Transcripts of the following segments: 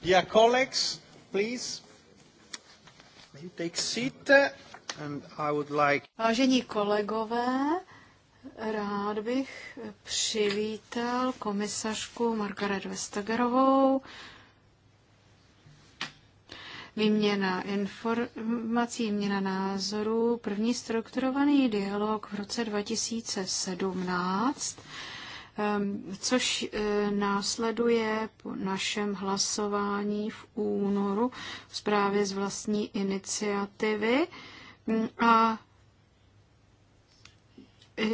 Dear colleagues, please, take seat and I would like... Vážení kolegové, rád bych přivítal komisařku Margaret Vestagerovou. Výměna informací, výměna názorů, první strukturovaný dialog v roce 2017 Ehm, což e, následuje po našem hlasování v únoru v zprávě z vlastní iniciativy mm, a e,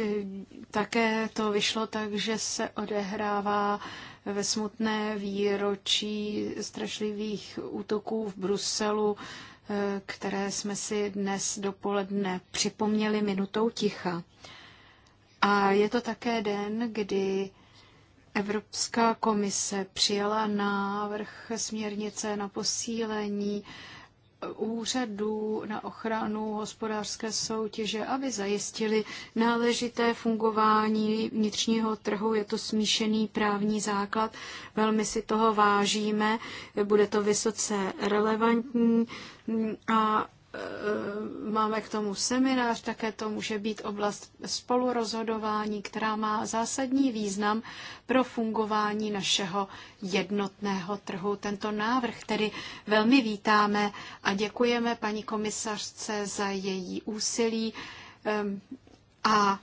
také to vyšlo tak, že se odehrává ve smutné výročí strašlivých útoků v Bruselu, e, které jsme si dnes dopoledne připomněli minutou ticha. A je to také den, kdy Evropská komise přijala návrh směrnice na posílení úřadů na ochranu hospodářské soutěže, aby zajistili náležité fungování vnitřního trhu. Je to smíšený právní základ, velmi si toho vážíme, bude to vysoce relevantní a Eh, máme k tomu seminář, také to může být oblast spolurozhodování, která má zásadní význam pro fungování našeho jednotného trhu. Tento návrh tedy velmi vítáme a děkujeme paní komisařce za její úsilí a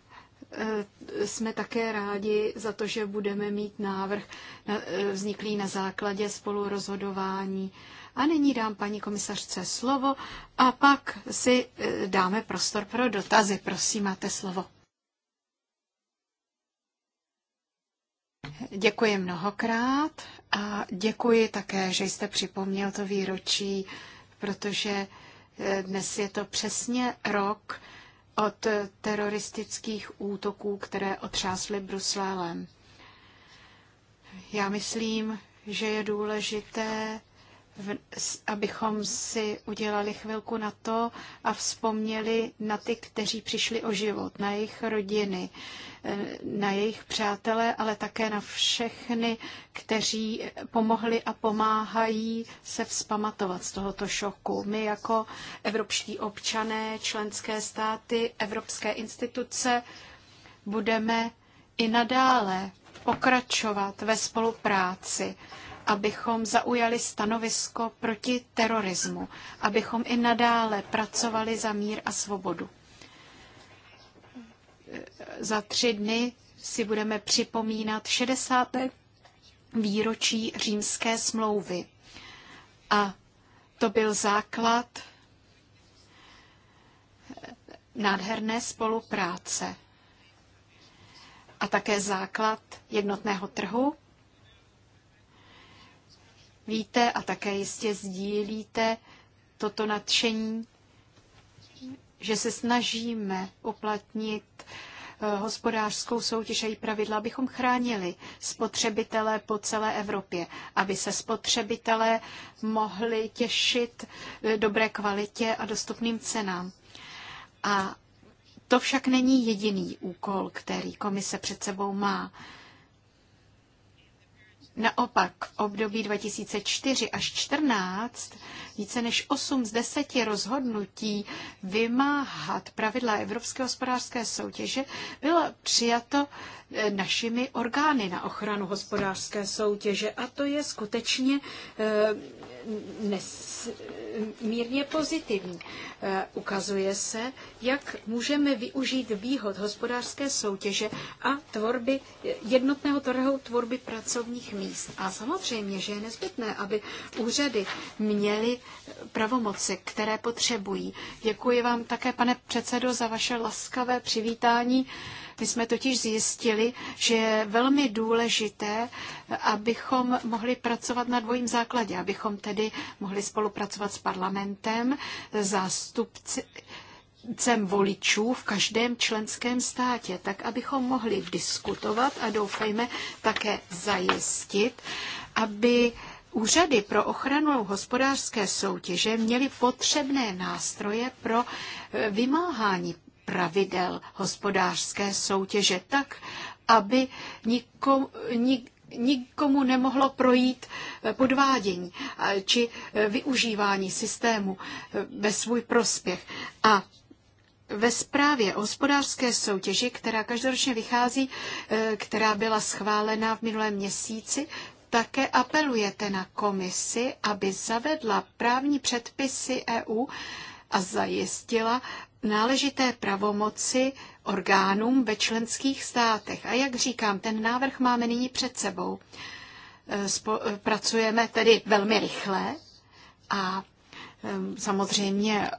eh, jsme také rádi za to, že budeme mít návrh eh, vzniklý na základě spolurozhodování a nyní dám paní komisařce slovo a pak si eh, dáme prostor pro dotazy. Prosím, máte slovo. Děkuji mnohokrát a děkuji také, že jste připomněl to výročí, protože eh, dnes je to přesně rok od teroristických útoků, které otřásly Bruselem. Já myslím, že je důležité abychom si udělali chvilku na to a vzpomněli na ty, kteří přišli o život, na jejich rodiny, eh, na jejich přátele, ale také na všechny, kteří pomohli a pomáhají se vzpamatovat z tohoto šoku. My jako evropští občané, členské státy, evropské instituce budeme i nadále pokračovat ve spolupráci abychom zaujali stanovisko proti terorismu, abychom i nadále pracovali za mír a svobodu. Za tři dny si budeme připomínat 60. výročí římské smlouvy. A to byl základ nádherné spolupráce a také základ jednotného trhu víte a také jistě sdílíte toto nadšení, že se snažíme uplatnit eh, hospodářskou soutěž a její pravidla, abychom chránili spotřebitele po celé Evropě, aby se spotřebitelé mohli těšit eh, dobré kvalitě a dostupným cenám. A to však není jediný úkol, který komise před sebou má. Naopak v období 2004 až 14 více než 8 z 10 rozhodnutí vymáhat pravidla Evropské hospodářské soutěže bylo přijato eh, našimi orgány na ochranu hospodářské soutěže. A to je skutečně eh, nesmírně pozitivní. Eh, ukazuje se, jak můžeme využít výhod hospodářské soutěže a tvorby jednotného trhu tvorby pracovních míst. A samozřejmě, že je nezbytné, aby úřady měly pravomoci, které potřebují. Děkuji vám také, pane předsedo, za vaše laskavé přivítání. My jsme totiž zjistili, že je velmi důležité, abychom mohli pracovat na dvojím základě, abychom tedy mohli spolupracovat s parlamentem, zástupci, cem voličů v každém členském státě, tak abychom mohli diskutovat a doufejme také zajistit, aby úřady pro ochranu hospodářské soutěže měly potřebné nástroje pro eh, vymáhání pravidel hospodářské soutěže tak, aby nikomu, nik, nikomu nemohlo projít eh, podvádění či eh, využívání systému eh, ve svůj prospěch. A ve zprávě o hospodářské soutěži, která každoročně vychází, která byla schválena v minulém měsíci, také apelujete na komisi, aby zavedla právní předpisy EU a zajistila, náležité pravomoci orgánům ve členských státech. A jak říkám, ten návrh máme nyní před sebou. E, e, pracujeme tedy velmi rychle a Samozřejmě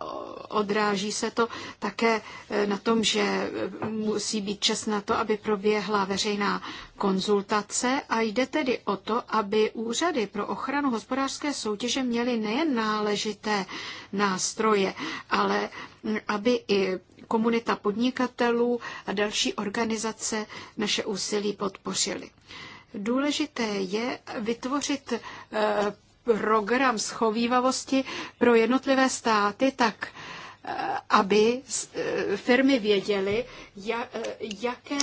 odráží se to také e, na tom, že musí být čas na to, aby proběhla veřejná konzultace a jde tedy o to, aby úřady pro ochranu hospodářské soutěže měly nejen náležité nástroje, ale aby i komunita podnikatelů a další organizace naše úsilí podpořily. Důležité je vytvořit eh, program schovývavosti pro jednotlivé státy tak, eh, aby eh, firmy věděly, jaké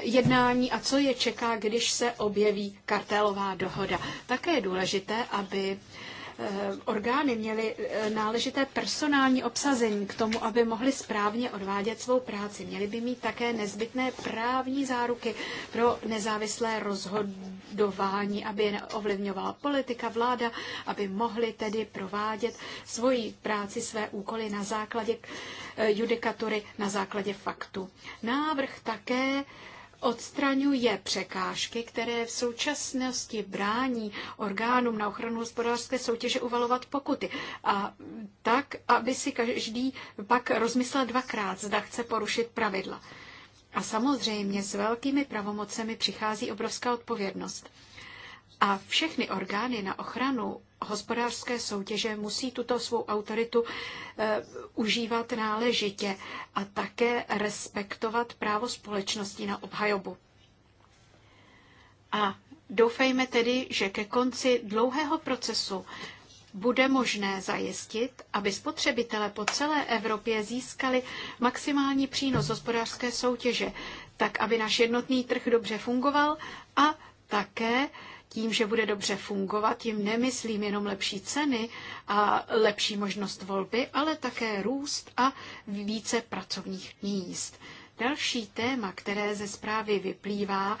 jednání a co je čeká, když se objeví kartelová dohoda. Také je důležité, aby Eh, orgány měly eh, náležité personální obsazení k tomu, aby mohly správně odvádět svou práci. Měly by mít také nezbytné právní záruky pro nezávislé rozhodování, aby je ovlivňovala politika, vláda, aby mohly tedy provádět svoji práci, své úkoly na základě eh, judikatury, na základě faktu. Návrh také odstraňuje překážky, které v současnosti brání orgánům na ochranu hospodářské soutěže uvalovat pokuty. A tak, aby si každý pak rozmyslel dvakrát, zda chce porušit pravidla. A samozřejmě s velkými pravomocemi přichází obrovská odpovědnost. A všechny orgány na ochranu hospodářské soutěže musí tuto svou autoritu e, užívat náležitě a také respektovat právo společnosti na obhajobu. A doufejme tedy, že ke konci dlouhého procesu bude možné zajistit, aby spotřebitele po celé Evropě získali maximální přínos hospodářské soutěže, tak aby náš jednotný trh dobře fungoval a také tím, že bude dobře fungovat, tím nemyslím jenom lepší ceny a lepší možnost volby, ale také růst a více pracovních míst. Další téma, které ze zprávy vyplývá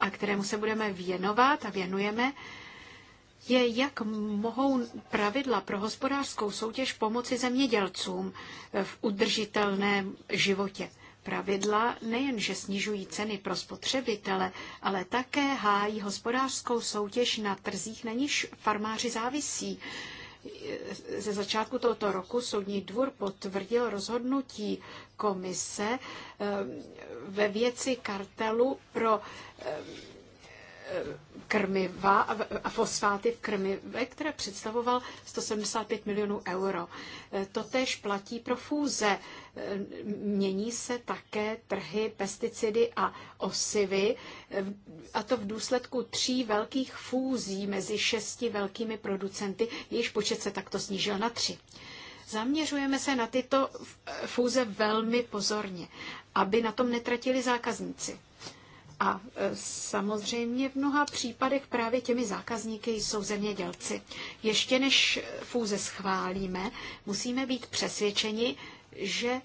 a kterému se budeme věnovat a věnujeme, je, jak mohou pravidla pro hospodářskou soutěž pomoci zemědělcům v udržitelném životě. Pravidla nejenže snižují ceny pro spotřebitele, ale také hájí hospodářskou soutěž na trzích, na níž farmáři závisí. Ze začátku tohoto roku Soudní dvůr potvrdil rozhodnutí komise eh, ve věci kartelu pro eh, krmiva a fosfáty v krmivě, které představoval 175 milionů euro. E, Totež platí pro fůze. E, mění se také trhy pesticidy a osivy, e, a to v důsledku tří velkých fúzí mezi šesti velkými producenty, jejichž počet se takto snížil na tři. Zaměřujeme se na tyto fúze velmi pozorně, aby na tom netratili zákazníci. A e, samozřejmě v mnoha případech právě těmi zákazníky jsou zemědělci. Ještě než fůze schválíme, musíme být přesvědčeni, že e,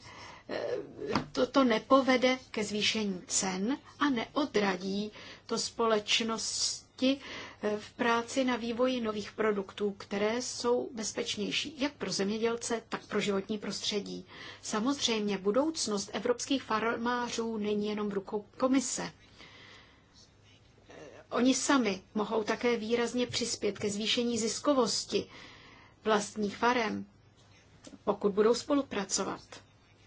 toto nepovede ke zvýšení cen a neodradí to společnosti e, v práci na vývoji nových produktů, které jsou bezpečnější jak pro zemědělce, tak pro životní prostředí. Samozřejmě budoucnost evropských farmářů není jenom v rukou komise. Oni sami mohou také výrazně přispět ke zvýšení ziskovosti vlastních farem, pokud budou spolupracovat.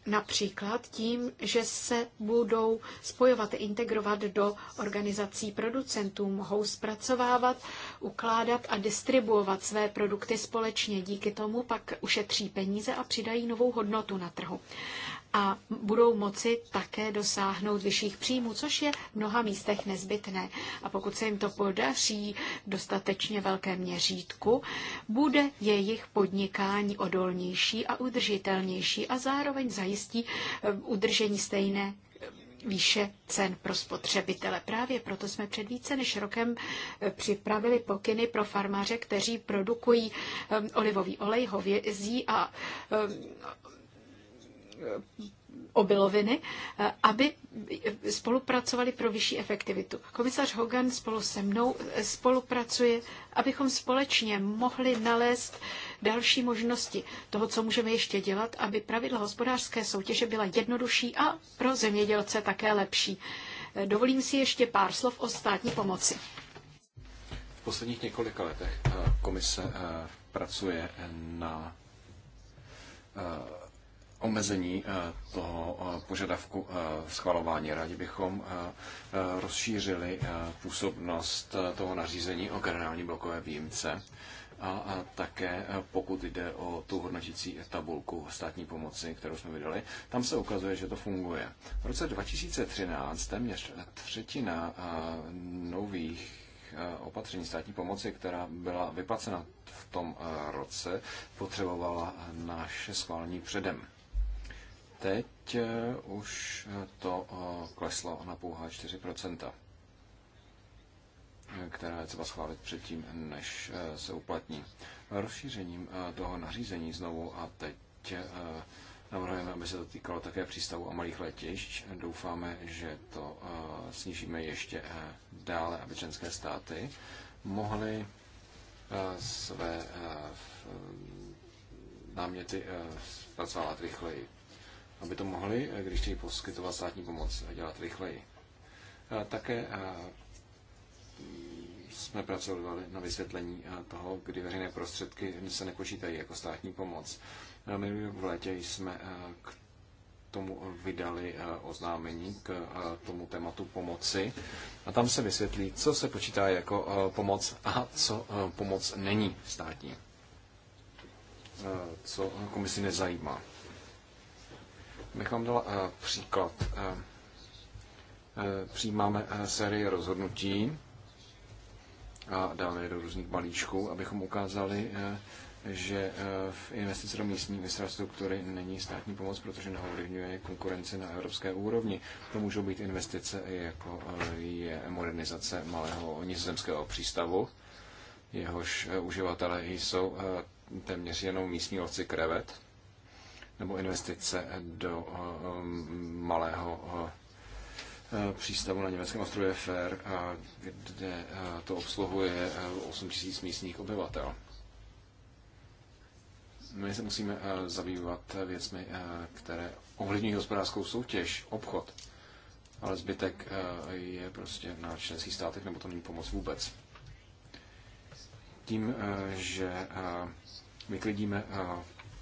Například tím, že se budou spojovat, integrovat do organizací producentů, mohou zpracovávat, ukládat a distribuovat své produkty společně. Díky tomu pak ušetří peníze a přidají novou hodnotu na trhu a budou moci také dosáhnout vyšších příjmů, což je v mnoha místech nezbytné. A pokud se jim to podaří dostatečně velké měřítku, bude jejich podnikání odolnější a udržitelnější a zároveň zajistí eh, udržení stejné eh, výše cen pro spotřebitele. Právě proto jsme před více než rokem eh, připravili pokyny pro farmáře, kteří produkují olivový olej, hovězí a obiloviny, aby spolupracovali pro vyšší efektivitu. Komisař Hogan spolu se mnou spolupracuje, abychom společně mohli nalézt další možnosti toho, co můžeme ještě dělat, aby pravidla hospodářské soutěže byla jednodušší a pro zemědělce také lepší. Dovolím si ještě pár slov o státní pomoci. V posledních několika letech eh, komise eh, pracuje na eh, omezení eh, toho eh, požadavku eh, schvalování. Rádi bychom rozšířili působnost toho nařízení o generální blokové výjimce a také pokud jde o tu hodnotící tabulku státní pomoci, kterou jsme vydali, tam se ukazuje, že to funguje. V roce 2013 téměř třetina nových opatření státní pomoci, která byla vyplacena v tom roce, potřebovala naše schválení předem teď eh, už eh, to eh, kleslo na pouhá 4%, která je třeba schválit předtím, než se uplatní. Rozšířením toho nařízení znovu a teď Navrhujeme, aby se to týkalo také přístavu a malých letišť. Doufáme, že to snížíme ještě dále, aby členské státy mohly své náměty zpracovat rychleji aby to mohli, eh, když chtějí poskytovat státní pomoc, eh, dělat rychleji. Také eh, jsme pracovali na vysvětlení toho, kdy veřejné prostředky se nepočítají jako státní pomoc. My v létě jsme k tomu vydali oznámení k tomu tématu pomoci a tam se vysvětlí, co se počítá jako pomoc a co pomoc není státní, co komisi nezajímá. Bych vám dala eh, příklad. Eh, eh, přijímáme sérii rozhodnutí a dáme je do různých balíčků, abychom ukázali, že v investice do místní infrastruktury není státní pomoc, protože neovlivňuje konkurenci na evropské úrovni. To můžou být investice, jako je modernizace malého nizozemského přístavu, jehož uživatelé jsou téměř jenom místní lovci krevet, nebo investice do um, malého uh, přístavu na německém ostrově Fer, kde uh, to obsluhuje 8 uh, 000 místních obyvatel. My se musíme zabývat věcmi, které ovlivňují hospodářskou soutěž, obchod, ale zbytek je prostě na členských státech, nebo to není pomoc vůbec. Tím, že vyklidíme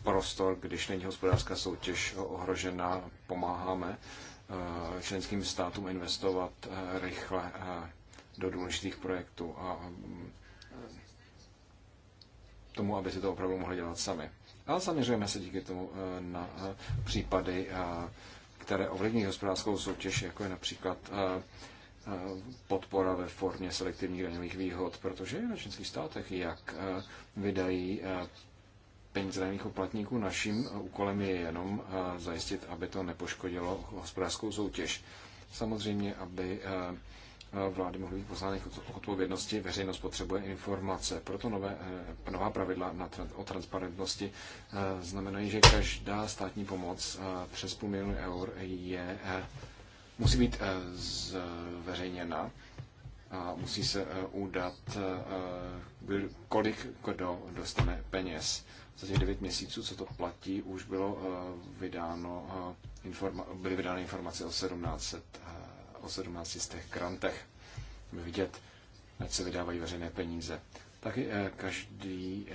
prostor, když není hospodářská soutěž ohrožena, pomáháme eh, členským státům investovat eh, rychle eh, do důležitých projektů a tomu, aby si to opravdu mohli dělat sami. A zaměřujeme se díky tomu na případy, které ovlivní hospodářskou soutěž, jako je například podpora ve formě selektivních daňových výhod, protože je na členských státech, jak vydají peníze daných poplatníků. Naším eh, úkolem je jenom eh, zajistit, aby to nepoškodilo hospodářskou soutěž. Samozřejmě, aby eh, vlády mohly být poznány k odpovědnosti, veřejnost potřebuje informace. Proto nové, nová pravidla na, o transparentnosti znamenají, že každá státní pomoc přes půl milionu eur je, musí být zveřejněna a musí se udat, kolik kdo dostane peněz za těch 9 měsíců, co to platí, už bylo eh, vydáno, eh, informa- byly vydány informace o 1700, eh, o 17 z těch grantech. By vidět, ať se vydávají veřejné peníze. Taky každý,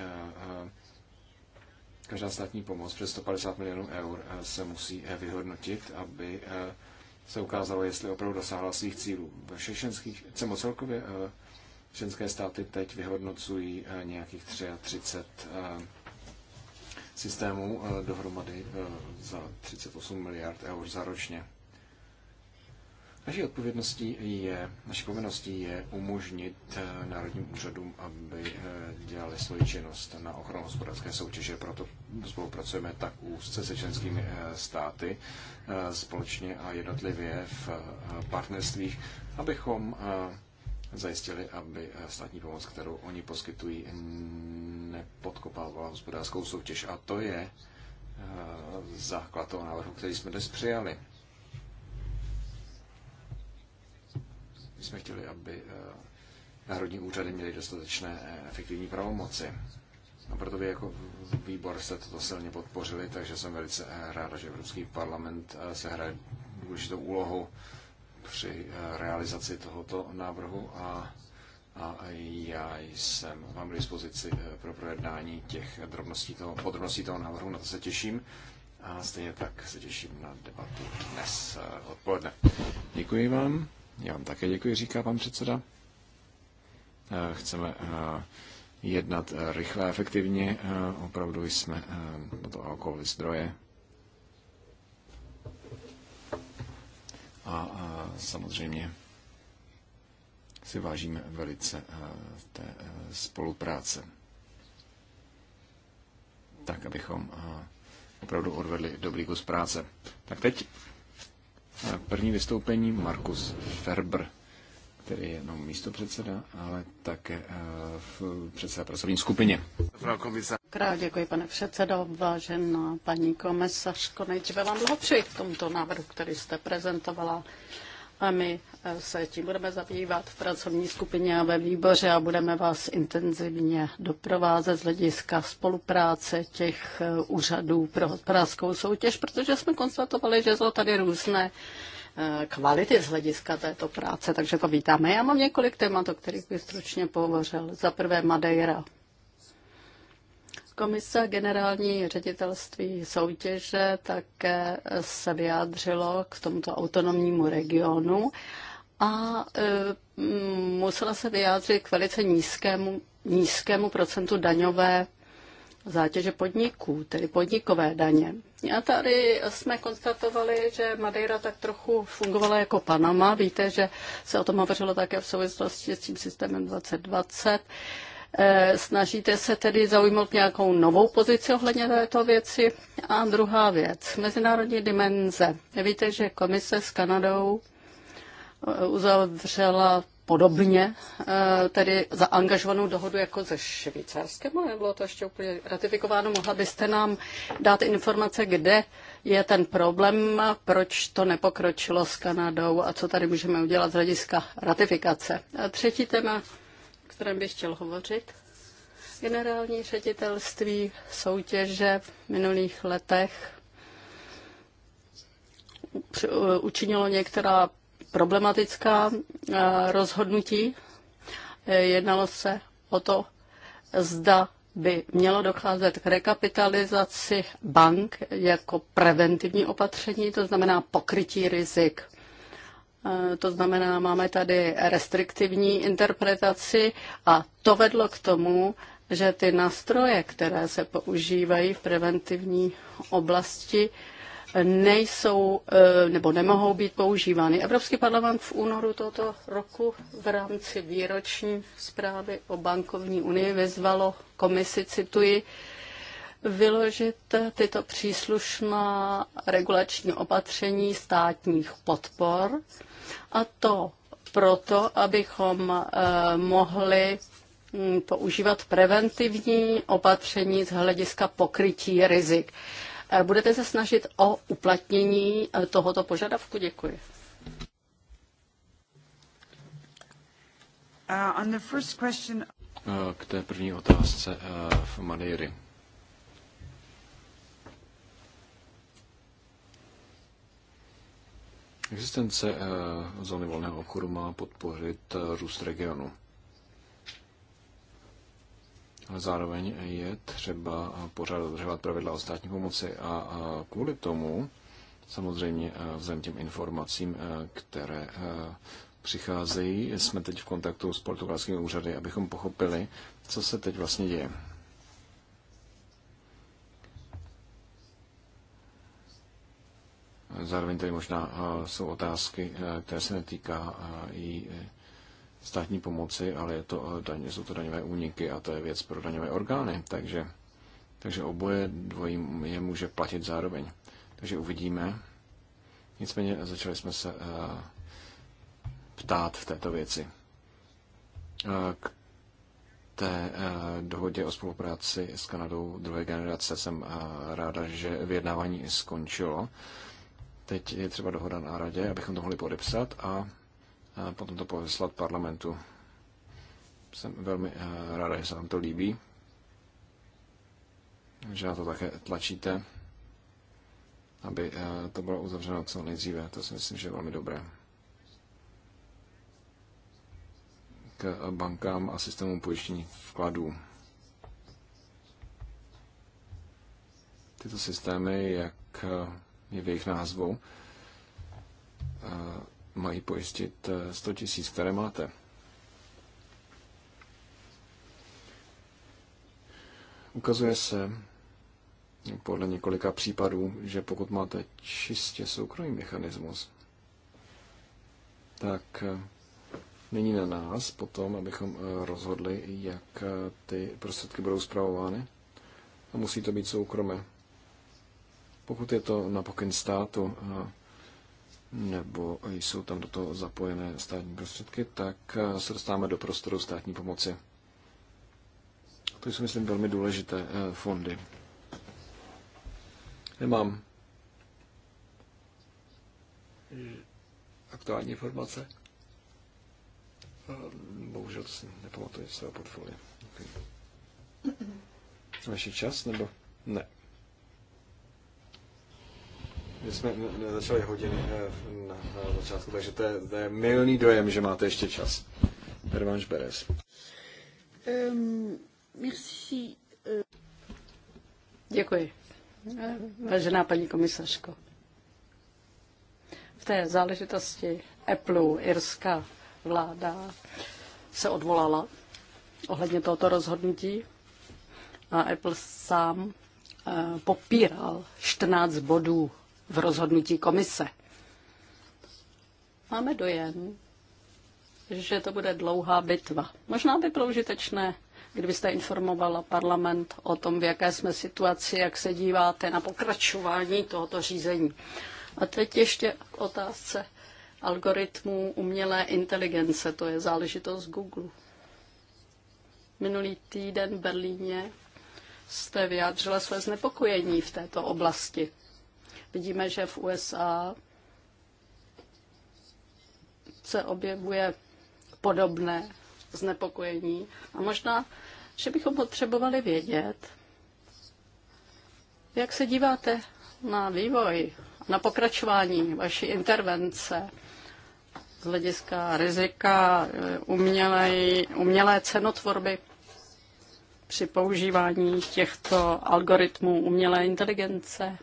každá státní pomoc přes 150 milionů eur se musí vyhodnotit, aby se ukázalo, jestli opravdu dosáhla svých cílů. Ve všech členských, cemo celkově členské státy teď vyhodnocují nějakých 33 systémů eh, dohromady eh, za 38 miliard eur za ročně. Naší odpovědností je, naší povinností je umožnit eh, národním úřadům, aby dělali svoji činnost na ochranu hospodářské soutěže. Proto spolupracujeme tak úzce se členskými státy společně a jednotlivě v partnerstvích, abychom zajistili, aby eh, státní pomoc, kterou oni poskytují, nepodkopávala hospodářskou soutěž. A to je eh, základ toho návrhu, který jsme dnes přijali. My jsme chtěli, aby eh, národní úřady měly dostatečné efektivní pravomoci. A no, proto vy jako výbor jste toto silně podpořili, takže jsem velice ráda, že Evropský parlament se hraje důležitou úlohu při eh, realizaci tohoto návrhu a, a já jsem vám k dispozici eh, pro projednání těch drobností toho, podrobností toho návrhu, na to se těším. A stejně tak se těším na debatu dnes eh, odpoledne. Děkuji vám. Já vám také děkuji, říká pan předseda. Chceme jednat rychle a efektivně. Opravdu jsme na to alkohol zdroje. a, a samozřejmě si vážíme velice eh, té eh, spolupráce. Tak, abychom eh, opravdu odvedli dobrý kus práce. Tak teď první vystoupení Markus Ferber, který je jenom místo předseda, ale také v předseda pracovní skupině. Krát děkuji, pane předsedo, vážená paní komisařko. Nejdříve vám blahopřeji k tomuto návrhu, který jste prezentovala. A my eh, se tím budeme zabývat v pracovní skupině a ve výboře a budeme vás intenzivně doprovázet z hlediska spolupráce těch eh, úřadů pro hospodářskou soutěž, protože jsme konstatovali, že jsou tady různé eh, kvality z hlediska této práce, takže to vítáme. Já mám několik témat, o kterých bych stručně pohovořil. Za prvé Madeira. Komise generální ředitelství soutěže také se vyjádřilo k tomuto autonomnímu regionu a e, musela se vyjádřit k velice nízkému, nízkému procentu daňové zátěže podniků, tedy podnikové daně. A tady jsme konstatovali, že Madeira tak trochu fungovala jako Panama. Víte, že se o tom hovořilo také v souvislosti s tím systémem 2020. Eh, snažíte se tedy zaujmout nějakou novou pozici ohledně této věci? A druhá věc, mezinárodní dimenze. Víte, že komise s Kanadou eh, uzavřela podobně eh, tedy zaangažovanou dohodu jako ze Švýcarskem, ale nebylo to ještě úplně ratifikováno. Mohla byste nám dát informace, kde je ten problém, proč to nepokročilo s Kanadou a co tady můžeme udělat z hlediska ratifikace. A třetí téma kterém bych chtěl hovořit. Generální ředitelství soutěže v minulých letech učinilo některá problematická eh, rozhodnutí. Eh, jednalo se o to, zda by mělo docházet k rekapitalizaci bank jako preventivní opatření, to znamená pokrytí rizik. Eh, to znamená, máme tady restriktivní interpretaci a to vedlo k tomu, že ty nástroje, které se používají v preventivní oblasti, nejsou eh, nebo nemohou být používány. Evropský parlament v únoru tohoto roku v rámci výroční zprávy o bankovní unii vyzvalo komisi, cituji, vyložit tyto příslušná regulační opatření státních podpor a to proto, abychom eh, mohli hm, používat preventivní opatření z hlediska pokrytí rizik. Eh, budete se snažit o uplatnění eh, tohoto požadavku? Děkuji. Uh, k té první otázce v Madeiry. Existence eh, zóny volného obchodu má podpořit eh, růst regionu. Ale zároveň je třeba eh, pořád dodržovat pravidla o státní pomoci a kvůli tomu samozřejmě vzhledem těm informacím, které přicházejí, jsme teď v kontaktu s portugalskými úřady, abychom pochopili, co se teď vlastně děje. Zároveň tady možná eh, jsou otázky, eh, které se netýká eh, i státní pomoci, ale je to, jsou to daňové úniky a to je věc pro daňové orgány, takže, takže oboje dvojí je může platit zároveň. Takže uvidíme. Nicméně začali jsme se ptát v této věci. K té dohodě o spolupráci s Kanadou druhé generace jsem ráda, že vyjednávání skončilo. Teď je třeba dohoda na radě, abychom to mohli podepsat a potom to poslat parlamentu. Jsem velmi eh, ráda, že se vám to líbí, že na to také tlačíte, aby eh, to bylo uzavřeno co nejdříve. To si myslím, že je velmi dobré. K bankám a systému pojištění vkladů. Tyto systémy, jak eh, je v jejich názvu, mají pojistit 100 e, tisíc, které máte. Ukazuje se podle několika případů, že pokud máte čistě soukromý mechanismus, tak e, není na nás potom, abychom e, rozhodli, jak ty prostředky budou zpravovány. A musí to být soukromé pokud je to na pokyn státu eh, nebo jsou tam do toho zapojené státní prostředky, tak eh, se dostáváme do prostoru státní pomoci. To jsou, myslím, velmi důležité eh, fondy. Nemám aktuální informace. Bohužel to si nepamatuji svého portfolia. Vaši čas, nebo ne? My jsme začali hodiny eh, na začátku, takže to je, to je milný dojem, že máte ještě čas. Hermanš Beres. Um, merci. Eh. Děkuji. Vážená paní komisařko, v té záležitosti Apple, irská vláda se odvolala ohledně tohoto rozhodnutí a Apple sám eh, popíral 14 bodů v rozhodnutí komise. Máme dojem, že to bude dlouhá bitva. Možná by bylo užitečné, kdybyste informovala parlament o tom, v jaké jsme situaci, jak se díváte na pokračování tohoto řízení. A teď ještě k otázce algoritmů umělé inteligence. To je záležitost Google. Minulý týden v Berlíně jste vyjádřila své znepokojení v této oblasti. Vidíme, že v USA se objevuje podobné znepokojení a možná, že bychom potřebovali vědět, jak se díváte na vývoj, na pokračování vaší intervence z hlediska rizika eh, umělé, umělé cenotvorby při používání těchto algoritmů umělé inteligence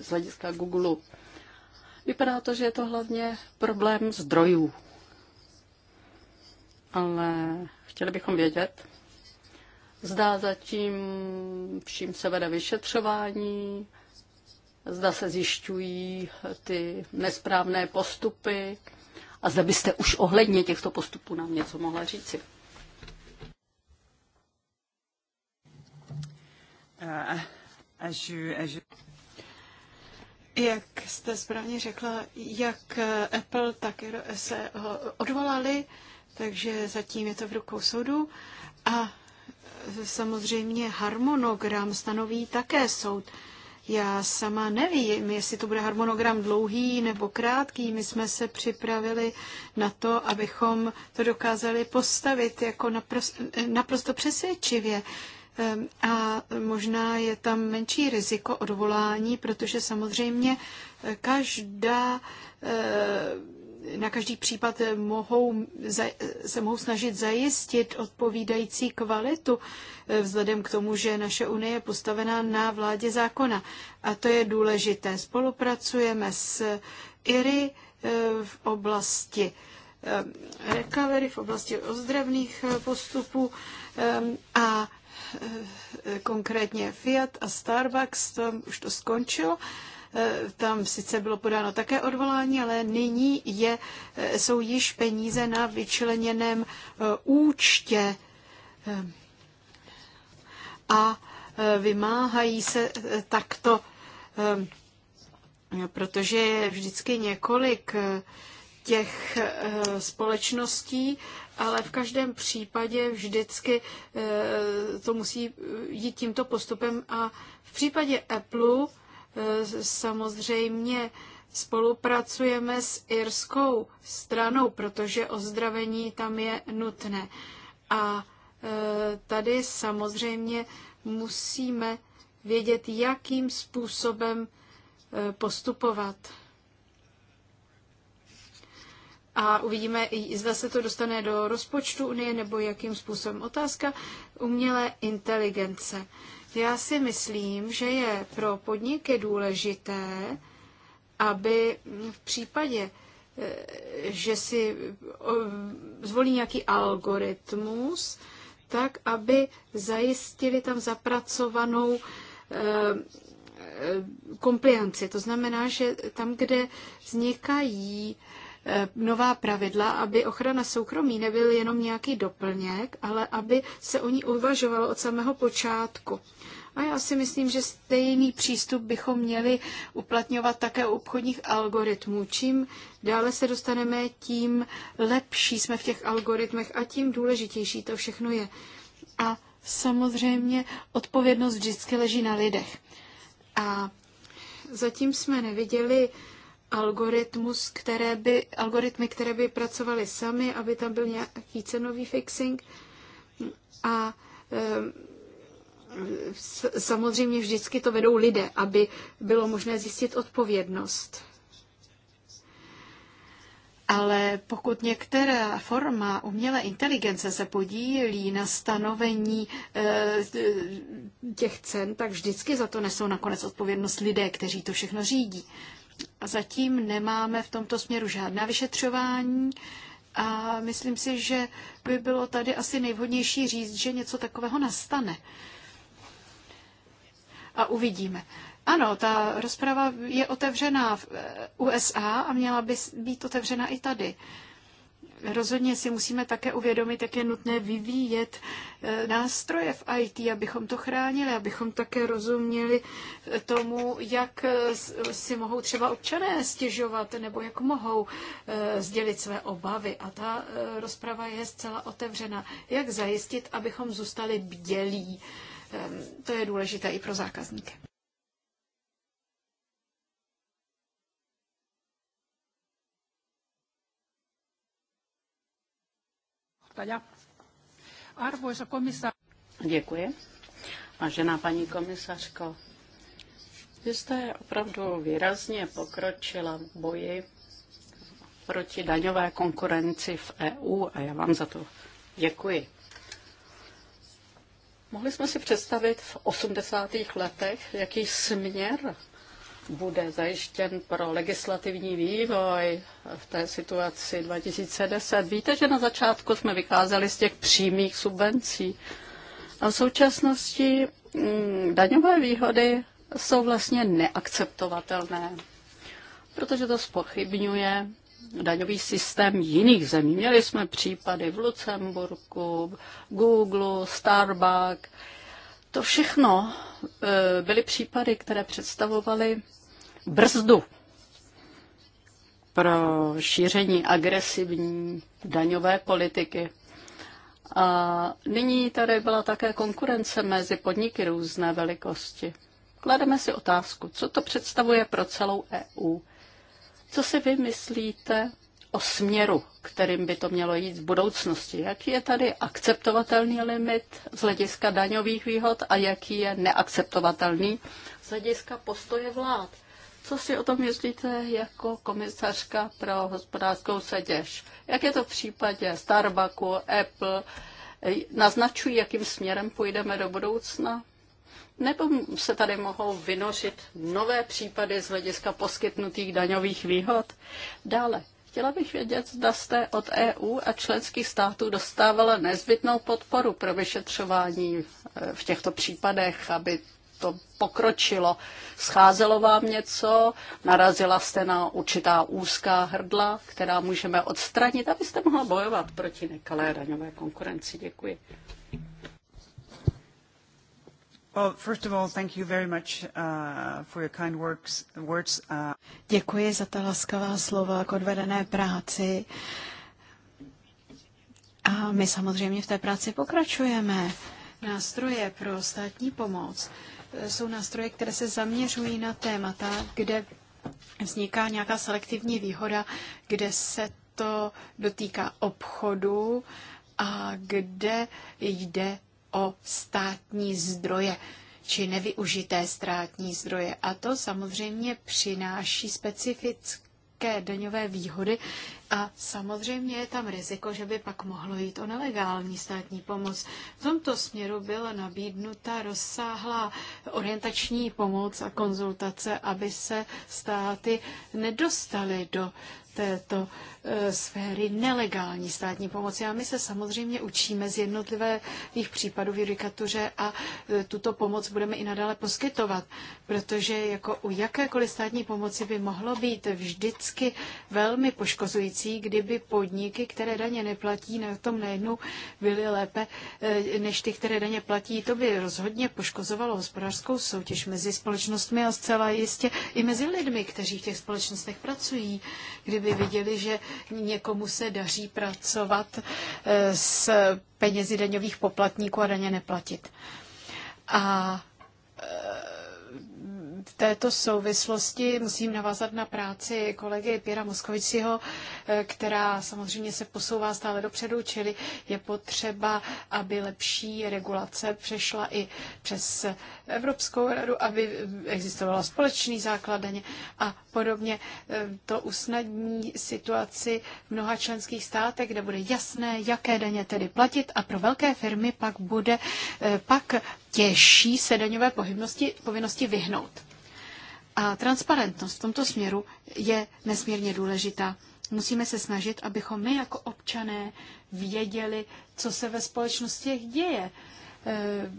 z hlediska Google. Vypadá to, že je to hlavně problém zdrojů. Ale chtěli bychom vědět, zda zatím vším se vede vyšetřování, zda se zjišťují ty nesprávné postupy a zda byste už ohledně těchto postupů nám něco mohla říci. Uh, as you, as you jak jste správně řekla, jak Apple, tak se odvolali, takže zatím je to v rukou soudu. A samozřejmě harmonogram stanoví také soud. Já sama nevím, jestli to bude harmonogram dlouhý nebo krátký. My jsme se připravili na to, abychom to dokázali postavit jako naprosto, naprosto přesvědčivě. Ehm, a možná je tam menší riziko odvolání, protože samozřejmě eh, každá eh, na každý případ mohou, se mohou snažit zajistit odpovídající kvalitu, eh, vzhledem k tomu, že naše unie je postavená na vládě zákona. A to je důležité. Spolupracujeme s IRI v oblasti recovery, v oblasti ozdravných postupů a Eh, konkrétně Fiat a Starbucks, to už to skončilo. Eh, tam sice bylo podáno také odvolání, ale nyní je, eh, jsou již peníze na vyčleněném účtě. A vymáhají se takto, protože je vždycky několik těch společností ale v každém případě vždycky eh, to musí jít tímto postupem a v případě Apple eh, samozřejmě spolupracujeme s irskou stranou, protože ozdravení tam je nutné. A eh, tady samozřejmě musíme vědět, jakým způsobem postupovat a uvidíme, zda se to dostane do rozpočtu Unie nebo jakým způsobem. Otázka umělé inteligence. Já si myslím, že je pro podniky důležité, aby v případě, eh, že si zvolí nějaký algoritmus, tak aby zajistili tam zapracovanou eh, eh, komplianci. To znamená, že tam, kde vznikají Eh, nová pravidla, aby ochrana soukromí nebyl jenom nějaký doplněk, ale aby se o ní uvažovalo od samého počátku. A já si myslím, že stejný přístup bychom měli uplatňovat také u obchodních algoritmů. Čím dále se dostaneme, tím lepší jsme v těch algoritmech a tím důležitější to všechno je. A samozřejmě odpovědnost vždycky leží na lidech. A zatím jsme neviděli algoritmus, které by, algoritmy, které by pracovaly sami, aby tam byl nějaký cenový fixing. A e, samozřejmě vždycky to vedou lidé, aby bylo možné zjistit odpovědnost. Ale pokud některá forma umělé inteligence se podílí na stanovení e, těch cen, tak vždycky za to nesou nakonec odpovědnost lidé, kteří to všechno řídí. A zatím nemáme v tomto směru žádná vyšetřování. A myslím si, že by bylo tady asi nejvhodnější říct, že něco takového nastane. A uvidíme. Ano, ta rozprava je otevřená v eh, USA a měla by být otevřená i tady. Uh, rozhodně si musíme také uvědomit, jak je nutné vyvíjet eh, nástroje v IT, abychom to chránili, abychom také rozuměli eh, tomu, jak eh, si mohou třeba občané stěžovat nebo jak mohou sdělit své obavy. A ta rozprava je zcela otevřena. Jak zajistit, abychom zůstali bdělí? Ehm, to je důležité i pro zákazníky. puheenjohtaja. Arvoisa komissaari. Děkuji. Vážená paní komisařko, vy jste opravdu výrazně pokročila v boji proti daňové konkurenci v EU a já vám za to děkuji. Mohli jsme si představit v 80. letech, jaký směr bude zajištěn pro legislativní vývoj v té situaci 2010. Víte, že na začátku jsme vycházeli z těch přímých subvencí a v současnosti mm, daňové výhody jsou vlastně neakceptovatelné, protože to spochybňuje daňový systém jiných zemí. Měli jsme případy v Lucemburku, Google, Starbucks. To všechno e, byly případy, které představovaly brzdu pro šíření agresivní daňové politiky. A nyní tady byla také konkurence mezi podniky různé velikosti. Klademe si otázku, co to představuje pro celou EU. Co si vy myslíte o směru, kterým by to mělo jít v budoucnosti? Jaký je tady akceptovatelný limit z hlediska daňových výhod a jaký je neakceptovatelný z hlediska postoje vlád? Co si o tom myslíte jako komisařka pro hospodářskou seděž? Jak je to v případě Starbucku, Apple? Naznačují, jakým směrem půjdeme do budoucna? Nebo se tady mohou vynořit nové případy z hlediska poskytnutých daňových výhod? Dále, chtěla bych vědět, zda jste od EU a členských států dostávala nezbytnou podporu pro vyšetřování eh, v těchto případech, aby to pokročilo? Scházelo vám něco? Narazila jste na určitá úzká hrdla, která můžeme odstranit, abyste mohla bojovat proti nekalé daňové konkurenci? Děkuji. Uh, uh. Děkuji za ta laskavá slova k odvedené práci. A my samozřejmě v té práci pokračujeme nástroje pro státní pomoc e, jsou nástroje, které se zaměřují na témata, kde vzniká nějaká selektivní výhoda, kde se to dotýká obchodu a kde jde o státní zdroje či nevyužité státní zdroje. A to samozřejmě přináší specifické nějaké daňové výhody a samozřejmě je tam riziko, že by pak mohlo jít o nelegální státní pomoc. V tomto směru byla nabídnuta rozsáhlá orientační pomoc a konzultace, aby se státy nedostaly do této e, sféry nelegální státní pomoci. A my se samozřejmě učíme z jednotlivých případů v judikatuře a e, tuto pomoc budeme i nadále poskytovat, protože jako u jakékoliv státní pomoci by mohlo být vždycky velmi poškozující, kdyby podniky, které daně neplatí, na tom najednou byly lépe e, než ty, které daně platí. To by rozhodně poškozovalo hospodářskou soutěž mezi společnostmi a zcela jistě i mezi lidmi, kteří v těch společnostech pracují, kdyby aby viděli, že někomu se daří pracovat eh, s penězi daňových poplatníků a daně neplatit. A eh, této souvislosti musím navázat na práci kolegy Pěra Moskovičiho, eh, která samozřejmě se posouvá stále dopředu, čili je potřeba, aby lepší regulace přešla i přes Evropskou radu, aby existovala společný základ a podobně. Eh, to usnadní situaci v mnoha členských státech, kde bude jasné, jaké daně tedy platit a pro velké firmy pak bude eh, pak těžší se daňové povinnosti vyhnout. A transparentnost v tomto směru je nesmírně důležitá. Musíme se snažit, abychom my jako občané věděli, co se ve společnostech děje, eh,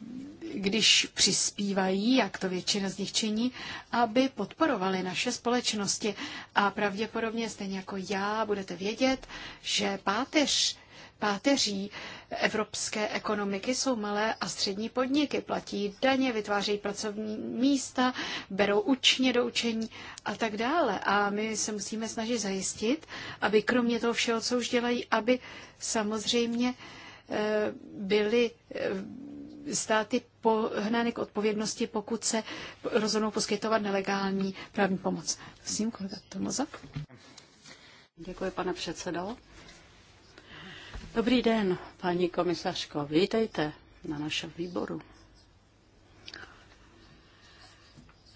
když přispívají, jak to většina z nich činí, aby podporovali naše společnosti. A pravděpodobně, stejně jako já, budete vědět, že páteř, páteří evropské ekonomiky jsou malé a střední podniky. Platí daně, vytvářejí pracovní místa, berou učně do učení a tak dále. A my se musíme snažit zajistit, aby kromě toho všeho, co už dělají, aby samozřejmě eh, byly eh, státy pohnány k odpovědnosti, pokud se rozhodnou poskytovat nelegální právní pomoc. Prosím, kolega Tomoza. Děkuji, pane předsedo. Dobrý den, paní komisařko. Vítejte na našem výboru.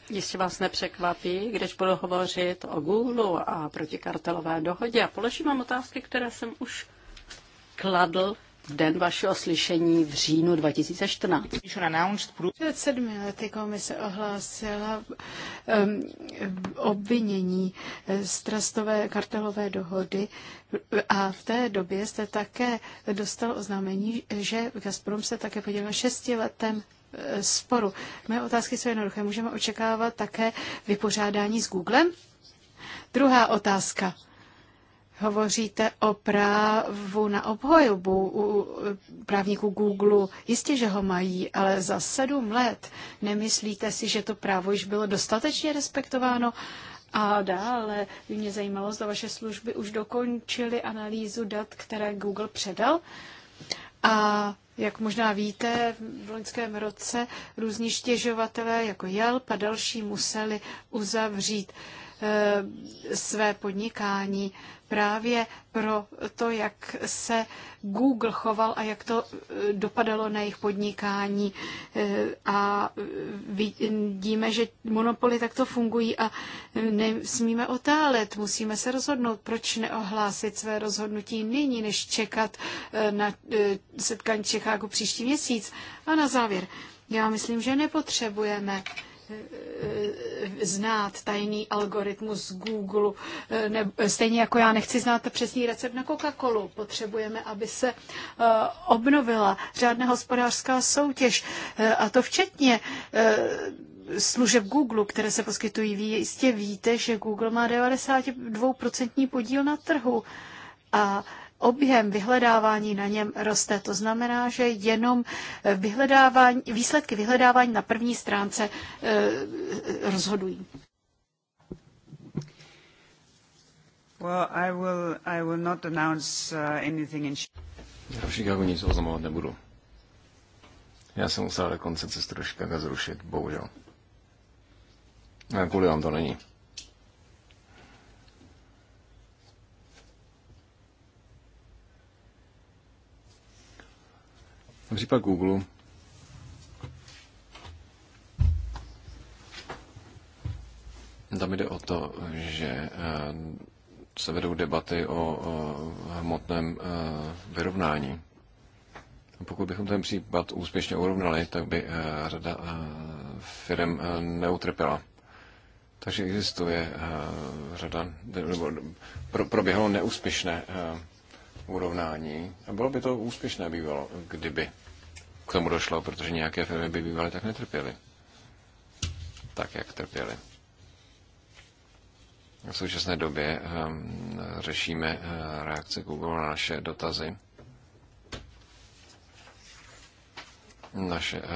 Jistě vás nepřekvapí, když budu hovořit o Google a protikartelové dohodě a položím vám otázky, které jsem už kladl v den vašeho slyšení v říjnu 2014. Před sedmi lety komise ohlásila um, obvinění z trastové kartelové dohody a v té době jste také dostal oznámení, že Gazprom se také podělil letem eh, sporu. Mé otázky jsou jednoduché. Můžeme očekávat také vypořádání s Googlem? Druhá otázka. Hovoříte o právu na obhajobu u právníků Google. Jistě, že ho mají, ale za sedm let nemyslíte si, že to právo již bylo dostatečně respektováno? A dále by mě zajímalo, zda vaše služby už dokončily analýzu dat, které Google předal. A jak možná víte, v loňském roce různí štěžovatelé jako Yelp a další museli uzavřít e, své podnikání právě pro to, jak se Google choval a jak to eh, dopadalo na jejich podnikání. Eh, a eh, vidíme, že monopoly takto fungují a nesmíme otálet. Musíme se rozhodnout, proč neohlásit své rozhodnutí nyní, než čekat na setkání Čecháku příští měsíc. A na závěr, já myslím, že nepotřebujeme Eh, znát tajný algoritmus Google, eh, ne, stejně jako já nechci znát přesný recept na Coca-Colu. Potřebujeme, aby se eh, obnovila řádná hospodářská soutěž, a to včetně služeb Google, které se poskytují. Vy jistě víte, že Google má 92% podíl na trhu a objem vyhledávání na něm roste. To znamená, že jenom vyhledávání, výsledky vyhledávání na první stránce e, rozhodují. Well, I will, I will not announce uh, anything in... Já v Chicago nic oznamovat nebudu. Já jsem musel do konce cestu do Chicago zrušit, bohužel. A kvůli vám to není. případ Google tam jde o to, že eh, se vedou debaty o hmotném eh, vyrovnání. Pokud bychom ten případ úspěšně urovnali, tak by eh, řada firm neutrpěla. Takže existuje řada, nebo proběhlo neúspěšné urovnání. A bylo by to úspěšné bývalo, kdyby k tomu došlo, protože nějaké firmy by bývaly tak netrpěly. Tak, jak trpěly. V současné době ehm, řešíme eh, reakce Google na naše dotazy. Naše eh,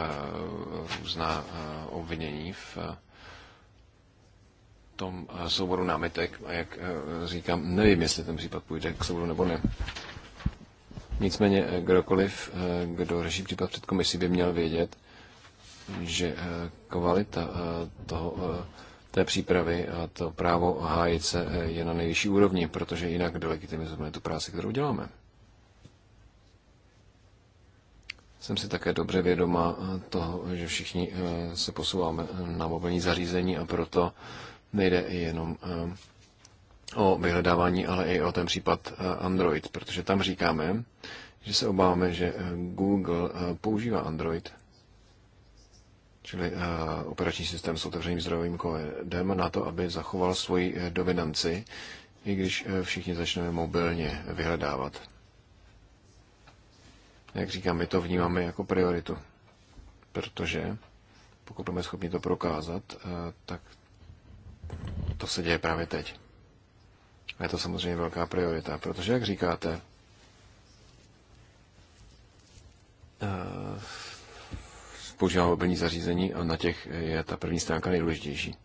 různá eh, obvinění v tom souboru námitek a jak říkám, nevím, jestli ten případ půjde k souboru nebo ne. Nicméně eh, kdokoliv, eh, kdo řeší případ před komisí, by měl vědět, že eh, kvalita toho, té přípravy a to právo hájit se je na nejvyšší úrovni, protože jinak delegitimizujeme tu práci, kterou děláme. Jsem si také dobře vědoma toho, že všichni se posouváme na mobilní zařízení a proto nejde jenom o vyhledávání, ale i o ten případ eh, Android, protože tam říkáme, že se obáváme, že eh, Google eh, používá Android, čili operační systém s otevřeným zdrojovým kódem, na to, aby zachoval svoji dominanci, i když všichni začneme mobilně vyhledávat. Jak říkám, my to vnímáme jako prioritu, protože pokud jsme schopni to prokázat, tak to se děje právě teď. A je to samozřejmě velká priorita, protože, jak říkáte, eh, používá mobilní zařízení a na těch je ta první stránka nejdůležitější.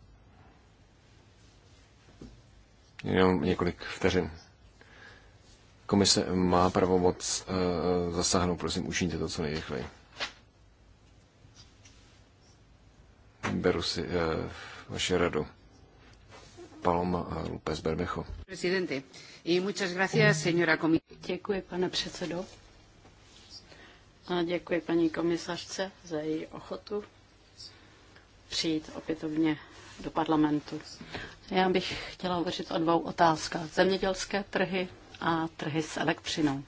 Jenom několik vteřin. Komise má pravomoc uh, zasáhnout, prosím, učiníte to co nejrychleji. Beru si uh, vaši radu. Paloma López Bermejo. Děkuji, pane předsedo. A děkuji paní komisařce za její ochotu přijít opětovně do parlamentu. Já bych chtěla hovořit o dvou otázkách. Zemědělské trhy a trhy s elektřinou.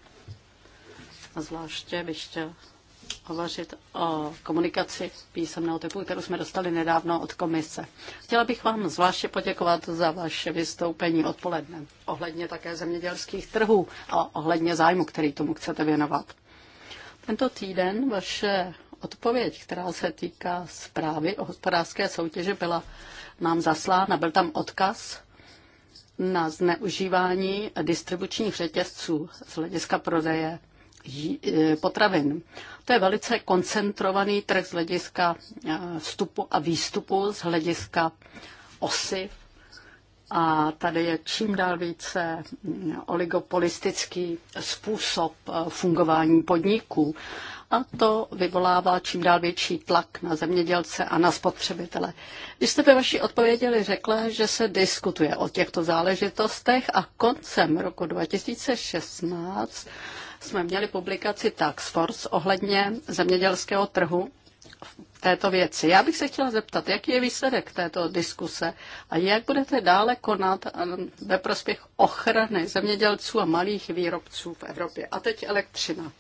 A zvláště bych chtěla hovořit o komunikaci písemného typu, kterou jsme dostali nedávno od komise. Chtěla bych vám zvláště poděkovat za vaše vystoupení odpoledne ohledně také zemědělských trhů a ohledně zájmu, který tomu chcete věnovat. Tento týden vaše odpověď, která se týká zprávy o hospodářské soutěže, byla nám zaslána. Byl tam odkaz na zneužívání distribučních řetězců z hlediska prodeje e, potravin. To je velice koncentrovaný trh z hlediska eh, vstupu a výstupu, z hlediska osiv. A tady je čím dál více mm, oligopolistický způsob eh, fungování podniků. A to vyvolává čím dál větší tlak na zemědělce a na spotřebitele. Vy jste ve vaší odpověděli řekla, že se diskutuje o těchto záležitostech a koncem roku 2016 jsme měli publikaci Tax Force ohledně zemědělského trhu v této věci. Já bych se chtěla zeptat, jaký je výsledek této diskuse a jak budete dále konat um, ve prospěch ochrany zemědělců a malých výrobců v Evropě. A teď elektřina.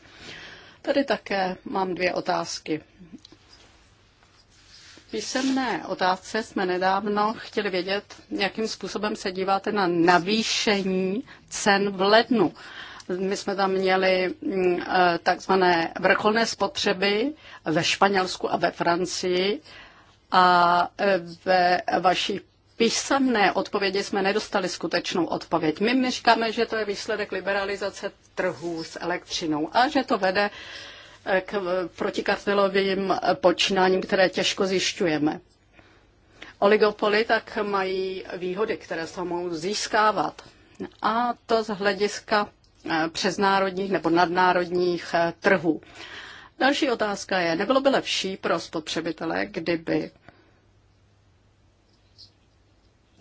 Tady také mám dvě otázky. písemné otázce jsme nedávno chtěli vědět, jakým způsobem se díváte na navýšení cen v lednu. My jsme tam měli mm, eh, takzvané vrcholné spotřeby ve Španělsku a ve Francii a eh, ve vaší písemné odpovědi jsme nedostali skutečnou odpověď. My, my říkáme, že to je výsledek liberalizace trhů s elektřinou a že to vede eh, k protikartelovým počínáním, které těžko zjišťujeme. Oligopoly tak mají výhody, které se mohou získávat. A to z hlediska Eh, přeznárodních nebo nadnárodních eh, trhů. Další otázka je, nebylo by lepší pro spotřebitele, kdyby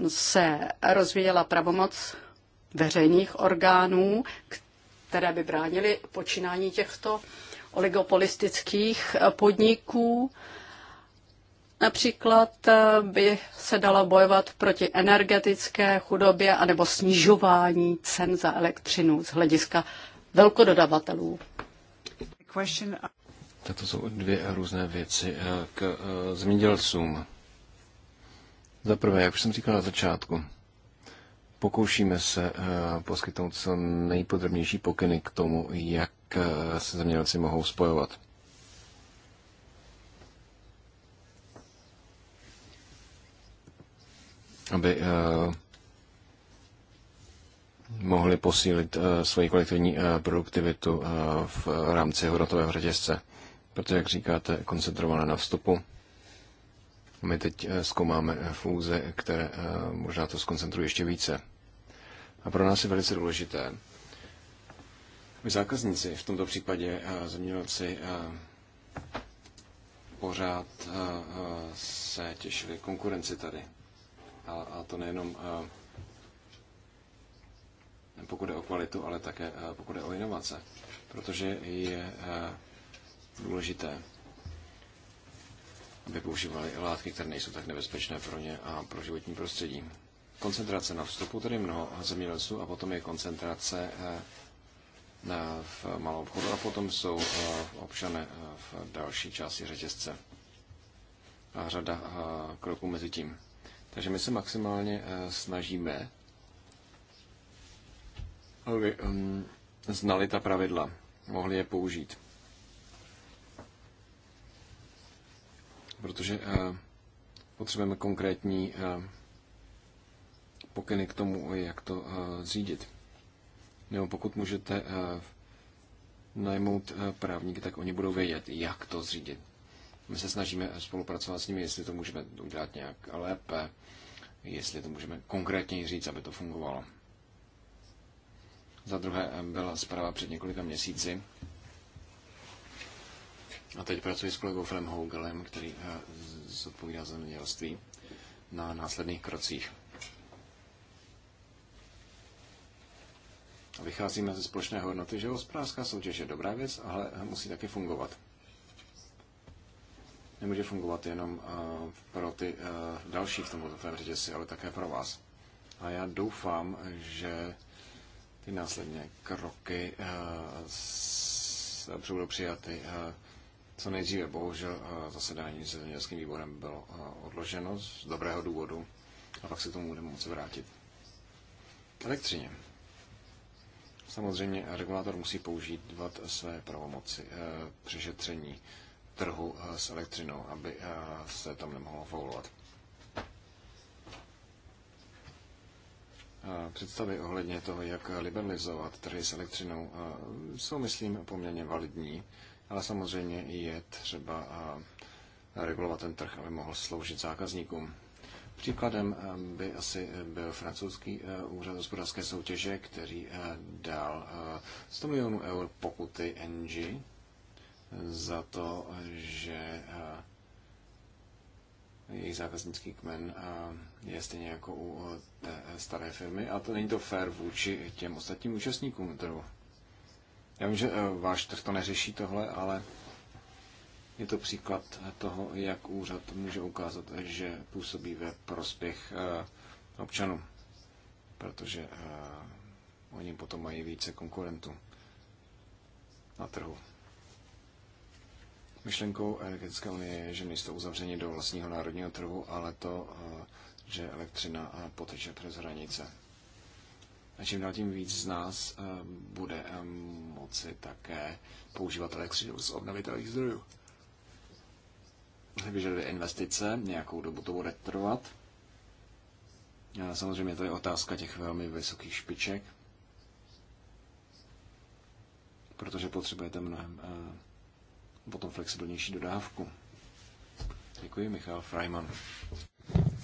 se rozvíjela pravomoc veřejných orgánů, které by bránily počínání těchto oligopolistických podniků Například eh, by se dala bojovat proti energetické chudobě anebo snižování cen za elektřinu z hlediska velkododavatelů. Tak to jsou dvě různé věci eh, k eh, zemědělcům. Za prvé, jak už jsem říkal na začátku, pokoušíme se poskytnout co nejpodrobnější pokyny k tomu, jak se zemědělci mohou spojovat. aby eh, mohli posílit eh, svoji kolektivní eh, produktivitu v rámci hodnotového řetězce. Protože, jak říkáte, koncentrované na vstupu. My teď zkoumáme fúze, které možná to skoncentrují ještě více. A pro nás je velice důležité, aby zákazníci, v tomto případě zemědělci, pořád se těšili konkurenci tady. A, a to nejenom pokud je o kvalitu, ale také pokud je o inovace. Protože je důležité, aby používali látky, které nejsou tak nebezpečné pro ně a pro životní prostředí. Koncentrace na vstupu, tedy mnoho zemědělců, a potom je koncentrace v malou obchodu a potom jsou občané v další části řetězce. A řada kroků mezi tím. Takže my se maximálně eh, snažíme, aby ehm, znali ta pravidla, mohli je použít. Protože eh, potřebujeme konkrétní eh, pokyny k tomu, jak to zřídit. Nebo pokud můžete najmout právníky, tak oni budou vědět, jak to zřídit. My se snažíme spolupracovat s nimi, jestli to můžeme udělat nějak lépe, jestli to můžeme konkrétně říct, aby to fungovalo. Za druhé eh, byla zpráva před několika měsíci. A teď pracuji s kolegou Filem Hougelem, který eh, zodpovídá zemědělství na následných krocích. A vycházíme ze společné hodnoty, že hospodářská soutěž je dobrá věc, ale eh, musí taky fungovat nemůže fungovat jenom eh, pro ty eh, další v tom hodnotovém řetězci, ale také pro vás. A já doufám, že ty následně kroky eh, budou přijaty co nejdříve. Bohužel zasedání se zemědělským výborem bylo odloženo z dobrého důvodu a pak se k tomu budeme moci vrátit. elektřině. Samozřejmě regulátor musí používat své pravomoci přešetření trhu eh, s elektřinou, aby eh, se tam nemohlo foulovat. Eh, představy ohledně toho, jak liberalizovat trhy s elektřinou, jsou, myslím, poměrně validní, ale samozřejmě je třeba regulovat ten trh, aby mohl sloužit zákazníkům. Příkladem by asi byl francouzský úřad hospodářské soutěže, který dal 100 milionů eur pokuty NG za to, že eh, jejich zákaznický kmen eh, je stejně jako u eh, té staré firmy a to není to fair vůči těm ostatním účastníkům trhu. Já vím, že váš trh to neřeší tohle, ale je to příklad toho, jak úřad může ukázat, že působí ve prospěch občanů, protože oni potom mají více konkurentů na trhu. Myšlenkou energetické unie je, že nejste uzavřeni do vlastního národního trhu, ale to, eh, že elektřina poteče přes hranice. A čím dál tím víc z nás eh, bude eh, moci také používat elektřinu z obnovitelných zdrojů. Vyžaduje investice, nějakou dobu to bude trvat. A samozřejmě to je otázka těch velmi vysokých špiček, protože potřebujete mnohem potom flexibilnější dodávku. Děkuji, Michal Freiman.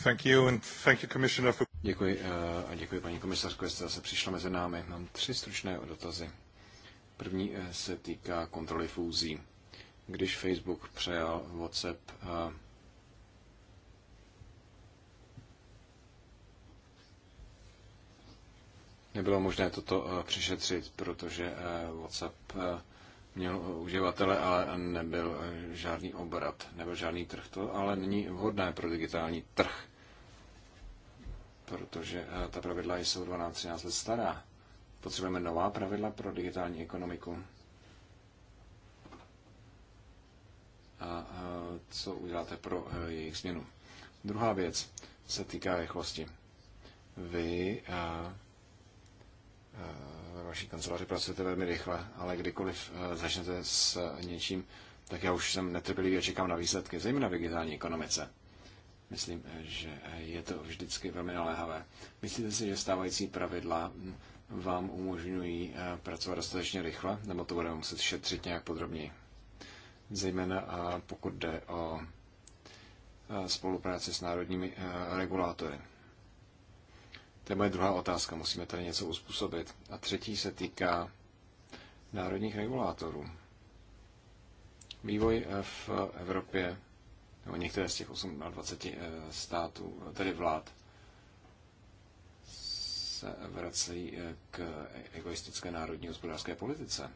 Thank you and thank you, Commissioner. Děkuji eh, a děkuji paní komisařko, že jste zase přišla mezi námi. Mám tři stručné dotazy. První eh, se týká kontroly fúzí. Když Facebook přejal WhatsApp eh, nebylo možné toto přišetřit, protože WhatsApp měl uživatele, ale nebyl žádný obrat, nebyl žádný trh. To ale není vhodné pro digitální trh, protože eh, ta pravidla jsou 12-13 let stará. Potřebujeme nová pravidla pro digitální ekonomiku. A eh, co uděláte pro eh, jejich změnu? Druhá věc se týká rychlosti. Vy ve eh, vaší kanceláři pracujete velmi rychle, ale kdykoliv eh, začnete s eh, něčím, tak já už jsem netrpělivý a čekám na výsledky, zejména v digitální ekonomice. Myslím, že je to vždycky velmi naléhavé. Myslíte si, že stávající pravidla hm, vám umožňují pracovat dostatečně rychle, nebo to budeme muset šetřit nějak podrobněji? Zejména pokud jde o spolupráci s národními regulátory. To je moje druhá otázka, musíme tady něco uspůsobit. A třetí se týká národních regulátorů. Vývoj eh, v Evropě, nebo některé z těch 28 eh, států, eh, tedy vlád, se vrací k egoistické národní hospodářské politice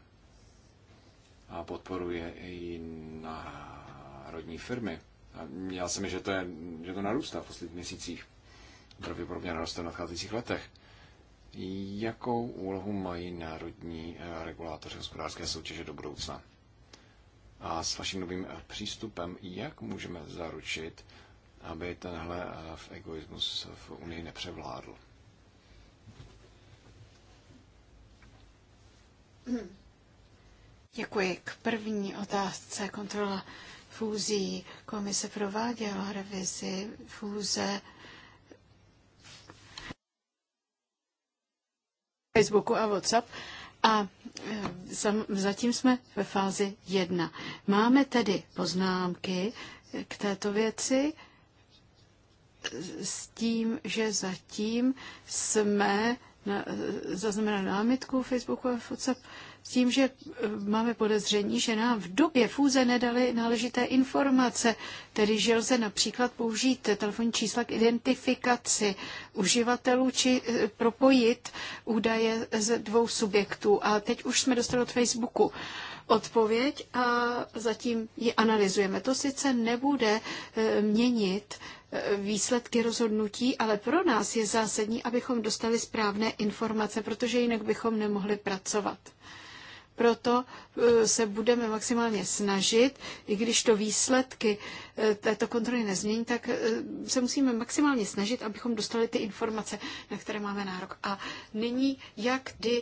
a podporuje i národní firmy. A měl jsem, že to, je, že to narůstá v posledních měsících pravděpodobně naroste v nadcházejících letech. Jakou úlohu mají národní eh, regulátoři hospodářské soutěže do budoucna? A s vaším novým eh, přístupem, jak můžeme zaručit, aby tenhle eh, v egoismus v Unii nepřevládl? Děkuji. K první otázce kontrola fúzí komise prováděla revizi fúze Facebooku a WhatsApp. A e, zatím jsme ve fázi jedna. Máme tedy poznámky e, k této věci s tím, že zatím jsme e, zaznamenali námitku Facebooku a WhatsApp s tím, že eh, máme podezření, že nám v době fůze nedali náležité informace, tedy že lze například použít telefonní čísla k identifikaci uživatelů či eh, propojit údaje z dvou subjektů. A teď už jsme dostali od Facebooku odpověď a zatím ji analyzujeme. To sice nebude eh, měnit výsledky rozhodnutí, ale pro nás je zásadní, abychom dostali správné informace, protože jinak bychom nemohli pracovat. Proto e, se budeme maximálně snažit, i když to výsledky e, této kontroly nezmění, tak e, se musíme maximálně snažit, abychom dostali ty informace, na které máme nárok. A nyní, jak kdy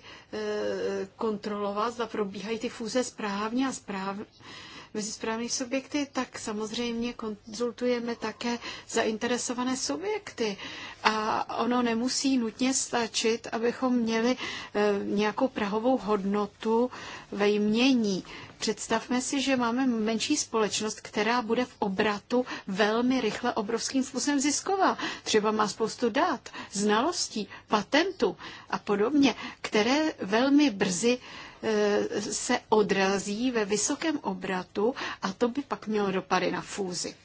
kontrolovat, zda probíhají ty fúze správně a správně mezi správní subjekty, tak samozřejmě konzultujeme také zainteresované subjekty. A ono nemusí nutně stačit, abychom měli eh, nějakou prahovou hodnotu ve jmění. Představme si, že máme menší společnost, která bude v obratu velmi rychle obrovským způsobem zisková. Třeba má spoustu dát, znalostí, patentů a podobně, které velmi brzy Eh, se odrazí ve vysokém obratu a to by pak mělo dopady na fúzi.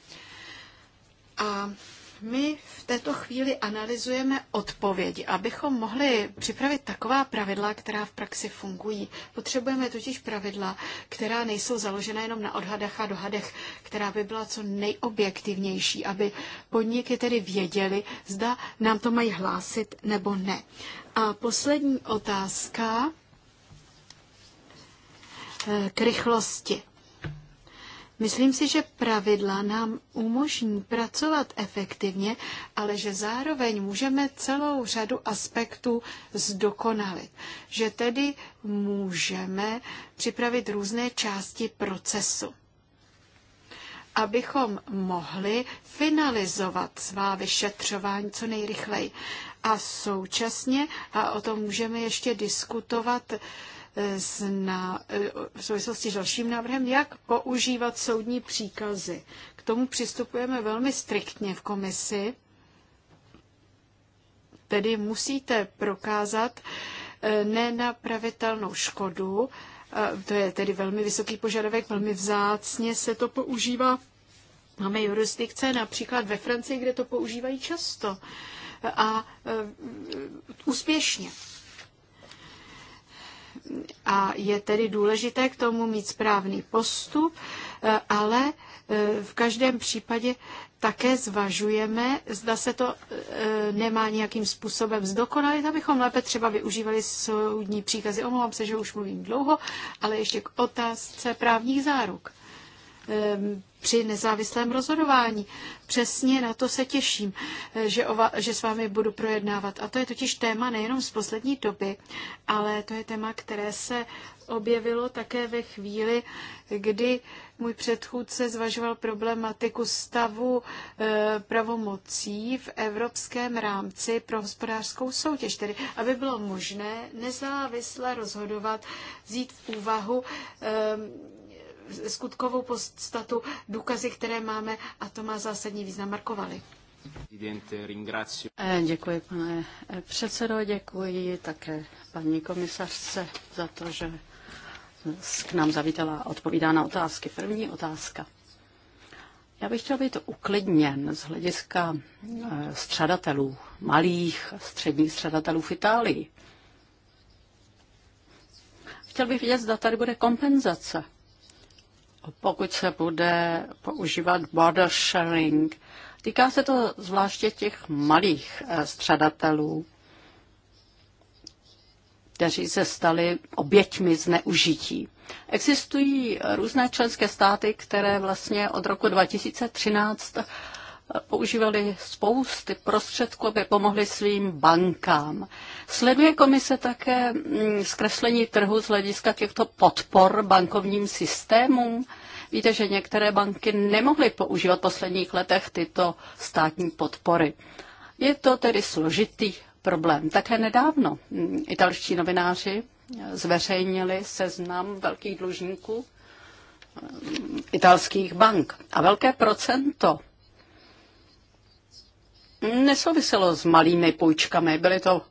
A my v této chvíli analyzujeme odpovědi, abychom mohli připravit taková pravidla, která v praxi fungují. Potřebujeme totiž pravidla, která nejsou založena jenom na odhadech a dohadech, která by byla co nejobjektivnější, aby podniky tedy věděli, zda nám to mají hlásit nebo ne. A poslední otázka Eh, k rychlosti. Myslím si, že pravidla nám umožní pracovat efektivně, ale že zároveň můžeme celou řadu aspektů zdokonalit. Že tedy můžeme připravit různé části procesu abychom mohli finalizovat svá vyšetřování co nejrychleji. A současně, a o tom můžeme ještě diskutovat, Eh, v souvislosti s dalším návrhem, jak používat soudní příkazy. K tomu přistupujeme velmi striktně v komisi, tedy musíte prokázat eh, nenapravitelnou škodu, eh, to je tedy velmi vysoký požadavek, velmi vzácně se to používá. Máme jurisdikce například ve Francii, kde to používají často a úspěšně. A je tedy důležité k tomu mít správný postup, eh, ale eh, v každém případě také zvažujeme, zda se to eh, nemá nějakým způsobem zdokonalit, abychom lépe třeba využívali soudní příkazy. Omlouvám se, že už mluvím dlouho, ale ještě k otázce právních záruk. Ehm, při nezávislém rozhodování. Přesně na to se těším, eh, že, ova, že s vámi budu projednávat. A to je totiž téma nejenom z poslední doby, ale to je téma, které se objevilo také ve chvíli, kdy můj předchůdce zvažoval problematiku stavu e, pravomocí v evropském rámci pro hospodářskou soutěž, tedy aby bylo možné nezávisle rozhodovat, vzít v úvahu e, skutkovou podstatu, důkazy, které máme, a to má zásadní význam. Markovali. Eh, děkuji, pane eh, předsedo, děkuji také paní komisařce za to, že k nám zavítala odpovídá na otázky. První otázka. Já bych chtěl být uklidněn z hlediska eh, střadatelů, malých středních střadatelů v Itálii. Chtěl bych vědět, zda tady bude kompenzace pokud se bude používat border sharing. Týká se to zvláště těch malých eh, střadatelů, kteří se stali oběťmi zneužití. Existují různé členské státy, které vlastně od roku 2013 používali spousty prostředků, aby pomohli svým bankám. Sleduje komise také mm, zkreslení trhu z hlediska těchto podpor bankovním systémům. Víte, že některé banky nemohly používat v posledních letech tyto státní podpory. Je to tedy složitý problém. Také nedávno mm, italští novináři zveřejnili seznam velkých dlužníků mm, italských bank. A velké procento nesouviselo s malými půjčkami. Byly to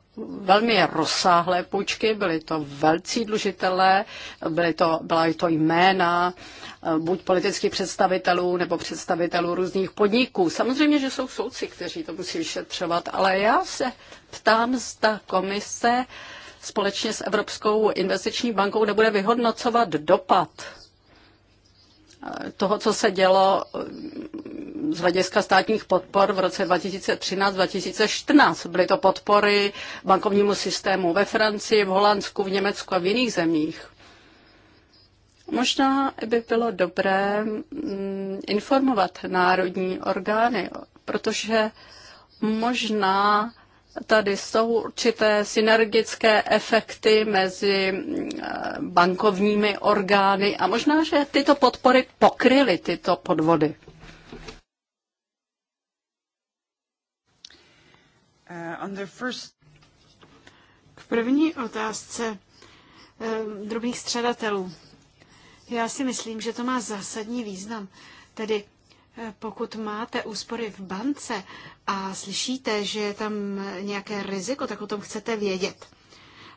velmi rozsáhlé půjčky, byly to velcí dlužitelé, byly to, byla to jména eh, buď politických představitelů nebo představitelů různých podniků. Samozřejmě, že jsou soudci, kteří to musí vyšetřovat, ale já se ptám, zda komise společně s Evropskou investiční bankou nebude vyhodnocovat dopad eh, toho, co se dělo z hlediska státních podpor v roce 2013-2014. Byly to podpory bankovnímu systému ve Francii, v Holandsku, v Německu a v jiných zemích. Možná by bylo dobré mm, informovat národní orgány, protože možná tady jsou určité synergické efekty mezi mm, bankovními orgány a možná, že tyto podpory pokryly tyto podvody. Uh, K první otázce um, drobných středatelů. Já si myslím, že to má zásadní význam. Tedy eh, pokud máte úspory v bance a slyšíte, že je tam nějaké riziko, tak o tom chcete vědět.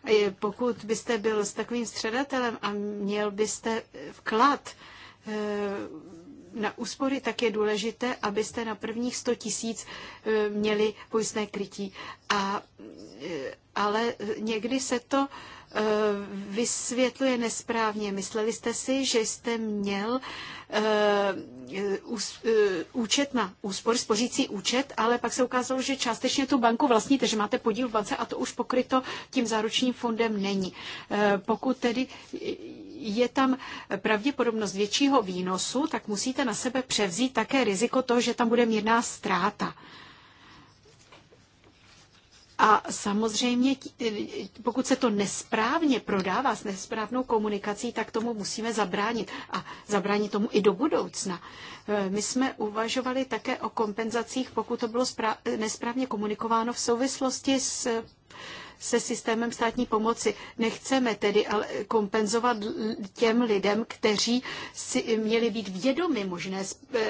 Eh, pokud byste byl s takovým středatelem a měl byste vklad eh, na úspory, tak je důležité, abyste na prvních 100 tisíc e, měli pojistné krytí. A, e, ale někdy se to e, vysvětluje nesprávně. Mysleli jste si, že jste měl účet na úspor, spořící účet, ale pak se ukázalo, že částečně tu banku vlastníte, že máte podíl v bance a to už pokryto tím záručním fondem není. Pokud tedy je tam pravděpodobnost většího výnosu, tak musíte na sebe převzít také riziko toho, že tam bude mírná ztráta. A samozřejmě, pokud se to nesprávně prodává s nesprávnou komunikací, tak tomu musíme zabránit. A zabránit tomu i do budoucna. E, my jsme uvažovali také o kompenzacích, pokud to bylo nesprávně komunikováno v souvislosti s se systémem státní pomoci. Nechceme tedy kompenzovat těm lidem, kteří si měli být vědomi možné eh,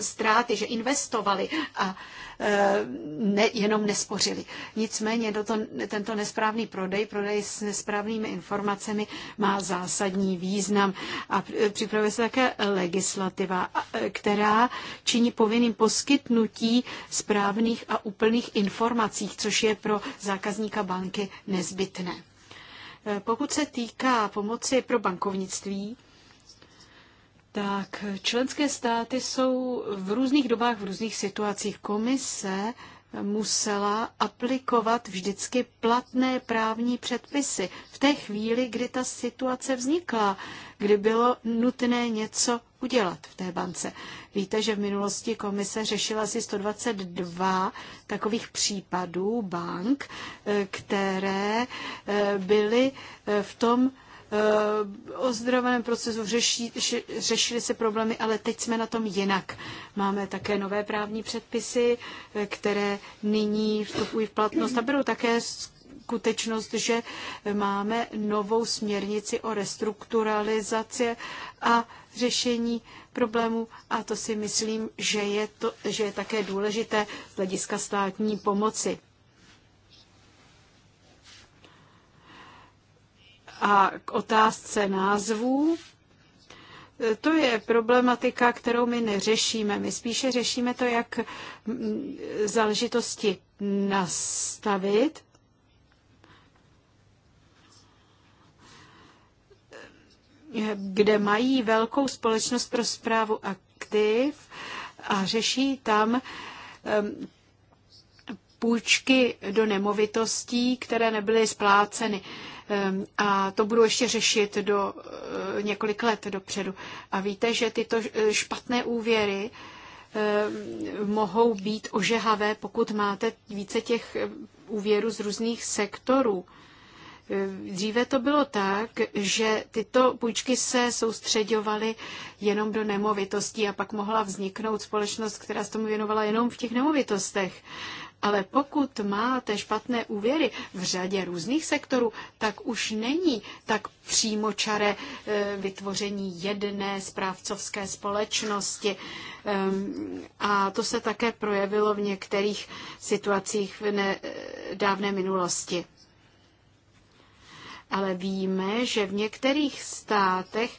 ztráty, že investovali a Eh, ne, jenom nespořili. Nicméně do to, tento nesprávný prodej, prodej s nesprávnými informacemi má zásadní význam a eh, připravuje se také legislativa, eh, která činí povinným poskytnutí správných a úplných informací, což je pro zákazníka banky nezbytné. Pokud se týká pomoci pro bankovnictví, tak členské státy jsou v různých dobách, v různých situacích. Komise musela aplikovat vždycky platné právní předpisy v té chvíli, kdy ta situace vznikla, kdy bylo nutné něco udělat v té bance. Víte, že v minulosti komise řešila asi 122 takových případů bank, eh, které eh, byly eh, v tom Eh, ozdravném procesu, řeší, řešili se problémy, ale teď jsme na tom jinak. Máme také nové právní předpisy, eh, které nyní vstupují v platnost a budou také skutečnost, že máme novou směrnici o restrukturalizaci a řešení problémů a to si myslím, že je, to, že je také důležité z hlediska státní pomoci. A k otázce názvů. To je problematika, kterou my neřešíme. My spíše řešíme to, jak záležitosti nastavit. kde mají velkou společnost pro zprávu aktiv a řeší tam půjčky do nemovitostí, které nebyly spláceny. Ehm, a to budu ještě řešit do eh, několik let dopředu. A víte, že tyto eh, špatné úvěry ehm, mohou být ožehavé, pokud máte více těch eh, úvěrů z různých sektorů. Dříve to bylo tak, že tyto půjčky se soustředovaly jenom do nemovitostí a pak mohla vzniknout společnost, která se tomu věnovala jenom v těch nemovitostech ale pokud máte špatné úvěry v řadě různých sektorů, tak už není tak přímočaré eh, vytvoření jedné správcovské společnosti. Ehm, a to se také projevilo v některých situacích v nedávné eh, minulosti ale víme, že v některých státech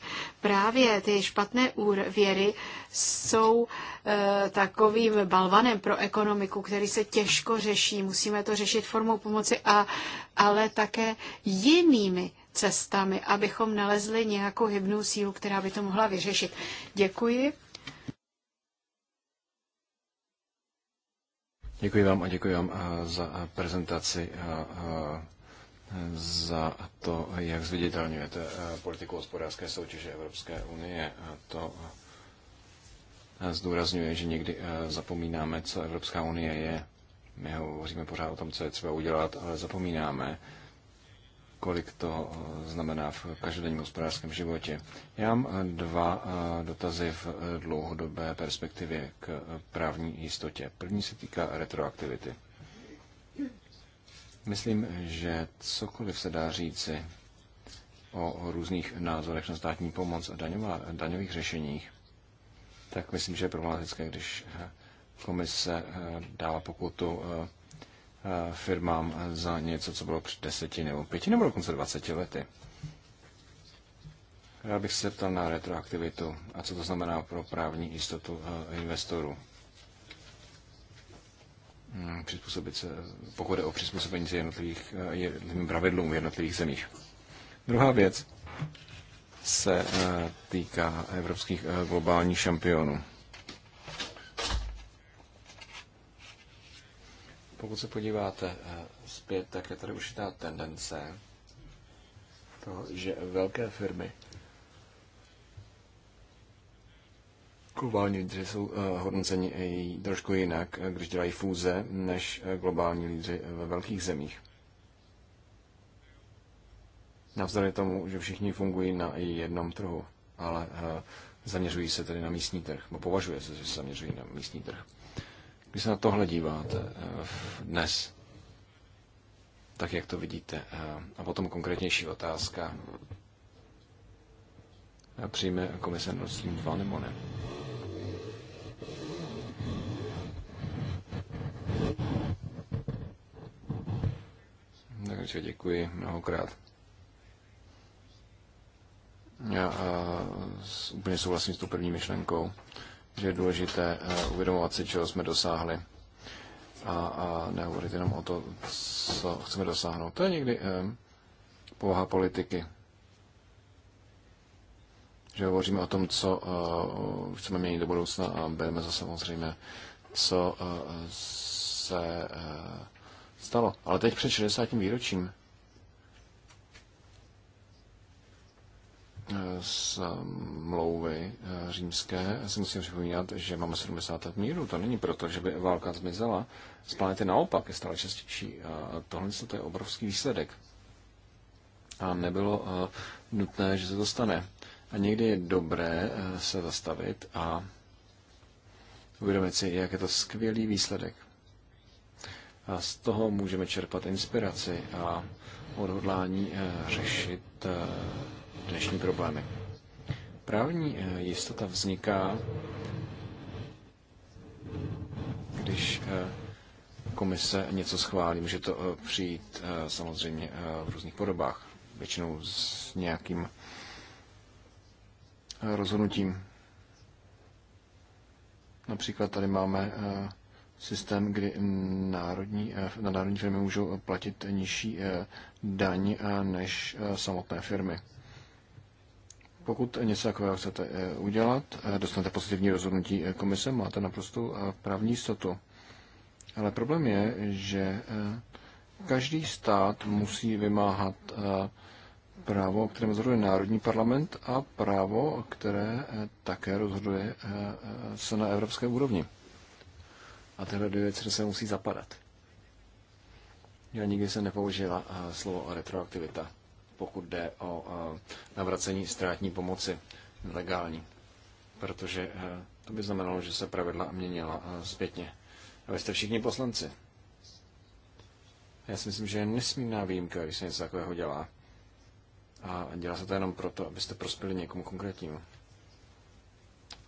právě ty špatné úvěry jsou e, takovým balvanem pro ekonomiku, který se těžko řeší. Musíme to řešit formou pomoci, a, ale také jinými cestami, abychom nalezli nějakou hybnou sílu, která by to mohla vyřešit. Děkuji. Děkuji vám a děkuji vám eh, za eh, prezentaci za to, jak zviditelňujete eh, politiku hospodářské soutěže Evropské unie. A to eh, zdůrazňuje, že někdy eh, zapomínáme, co Evropská unie je. My hovoříme pořád o tom, co je třeba udělat, ale zapomínáme, kolik to znamená v každodenním hospodářském životě. Já mám dva dotazy v dlouhodobé perspektivě k právní jistotě. První se týká retroaktivity. Myslím, že cokoliv se dá říci o různých názorech na státní pomoc a daňová, daňových řešeních, tak myslím, že je problematické, když eh, komise eh, dává pokutu eh, firmám za něco, co bylo před deseti nebo pěti nebo dokonce dvaceti lety. Já bych se ptal na retroaktivitu a co to znamená pro právní jistotu investorů. Hmm, přizpůsobit se, pokud jde o přizpůsobení se jednotlivých, eh, jednotlivým pravidlům v jednotlivých zemích. Druhá věc se eh, týká evropských eh, globálních šampionů. Pokud se podíváte zpět, tak je tady určitá tendence to, že velké firmy globální lídři jsou eh, hodnoceni trošku jinak, eh, když dělají fúze, než eh, globální lídři ve velkých zemích. Navzdory tomu, že všichni fungují na jednom trhu, ale zaměřují se tedy na místní trh, nebo považuje se, že se zaměřují na místní trh. Když se na tohle díváte dnes, tak jak to vidíte? A potom konkrétnější otázka. Přijme komise Nord Stream 2 nebo ne? Takže děkuji mnohokrát. Já s, úplně souhlasím s tou první myšlenkou, že je důležité uvědomovat si, čeho jsme dosáhli a, a nehovorit jenom o to, co chceme dosáhnout. To je někdy eh, povaha politiky. Že hovoříme o tom, co eh, chceme měnit do budoucna a bereme za samozřejmě, co eh, se eh, stalo. Ale teď před 60. výročím z eh, mlouvy eh, římské si musím připomínat, že máme 70 let míru. To není proto, že by válka zmizela. Z planety naopak je stále častější. A tohle to je obrovský výsledek. A nebylo eh, nutné, že se to stane. A někdy je dobré se zastavit a uvědomit si, jak je to skvělý výsledek. A z toho můžeme čerpat inspiraci a odhodlání eh, řešit eh, dnešní problémy. Právní eh, jistota vzniká, když komise něco schválí. Může to přijít samozřejmě v různých podobách, většinou s nějakým rozhodnutím. Například tady máme systém, kdy národní, eh, na národní firmy můžou platit nižší eh, daň eh, než samotné firmy. Pokud něco takového chcete udělat, dostanete pozitivní rozhodnutí komise, máte naprosto právní jistotu. Ale problém je, že každý stát musí vymáhat právo, které rozhoduje Národní parlament a právo, které také rozhoduje se na evropské úrovni. A tyhle dvě věci se musí zapadat. Já nikdy jsem nepoužila eh, slovo retroaktivita, pokud jde o eh, navracení ztrátní pomoci legální, protože eh, to by znamenalo, že se pravidla měnila zpětně. A vy jste všichni poslanci. Já si myslím, že je nesmírná výjimka, když se něco takového dělá. A dělá se to jenom proto, abyste prospěli někomu konkrétnímu.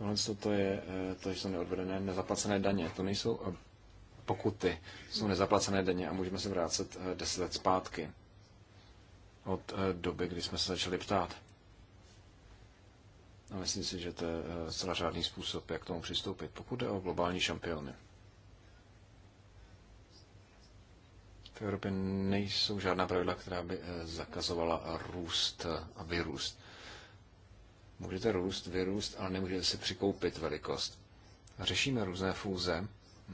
Tohle to, je, eh, to jsou neodvedené nezaplacené daně. To nejsou eh, pokuty, jsou nezaplacené daně a můžeme se vrátit eh, deset let zpátky od doby, kdy jsme se začali ptát. A myslím si, že to je celá řádný způsob, jak k tomu přistoupit, pokud jde o globální šampiony. V Evropě nejsou žádná pravidla, která by zakazovala růst a vyrůst. Můžete růst, vyrůst, ale nemůžete si přikoupit velikost. Řešíme různé fůze,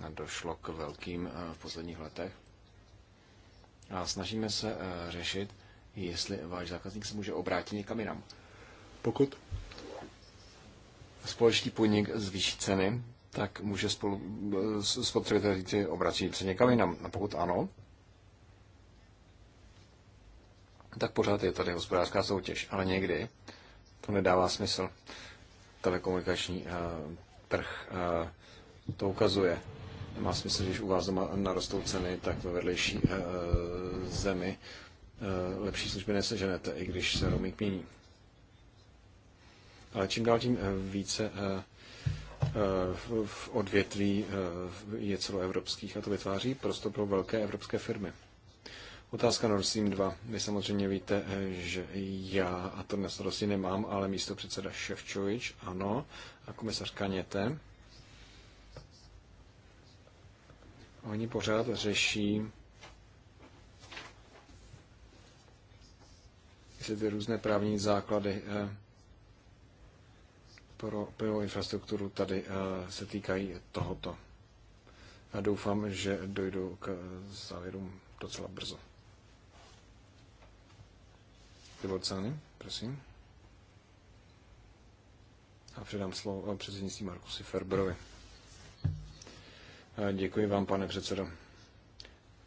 došlo k velkým eh, v posledních letech, a snažíme se eh, řešit, jestli váš zákazník se může obrátit někam jinam. Pokud společný podnik zvýší ceny, tak může eh, spotřebitel říct, obratit se někam jinam. A pokud ano, tak pořád je tady hospodářská soutěž. Ale někdy to nedává smysl. Telekomunikační eh, trh eh, to ukazuje. Má smysl, že když u vás doma narostou ceny, tak ve vedlejší eh, zemi lepší služby neseženete, i když se roaming mění. Ale čím dál tím více v odvětví je celoevropských a to vytváří prostor pro velké evropské firmy. Otázka Nord Stream 2. Vy samozřejmě víte, že já, a to dnes starosti nemám, ale místo předseda Ševčovič, ano, a komisařka Něte. Oni pořád řeší jestli ty různé právní základy eh, pro plnou infrastrukturu tady eh, se týkají tohoto. A doufám, že dojdu k eh, závěrům docela brzo. Tiborcány, prosím. A předám slovo eh, předsednictví Markusi Ferberovi. Eh, děkuji vám, pane předsedo.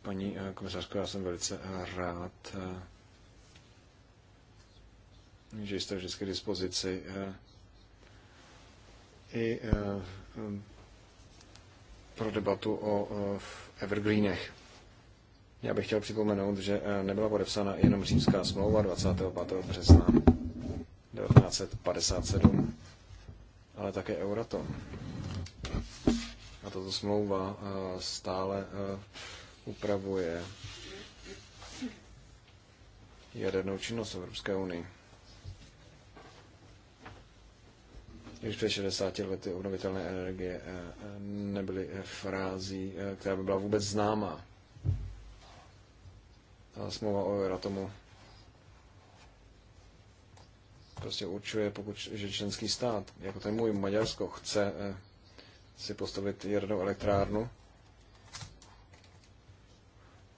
Paní eh, komisářko, já jsem velice rád, že jste vždycky k dispozici i pro debatu o evergreenech. Já bych chtěl připomenout, že eh, nebyla podepsána jenom římská smlouva 25. března 1957, ale také Euratom. A tato smlouva eh, stále eh, upravuje jadernou činnost Evropské unii. když před 60 lety obnovitelné energie nebyly frází, která by byla vůbec známá smlouva o Euratomu prostě určuje, pokud, že členský stát, jako ten můj Maďarsko, chce eh, si postavit jadernou elektrárnu,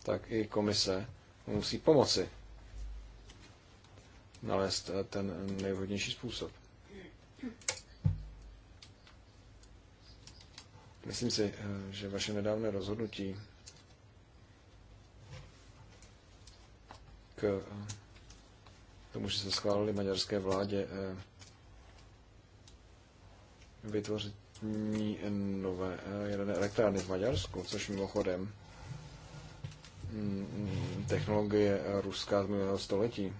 tak i komise musí pomoci nalézt eh, ten nejvhodnější způsob. Myslím si, eh, že vaše nedávné rozhodnutí tomu, že se schválili maďarské vládě eh, vytvoření nové eh, jaderné elektrárny v Maďarsku, což mimochodem mm, mm, technologie ruská z minulého století,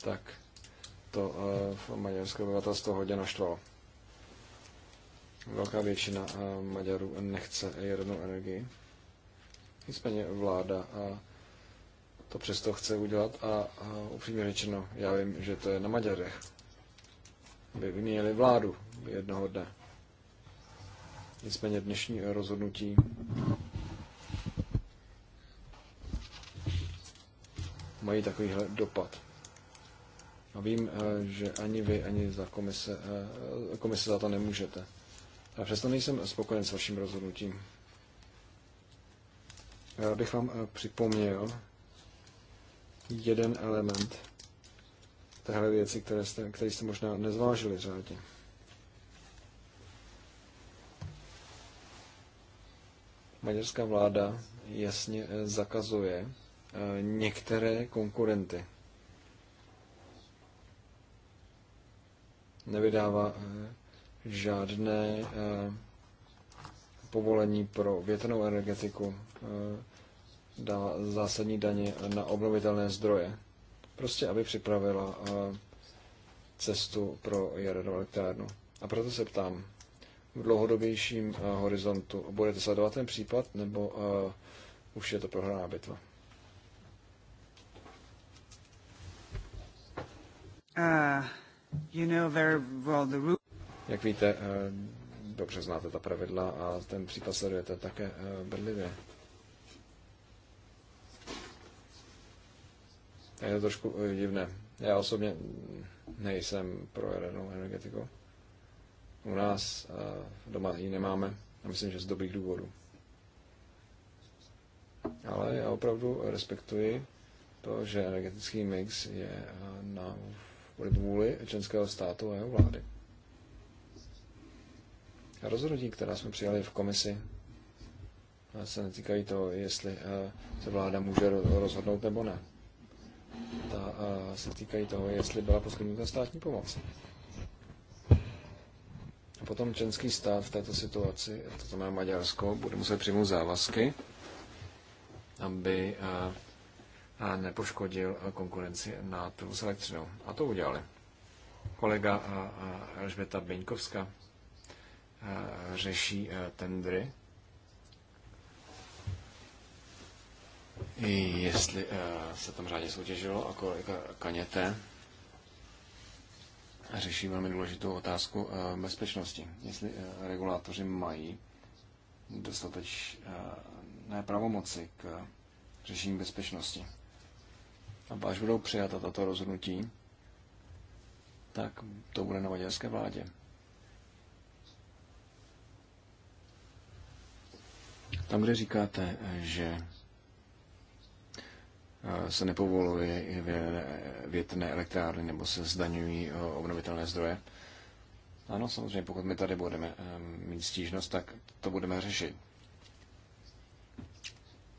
tak to eh, v maďarské obyvatelstvo hodně naštvalo. Velká většina Maďarů nechce jadernou energii. Nicméně vláda a to přesto chce udělat a, a upřímně řečeno, já vím, že to je na Maďarech. By vyměnili vládu jednoho dne. Nicméně dnešní rozhodnutí mají takovýhle dopad. A vím, eh, že ani vy, ani za komise, eh, komise za to nemůžete. A přesto nejsem spokojen s vaším rozhodnutím. Já bych vám eh, připomněl, jeden element téhle věci, které jste, které jste možná nezvážili řádně. Maďarská vláda jasně eh, zakazuje eh, některé konkurenty. Nevydává eh, žádné povolení pro větrnou energetiku, dala zásadní daně na obnovitelné zdroje. Prostě, aby připravila eh, cestu pro jadernou elektrárnu. A proto se ptám, v dlouhodobějším eh, horizontu budete sledovat ten případ, nebo eh, už je to prohraná bitva? Uh, you know very well the Jak víte, dobře znáte ta pravidla a ten případ sledujete také bedlivě. Je to trošku eh, divné. Já osobně nejsem pro jadernou energetiku. U nás eh, doma ji nemáme a myslím, že z dobrých důvodů. Ale já opravdu respektuji to, že energetický mix je eh, na vůli členského státu a jeho vlády. A rozhodnutí, která jsme přijali v komisi, se netýkají toho, jestli se vláda může rozhodnout nebo ne ta se týkají toho, jestli byla poskytnuta státní pomoc. A potom členský stát v této situaci, to znamená Maďarsko, bude muset přijmout závazky, aby a nepoškodil konkurenci na trhu s elektřinou. A to udělali. Kolega Elžbeta Beňkovská řeší tendry jestli eh, se tam řádně soutěžilo a kolika Kaněte řeší velmi důležitou otázku eh, bezpečnosti. Jestli eh, regulátoři mají dostatečné pravomoci k řešení bezpečnosti. A až budou přijata tato rozhodnutí, tak to bude na maďarské vládě. Tam, kde říkáte, že se nepovoluje větrné elektrárny nebo se zdaňují e, obnovitelné zdroje. Ano, samozřejmě, pokud my tady budeme e, mít stížnost, tak to budeme řešit.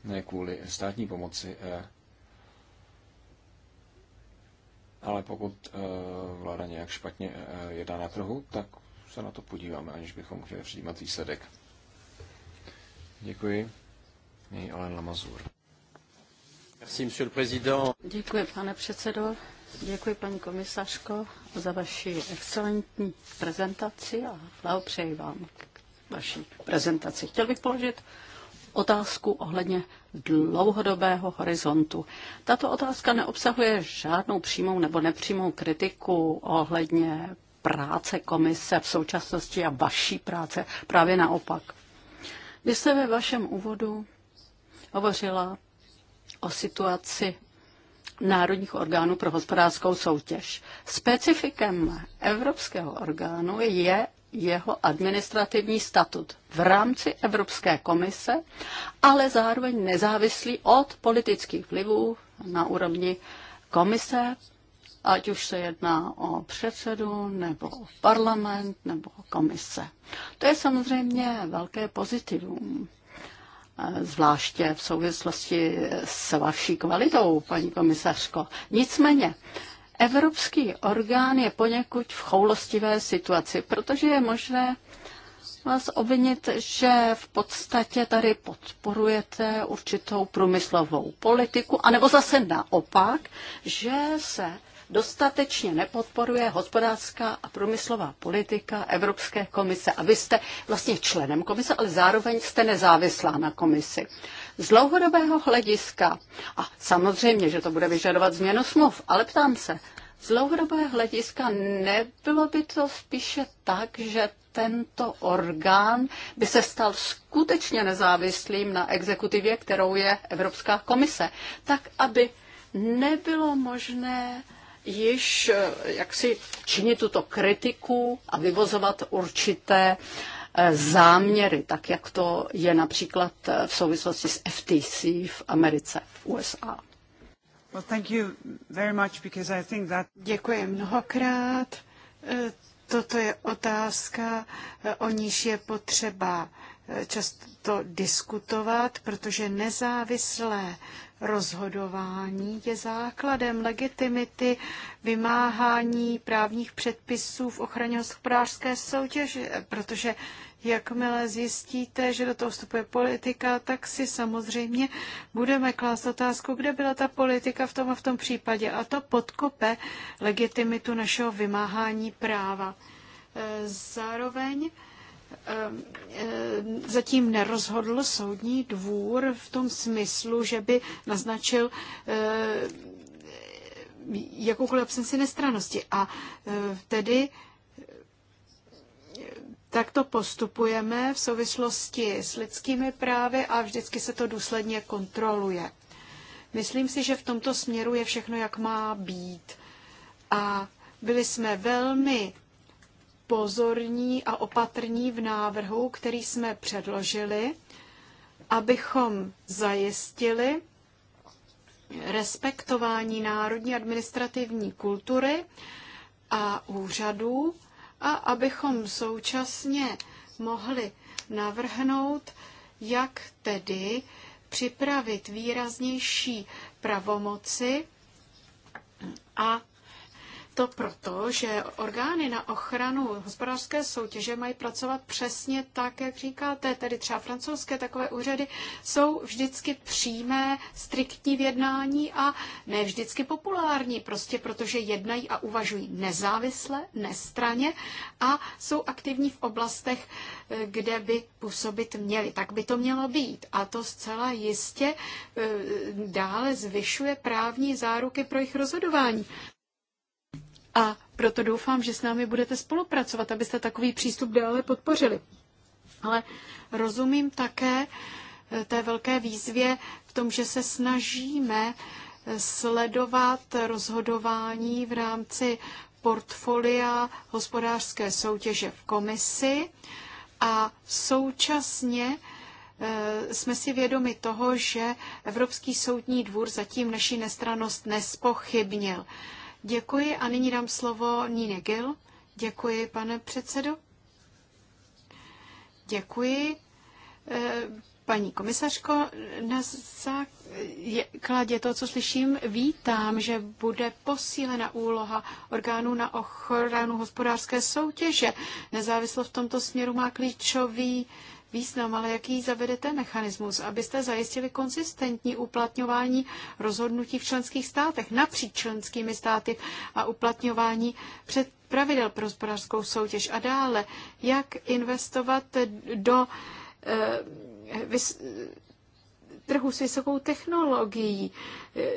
Ne kvůli státní pomoci, e, ale pokud vláda nějak špatně jedná na trhu, tak se na to podíváme, aniž bychom chtěli přijímat výsledek. Děkuji. Nyní Alen Lamazur. Děkuji, pane předsedo. Děkuji, paní komisařko, za vaši excelentní prezentaci a blahopřeji vám k vaší prezentaci. Chtěl bych položit otázku ohledně dlouhodobého horizontu. Tato otázka neobsahuje žádnou přímou nebo nepřímou kritiku ohledně práce komise v současnosti a vaší práce. Právě naopak. Vy jste ve vašem úvodu hovořila o situaci národních orgánů pro hospodářskou soutěž. Specifikem evropského orgánu je jeho administrativní statut v rámci Evropské komise, ale zároveň nezávislý od politických vlivů na úrovni komise, ať už se jedná o předsedu, nebo o parlament, nebo o komise. To je samozřejmě velké pozitivum zvláště v souvislosti s vaší kvalitou, paní komisařko. Nicméně, evropský orgán je poněkud v choulostivé situaci, protože je možné vás obvinit, že v podstatě tady podporujete určitou průmyslovou politiku, anebo zase naopak, že se dostatečně nepodporuje hospodářská a průmyslová politika Evropské komise. A vy jste vlastně členem komise, ale zároveň jste nezávislá na komisi. Z dlouhodobého hlediska, a samozřejmě, že to bude vyžadovat změnu smluv, ale ptám se, z dlouhodobého hlediska nebylo by to spíše tak, že tento orgán by se stal skutečně nezávislým na exekutivě, kterou je Evropská komise, tak aby nebylo možné již eh, jak si činit tuto kritiku a vyvozovat určité eh, záměry, tak jak to je například eh, v souvislosti s FTC v Americe, v USA. Well, thank you very much, because I think that... Děkuji mnohokrát. Toto je otázka, o níž je potřeba často diskutovat, protože nezávislé rozhodování je základem legitimity vymáhání právních předpisů v ochraně hospodářské soutěže, protože jakmile zjistíte, že do toho vstupuje politika, tak si samozřejmě budeme klást otázku, kde byla ta politika v tom a v tom případě. A to podkope legitimitu našeho vymáhání práva. E, zároveň Eh, eh, zatím nerozhodl soudní dvůr v tom smyslu, že by naznačil eh, jakoukoliv absenci nestranosti. A tedy takto postupujeme v souvislosti s lidskými právy a vždycky se to důsledně kontroluje. Myslím si, že v tomto směru je všechno, jak má být. A byli jsme velmi pozorní a opatrní v návrhu, který jsme předložili, abychom zajistili respektování národní administrativní kultury a úřadů a abychom současně mohli navrhnout, jak tedy připravit výraznější pravomoci a to proto, že orgány na ochranu hospodářské soutěže mají pracovat přesně tak, jak říkáte, tedy třeba francouzské takové úřady jsou vždycky přímé, striktní v jednání a ne vždycky populární, prostě protože jednají a uvažují nezávisle, nestraně a jsou aktivní v oblastech, eh, kde by působit měli. Tak by to mělo být. A to zcela jistě eh, dále zvyšuje právní záruky pro jejich rozhodování. A proto doufám, že s námi budete spolupracovat, abyste takový přístup dále podpořili. Ale rozumím také eh, té velké výzvě v tom, že se snažíme eh, sledovat rozhodování v rámci portfolia hospodářské soutěže v komisi a současně eh, jsme si vědomi toho, že Evropský soudní dvůr zatím naši nestranost nespochybnil. Děkuji a nyní dám slovo Níne Gil. Děkuji, pane předsedo. Děkuji. Eh, paní komisařko, na základě toho, co slyším, vítám, že bude posílena úloha orgánů na ochranu hospodářské soutěže. Nezávislost v tomto směru má klíčový význam, ale jaký zavedete mechanismus, abyste zajistili konzistentní uplatňování rozhodnutí v členských státech, napříč členskými státy a uplatňování před pravidel pro hospodářskou soutěž a dále, jak investovat do eh, trhu s vysokou technologií,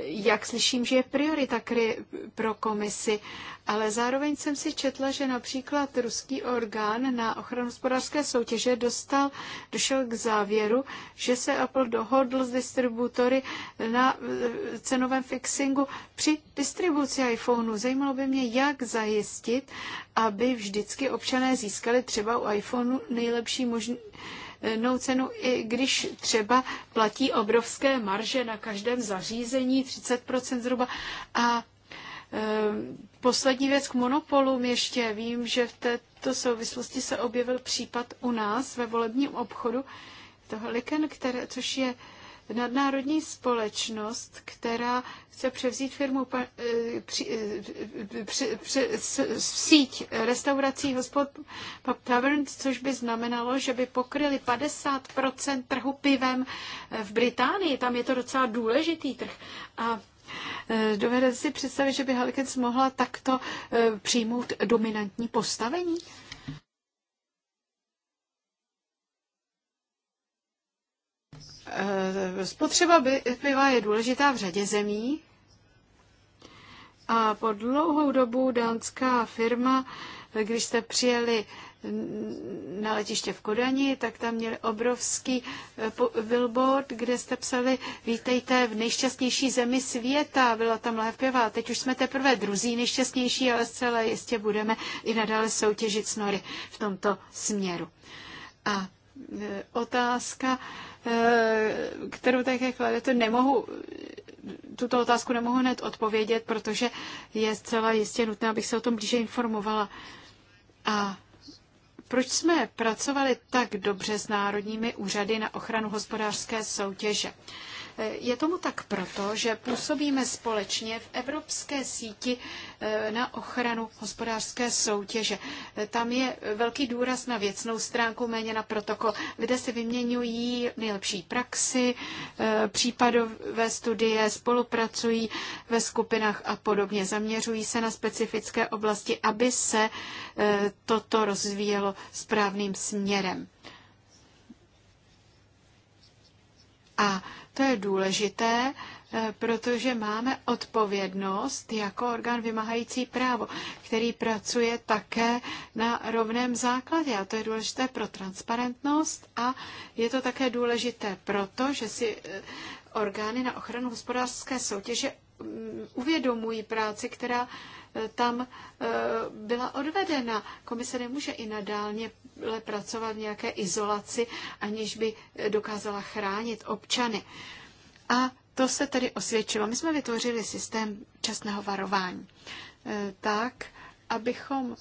jak slyším, že je priorita pro komisi, ale zároveň jsem si četla, že například ruský orgán na ochranu hospodářské soutěže dostal, došel k závěru, že se Apple dohodl s distributory na eh, cenovém fixingu při distribuci iPhoneu. Zajímalo by mě, jak zajistit, aby vždycky občané získali třeba u iPhoneu nejlepší možný cenu, i když třeba platí obrovské marže na každém zařízení, 30% zhruba. A eh, Poslední věc k monopolům ještě. Vím, že v této souvislosti se objevil případ u nás ve volebním obchodu toho Liken, které, což je nadnárodní společnost, která chce převzít firmu eh, eh, síť restaurací hospod Pub Tavern, což by znamenalo, že by pokryli 50% trhu pivem v Británii. Tam je to docela důležitý trh. A eh, Dovedete si představit, že by Halikens mohla takto přijmout dominantní postavení? Eh, spotřeba piva je důležitá v řadě zemí a po dlouhou dobu dánská firma, když jste přijeli na letiště v Kodani, tak tam měli obrovský eh, billboard, kde jste psali vítejte v nejšťastnější zemi světa, byla tam lahev piva. Teď už jsme teprve druzí nejšťastnější, ale zcela jistě budeme i nadále soutěžit s Nory v tomto směru. A E, otázka, e, kterou také kladete, nemohu, tuto otázku nemohu hned odpovědět, protože je zcela jistě nutné, abych se o tom blíže informovala. A proč jsme pracovali tak dobře s národními úřady na ochranu hospodářské soutěže? Je tomu tak proto, že působíme společně v evropské síti eh, na ochranu hospodářské soutěže. Eh, tam je velký důraz na věcnou stránku, méně na protokol. Lidé se vyměňují nejlepší praxi, eh, případové studie, spolupracují ve skupinách a podobně. Zaměřují se na specifické oblasti, aby se toto rozvíjelo správným směrem. A to je důležité, eh, protože máme odpovědnost jako orgán vymáhající právo, který pracuje také na rovném základě. A to je důležité pro transparentnost a je to také důležité proto, že si eh, orgány na ochranu hospodářské soutěže Mm, uvědomují práci, která eh, tam eh, byla odvedena. Komise nemůže i nadálně pracovat v nějaké izolaci, aniž by eh, dokázala chránit občany. A to se tedy osvědčilo. My jsme vytvořili systém časného varování tak, abychom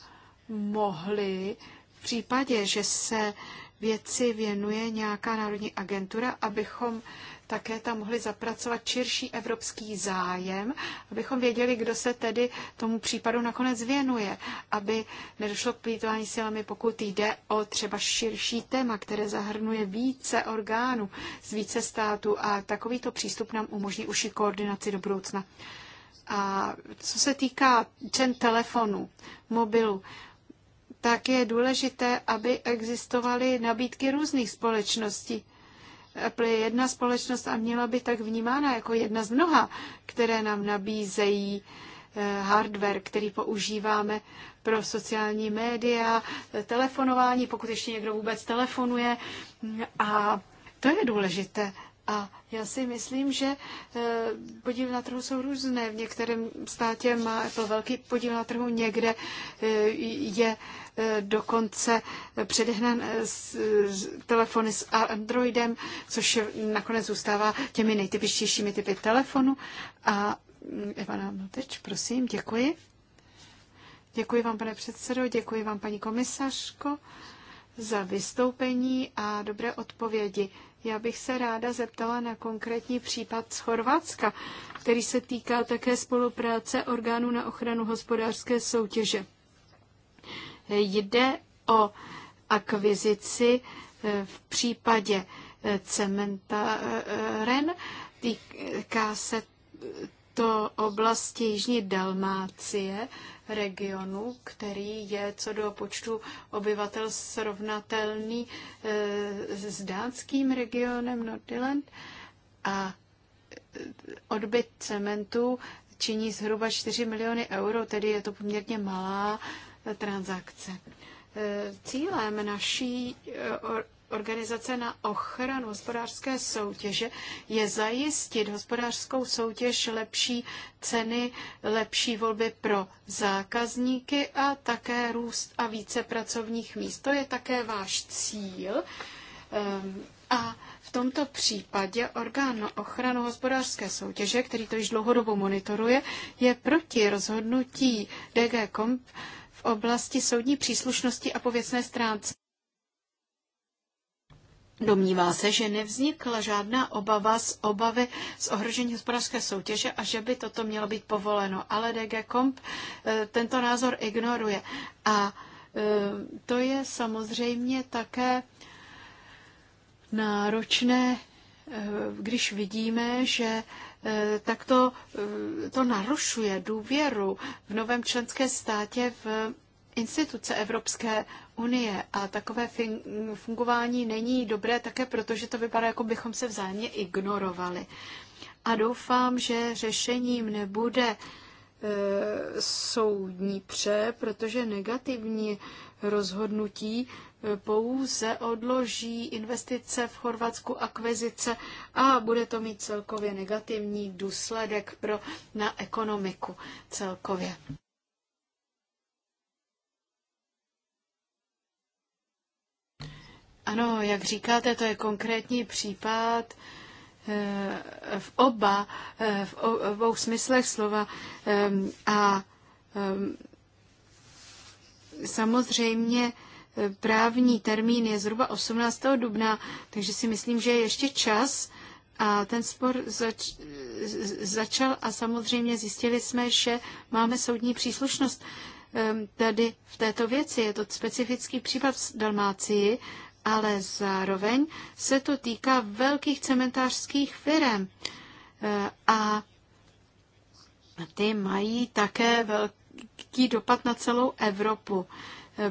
mohli v případě, že se věci věnuje nějaká národní agentura, abychom také tam mohli zapracovat širší evropský zájem, abychom věděli, kdo se tedy tomu případu nakonec věnuje, aby nedošlo k plýtování silami, pokud jde o třeba širší téma, které zahrnuje více orgánů z více států a takovýto přístup nám umožní uši koordinaci do budoucna. A co se týká čen telefonu, mobilu, tak je důležité, aby existovaly nabídky různých společností. Apple je jedna společnost a měla by tak vnímána jako jedna z mnoha, které nám nabízejí eh, hardware, který používáme pro sociální média, telefonování, pokud ještě někdo vůbec telefonuje. A to je důležité. A já si myslím, že eh, podíl na trhu jsou různé. V některém státě má Apple velký podíl na trhu, někde eh, je dokonce předehnan s, telefony s Androidem, což nakonec zůstává těmi nejtypičtějšími typy telefonu. A Ivana mm, Nuteč, prosím, děkuji. Děkuji vám, pane předsedo, děkuji vám, paní komisařko, za vystoupení a dobré odpovědi. Já bych se ráda zeptala na konkrétní případ z Chorvatska, který se týká také spolupráce orgánů na ochranu hospodářské soutěže. Jde o akvizici e, v případě e, cementaren. E, Týká se to oblasti Jižní Dalmácie, regionu, který je co do počtu obyvatel srovnatelný s dánským regionem Nordiland a odbyt cementu činí zhruba 4 miliony euro, tedy je to poměrně malá transakce. Eh, Cílem naší eh, Organizace na ochranu hospodářské soutěže je zajistit hospodářskou soutěž lepší ceny, lepší volby pro zákazníky a také růst a více pracovních míst. To je také váš cíl. Ehm, a v tomto případě orgán na ochranu hospodářské soutěže, který to již dlouhodobo monitoruje, je proti rozhodnutí DG Comp v oblasti soudní příslušnosti a pověcné stránce. Domnívá se, že nevznikla žádná obava z obavy z ohrožení hospodářské soutěže a že by toto mělo být povoleno. Ale DG Komp eh, tento názor ignoruje. A eh, to je samozřejmě také náročné, eh, když vidíme, že Eh, tak to, eh, to narušuje důvěru v novém členské státě v instituce Evropské unie a takové fungování není dobré také proto, že to vypadá, jako bychom se vzájemně ignorovali. A doufám, že řešením nebude eh, soudní pře, protože negativní rozhodnutí pouze odloží investice v Chorvatsku, akvizice a bude to mít celkově negativní důsledek pro, na ekonomiku celkově. Ano, jak říkáte, to je konkrétní případ eh, v oba, eh, v obou smyslech slova eh, a samozřejmě Právní termín je zhruba 18. dubna, takže si myslím, že je ještě čas. A ten spor zač- začal a samozřejmě zjistili jsme, že máme soudní příslušnost ehm, tady v této věci. Je to specifický případ v Dalmácii, ale zároveň se to týká velkých cementářských firm. Ehm, a ty mají také velký dopad na celou Evropu.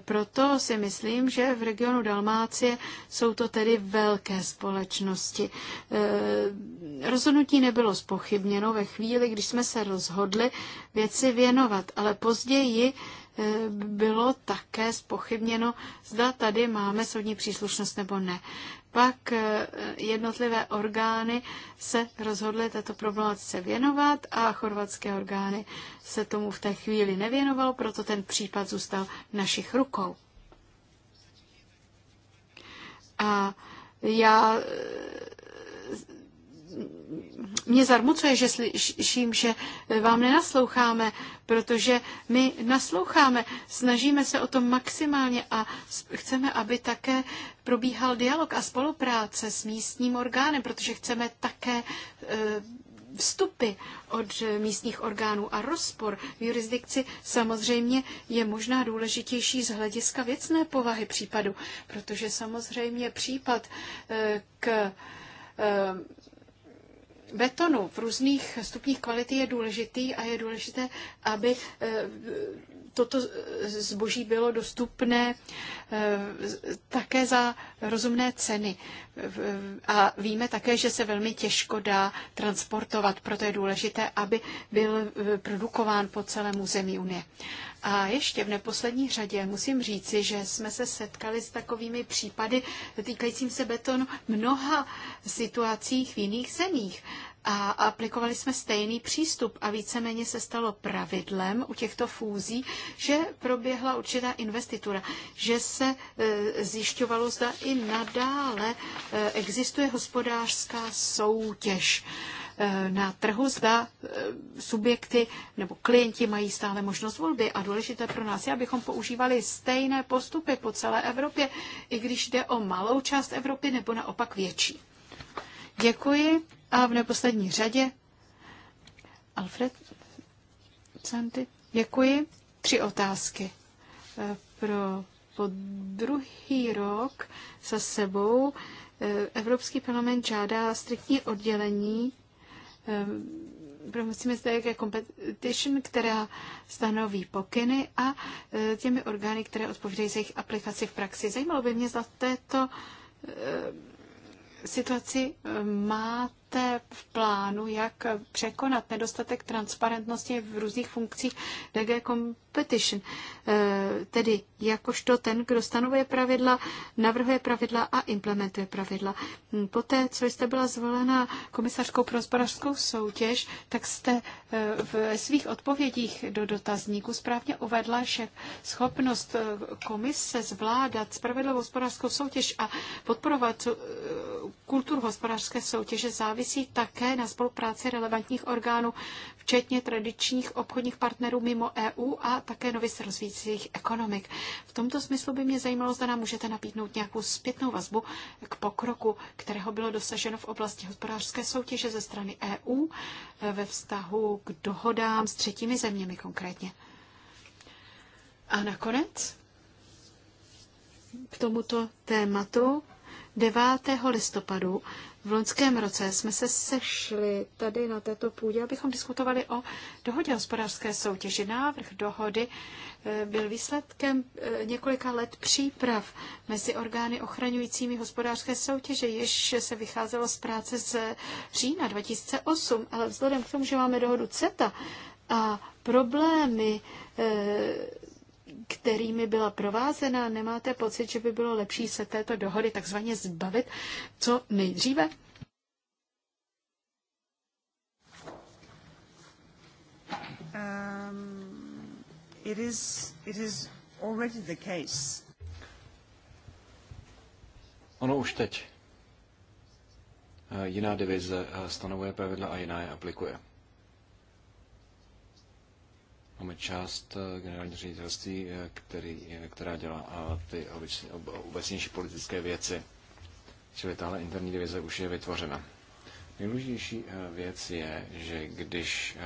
Proto si myslím, že v regionu Dalmácie jsou to tedy velké společnosti. Eh, rozhodnutí nebylo spochybněno ve chvíli, když jsme se rozhodli věci věnovat, ale později eh, bylo také spochybněno, zda tady máme soudní příslušnost nebo ne pak eh, jednotlivé orgány se rozhodly této problematice věnovat a chorvatské orgány se tomu v té chvíli nevěnovalo, proto ten případ zůstal v našich rukou. A já eh, mě zarmucuje, že slyším, že vám nenasloucháme, protože my nasloucháme, snažíme se o to maximálně a chceme, aby také probíhal dialog a spolupráce s místním orgánem, protože chceme také eh, vstupy od místních orgánů a rozpor v jurisdikci samozřejmě je možná důležitější z hlediska věcné povahy případu, protože samozřejmě případ eh, k eh, betonu v různých stupních kvality je důležitý a je důležité, aby eh, toto zboží bylo dostupné eh, také za rozumné ceny. A víme také, že se velmi těžko dá transportovat, proto je důležité, aby byl eh, produkován po celém území Unie. A ještě v neposlední řadě musím říci, že jsme se setkali s takovými případy týkajícím se betonu mnoha situacích v jiných zemích a aplikovali jsme stejný přístup a víceméně se stalo pravidlem u těchto fúzí, že proběhla určitá investitura, že se e, zjišťovalo, zda i nadále e, existuje hospodářská soutěž e, na trhu, zda subjekty nebo klienti mají stále možnost volby. A důležité pro nás je, abychom používali stejné postupy po celé Evropě, i když jde o malou část Evropy nebo naopak větší. Děkuji. A v neposlední řadě Alfred Sandy, děkuji. Tři otázky. E, pro po druhý rok za sebou e, Evropský parlament žádá striktní oddělení e, promocíme také competition, která stanoví pokyny a těmi orgány, které odpovídají za jejich aplikaci v praxi. Zajímalo by mě, za této situaci má máte v plánu, jak překonat nedostatek transparentnosti v různých funkcích DG Competition? Eh, tedy jakožto ten, kdo stanovuje pravidla, navrhuje pravidla a implementuje pravidla. Hm, poté, co jste byla zvolena komisařkou pro hospodářskou soutěž, tak jste eh, v svých odpovědích do dotazníku správně uvedla, že schopnost eh, komise zvládat spravedlivou hospodářskou soutěž a podporovat kulturu hospodářské soutěže závisí závisí také na spolupráci relevantních orgánů, včetně tradičních obchodních partnerů mimo EU a také nově se rozvíjících ekonomik. V tomto smyslu by mě zajímalo, zda nám můžete nabídnout nějakou zpětnou vazbu k pokroku, kterého bylo dosaženo v oblasti hospodářské soutěže ze strany EU eh, ve vztahu k dohodám s třetími zeměmi konkrétně. A nakonec k tomuto tématu 9. listopadu v loňském roce jsme se sešli tady na této půdě, abychom diskutovali o dohodě hospodářské soutěže. Návrh dohody eh, byl výsledkem eh, několika let příprav mezi orgány ochraňujícími hospodářské soutěže, jež se vycházelo z práce z října 2008, ale vzhledem k tomu, že máme dohodu CETA a problémy eh, kterými byla provázena. Nemáte pocit, že by bylo lepší se této dohody takzvaně zbavit co nejdříve? Um, it is, it is already the case. Ono už teď. Eh, jiná divize eh, stanovuje pravidla a jiná je aplikuje. Máme část eh, generální ředitelství, eh, který, eh, která dělá ty obecnější politické věci. Čili tahle interní divize už je vytvořena. Nejdůležitější věc je, že když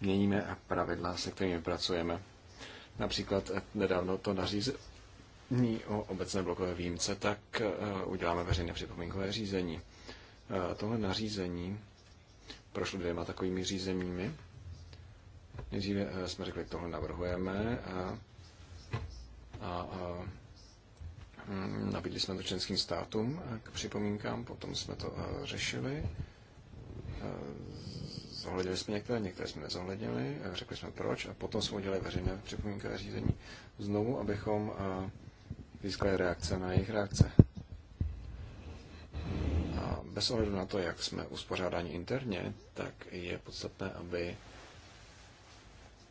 měníme pravidla, se kterými pracujeme, například nedávno to nařízení o obecné blokové výjimce, tak uděláme veřejné připomínkové řízení. Tohle nařízení prošlo dvěma takovými řízeními Nejdříve eh, jsme řekli, tohle navrhujeme a, a, a hm, nabídli jsme to členským státům eh, k připomínkám, potom jsme to eh, řešili. Zohledili jsme některé, některé jsme nezohlednili, řekli jsme proč a potom jsme udělali veřejné připomínkové řízení znovu, abychom získali reakce na jejich reakce. A bez ohledu na to, jak jsme uspořádáni interně, tak je podstatné, aby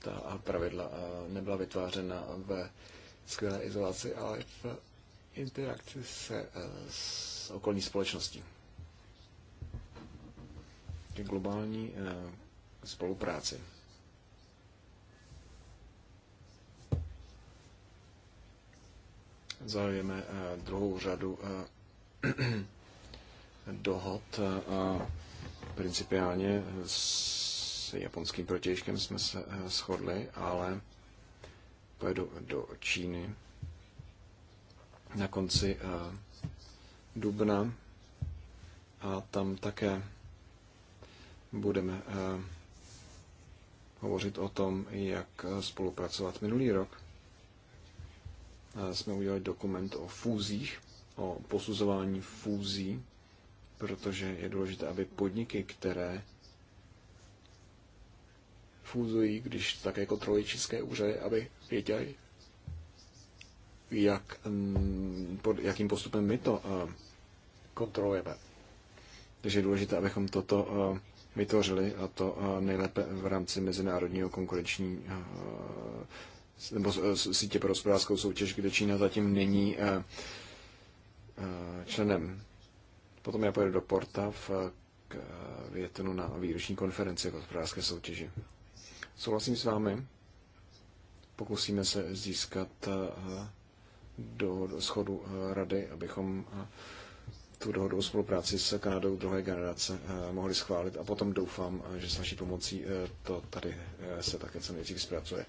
ta pravidla nebyla vytvářena ve skvělé izolaci, ale v interakci se e, s okolní společností. K globální e, spolupráci. Zahajujeme e, druhou řadu dohod a principiálně s japonským protějškem jsme se eh, shodli, ale pojedu do Číny na konci eh, dubna a tam také budeme eh, hovořit o tom, jak spolupracovat minulý rok. Jsme udělali dokument o fúzích, o posuzování fúzí, protože je důležité, aby podniky, které fúzují, když také kontrolují jako české úřady, aby věděli, jak, mm, pod jakým postupem my to eh, kontrolujeme. Takže je důležité, abychom toto eh, vytvořili a to eh, nejlépe v rámci mezinárodního konkurenční nebo sítě pro hospodářskou soutěž, kde Čína zatím není členem. Potom já pojedu do Porta v Větnu na výroční konferenci hospodářské soutěži. Souhlasím s vámi. Pokusíme se získat eh, do, schodu eh, rady, abychom eh, tu dohodu o spolupráci s Kanadou druhé generace mohli schválit a potom doufám, že s vaší pomocí to tady se také co nejdřív zpracuje.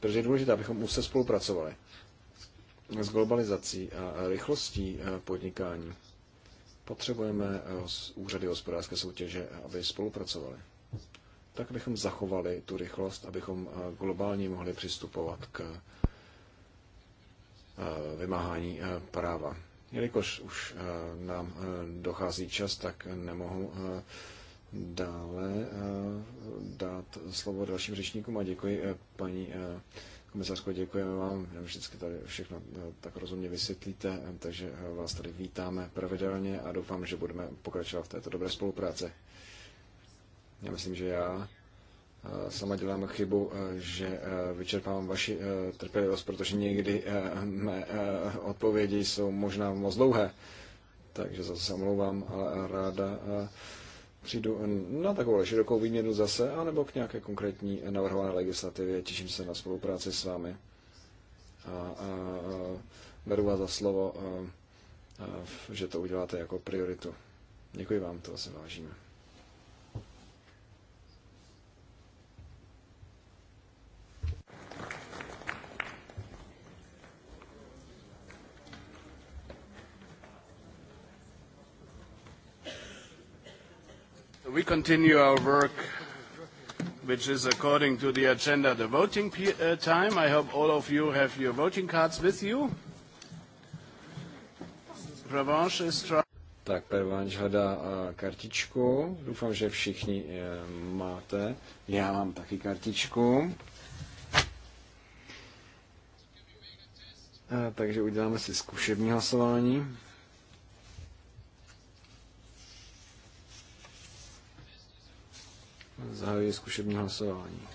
Protože je důležité, abychom už se spolupracovali s globalizací a rychlostí podnikání. Potřebujeme úřady hospodářské soutěže, aby spolupracovali tak abychom zachovali tu rychlost, abychom eh, globálně mohli přistupovat k eh, vymáhání eh, práva. Jelikož už nám dochází čas, tak nemohu dále dát slovo dalším řečníkům a děkuji paní komisařko, děkujeme vám, vždycky tady všechno tak rozumně vysvětlíte, takže vás tady vítáme pravidelně a doufám, že budeme pokračovat v této dobré spolupráci. Já myslím, že já eh, sama dělám chybu, eh, že eh, vyčerpám vaši trpělivost, protože někdy mé odpovědi jsou možná moc dlouhé. Takže za to se omlouvám, ale ráda přijdu na takovou širokou výměnu zase, anebo k nějaké konkrétní navrhované legislativě. Těším se na spolupráci s vámi a, a, a beru vás za slovo, a, a, že to uděláte jako prioritu. Děkuji vám, to se vážíme. we continue our work, which is according to the agenda, the voting uh, time. I hope all of you have your voting cards with you. Prevanche is trying. Tak, Pervanč hledá uh, kartičku. Doufám, že všichni uh, máte. Já mám taky kartičku. Uh, takže uděláme si zkušební hlasování. Zahajuji zkušební hlasování.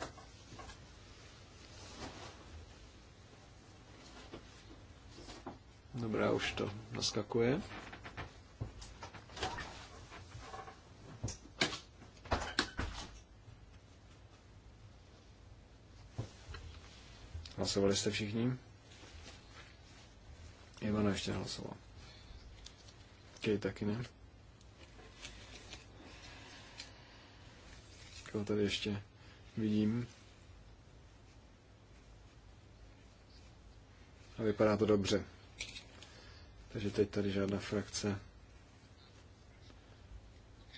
Dobrá, už to naskakuje. Hlasovali jste všichni? Ivana ještě hlasovala. Kej taky ne. ho tady ještě vidím. A vypadá to dobře. Takže teď tady žádná frakce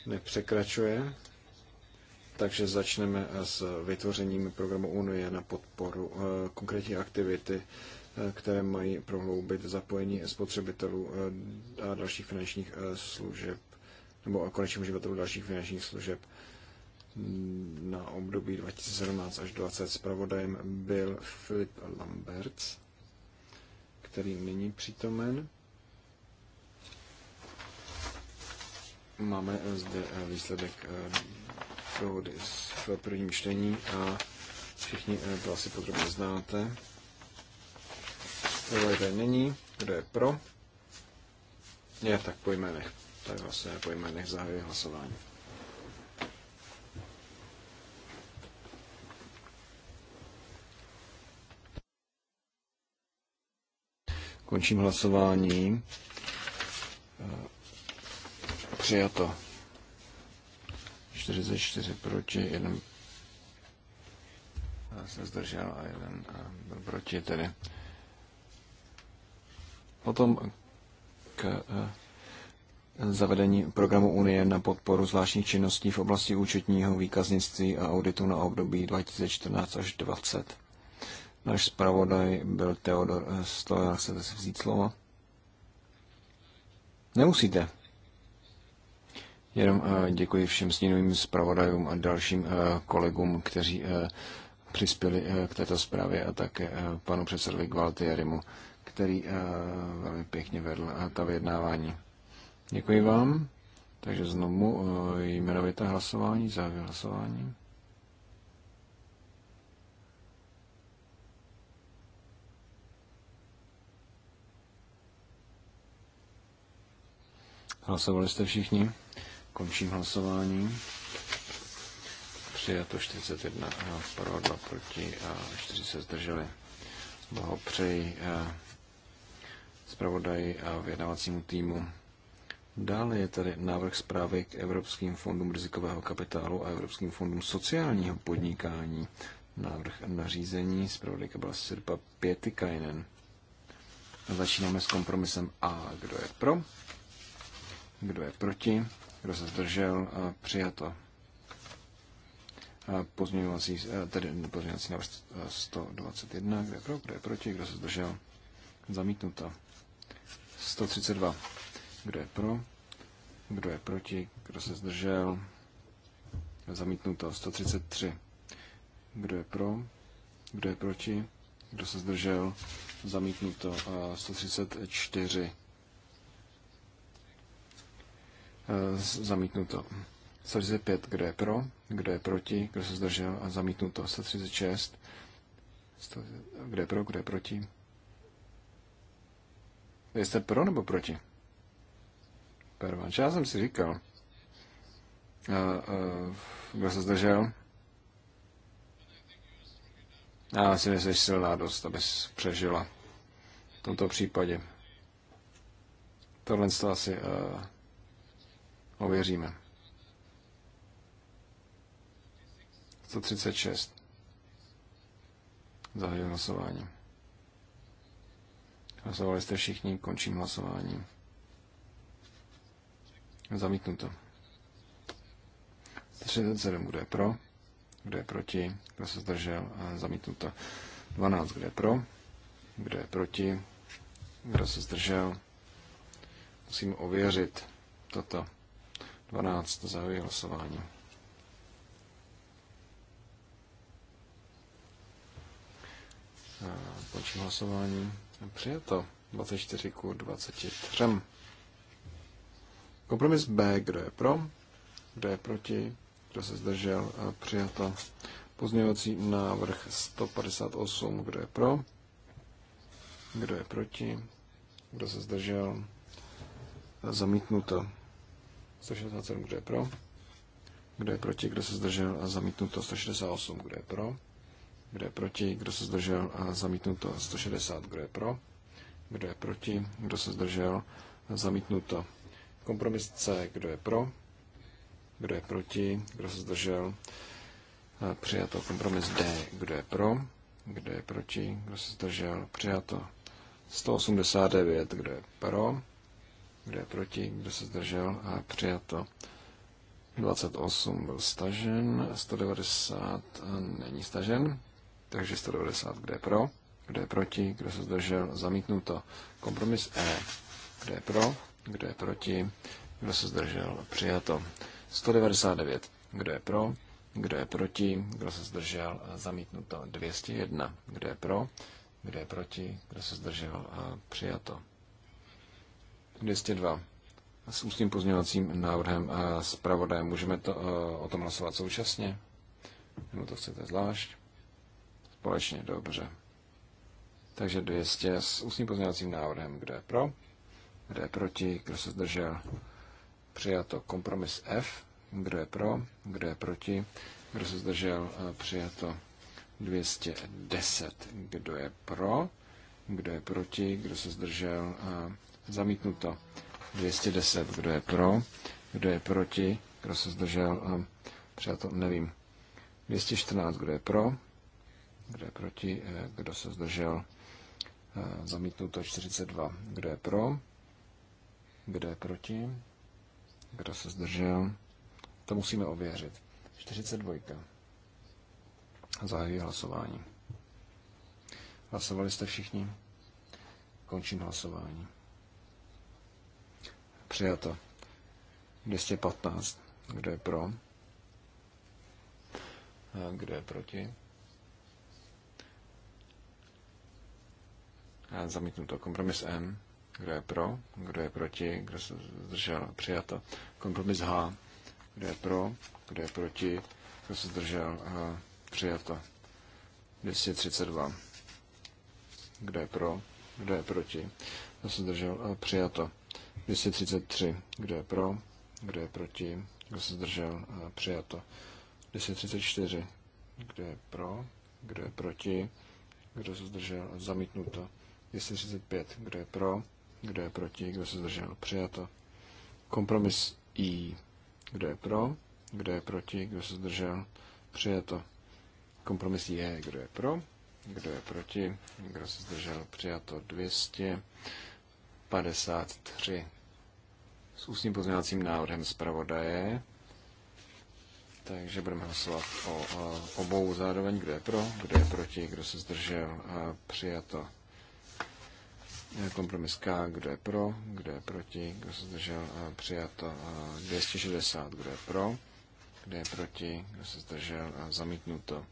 nepřekračuje. Takže začneme s vytvořením programu Unie na podporu eh, konkrétní aktivity, eh, které mají prohloubit zapojení spotřebitelů eh, a dalších finančních služeb, nebo konečných uživatelů dalších finančních služeb na období 2017 až 2020 zpravodajem byl Filip Lambert, který není přítomen. Máme zde eh, výsledek eh, dohody v prvním čtení a všichni eh, to asi podrobně znáte. Tohle tady není. Kdo je pro? Je, tak po jménech. Tak vlastně po jménech závěr hlasování. Končím hlasování. Eh, přijato. 44 proti, 1 se zdržel a jeden eh, byl proti tedy. Potom k eh, zavedení programu Unie na podporu zvláštních činností v oblasti účetního výkaznictví a auditu na období 2014 až 2020. Náš zpravodaj byl Teodor Stojan. Chcete si vzít slovo? Nemusíte. Jenom eh, děkuji všem sněnovým zpravodajům a dalším eh, kolegům, kteří eh, přispěli k této zprávě a také panu předsedovi Gualtierimu, který velmi pěkně vedl ta vyjednávání. Děkuji vám. Takže znovu jmenovité hlasování, závěr hlasování. Hlasovali jste všichni? Končím hlasování. Přijato 41 pro, 2 proti a 4 se zdrželi. přeji eh, zpravodaji a vědavacímu týmu. Dále je tady návrh zprávy k Evropským fondům rizikového kapitálu a Evropským fondům sociálního podnikání. Návrh nařízení zpravodajka byla Sirpa Pietikainen. Začínáme s kompromisem A. Kdo je pro? Kdo je proti? Kdo se zdržel? Přijato. Pozměňovací, e, tedy pozměňovací návrh 121. E, Kdo je pro? Kdo je proti? Kdo se zdržel? Zamítnuto. 132. Kdo je pro? Kdo je proti? Kdo se zdržel? Zamítnuto. 133. Kdo je pro? Kdo je proti? Kdo se zdržel? Zamítnuto. 134. E, Eh, zamítnuto. 135, kdo je pro, kdo je proti, kdo se zdržel a zamítnuto. 136, kdo je pro, kdo je proti. Vy jste pro nebo proti? Pervan. já jsem si říkal. A, eh, a, eh, kdo se zdržel? Já si myslím, že silná dost, abys přežila v tomto případě. Tohle to asi uh, Ověříme. 136. Zahajuji hlasování. Hlasovali jste všichni, končím hlasování. Zamítnuto. 37 kdo je pro, kdo je proti, kdo se zdržel, eh, zamítnuto. 12, kdo je pro, kdo je proti, kdo se zdržel. Musím ověřit toto. 12. Zahajuji hlasování. Končím hlasování. Přijato. 24 ku 23. Kompromis B. Kdo je pro? Kdo je proti? Kdo se zdržel? Přijato. Pozměňovací návrh 158. Kdo je pro? Kdo je proti? Kdo se zdržel? Zamítnuto. 167, kdo je pro? Kdo je proti? Kdo se zdržel? A zamítnuto 168, kdo je pro? Kdo je proti? Kdo se zdržel? A zamítnuto 160, kdo je pro? Kdo je proti? Kdo se zdržel? A zamítnuto. Kompromis C, kdo je pro? Kdo je proti? Kdo se zdržel? přijato. Kompromis D, kdo je pro? Kdo je proti? Kdo se zdržel? Přijato. 189, kdo je pro? Kdo je proti? Kdo se zdržel? A přijato. 28 byl stažen, 190 eh, není stažen, takže 190 kde je pro, kde je proti, kdo se zdržel, zamítnuto. Kompromis E, kde je pro, kde je proti, kdo se zdržel, přijato. 199, kdo je pro, kdo je proti, kdo se zdržel, zamítnuto. 201, e. kdo je pro, kdo je proti, kdo se zdržel, přijato. 202 s ústním pozměňovacím návrhem a eh, zpravodajem. Můžeme to, eh, o tom hlasovat současně? Nebo to chcete zvlášť? Společně, dobře. Takže 200 s ústním pozměňovacím návrhem. Kdo je pro? Kdo je proti? Kdo se zdržel? Přijato kompromis F. Kdo je pro? Kdo je proti? Kdo se zdržel? Eh, přijato 210. Kdo je pro? Kdo je proti? Kdo se zdržel? Zamítnuto. 210. Kdo je pro? Kdo je proti? Kdo se zdržel? A přijato nevím. 214. Kdo je pro? Kdo je proti? Eh, kdo se zdržel? Eh, zamítnuto 42. Kdo je pro? Kdo je proti? Kdo se zdržel? To musíme ověřit. 42. Zahajuji hlasování. Hlasovali jste všichni? Končím hlasování. Přijato. 215. Kdo je pro? A kdo je proti? A to Kompromis M. Kdo je pro? Kdo je proti? Kdo se zdržel? Přijato. Kompromis H. Kdo je pro? Kdo je proti? Kdo se zdržel? Přijato. 232. Kdo je pro? Kdo je proti? Kdo se zdržel? Přijato. 233. Kdo je pro? Kdo je proti? Kdo se zdržel? Přijato. 234. Kdo je pro? Kdo je proti? Kdo se zdržel? Zamítnuto. 235. Kdo je pro? Kdo je proti? Kdo se zdržel? Přijato. Kompromis I. Kdo je pro? Kdo je proti? Kdo se zdržel? Přijato. Kompromis je, kdo je pro, kdo je proti, kdo se zdržel, přijato 200. 53 s ústním pozměňovacím návrhem zpravodaje. Takže budeme hlasovat o, o obou zároveň, kdo je pro, kdo je proti, kdo se zdržel, a přijato. E, kompromis K, kdo je pro, kdo je proti, kdo se zdržel, a přijato. 260, e, kdo je pro, kdo je proti, kdo se zdržel, a zamítnuto.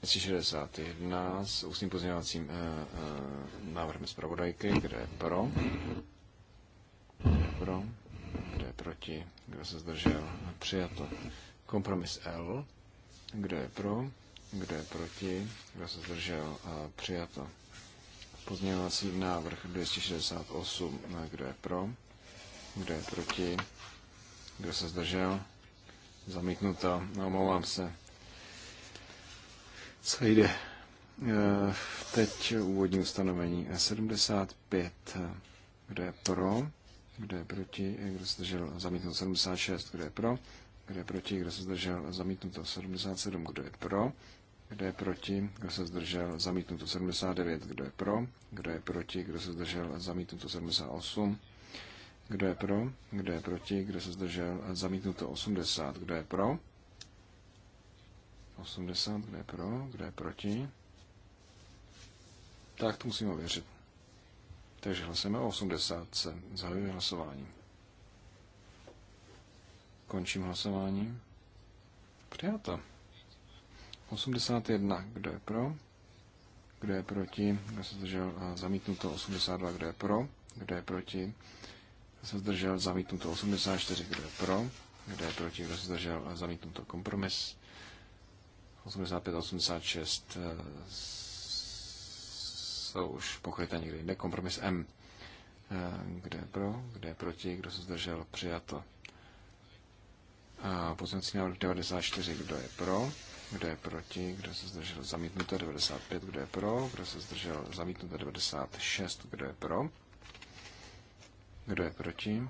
261 s ústním pozměňovacím eh, eh, návrhem zpravodajky, kde je pro, kde je pro, kde je proti, kdo se zdržel, přijato. Kompromis L, kdo je pro, kdo je proti, kdo se zdržel, eh, přijato. Pozměňovací návrh 268, kdo je pro, kdo je proti, kdo se zdržel, zamítnuto, omlouvám se. Co jde. Teď úvodní ustanovení 75. Kdo je pro? Kdo je proti? Kdo se zdržel? zamítnout 76. Kdo je pro? Kdo je proti? Kdo se zdržel? zamítnout 77. Kdo je pro? Kdo je proti? Kdo se zdržel? zamítnout 79. Kdo je pro? Kdo je proti? Kdo se zdržel? zamítnout 78. Kdo je pro? Kdo je proti? Kdo se zdržel? zamítnout 80. Kdo je pro? 80, kde je pro, kde je proti. Tak to musíme ověřit. Takže hlasujeme o 80. zahajuje hlasování. Končím hlasování. Přijato. 81. Eh, kdo je pro? Kdo je proti? Kdo se zdržel? Zamítnuto 82. Kdo je pro? Kdo je proti? Kdo se zdržel? Zamítnuto 84. Kdo je pro? Kdo je proti? Kdo se zdržel? Zamítnuto kompromis 85-86 eh, jsou už pokryté někde jinde. Kompromis M. Eh, kde je pro, kde je proti, kdo se zdržel, přijato. Pozměnací návrh 94, kdo je pro, kdo je proti, kdo se zdržel, zamítnuto 95, kdo je pro, kdo se zdržel, zamítnuto 96, kdo je pro, kdo je proti,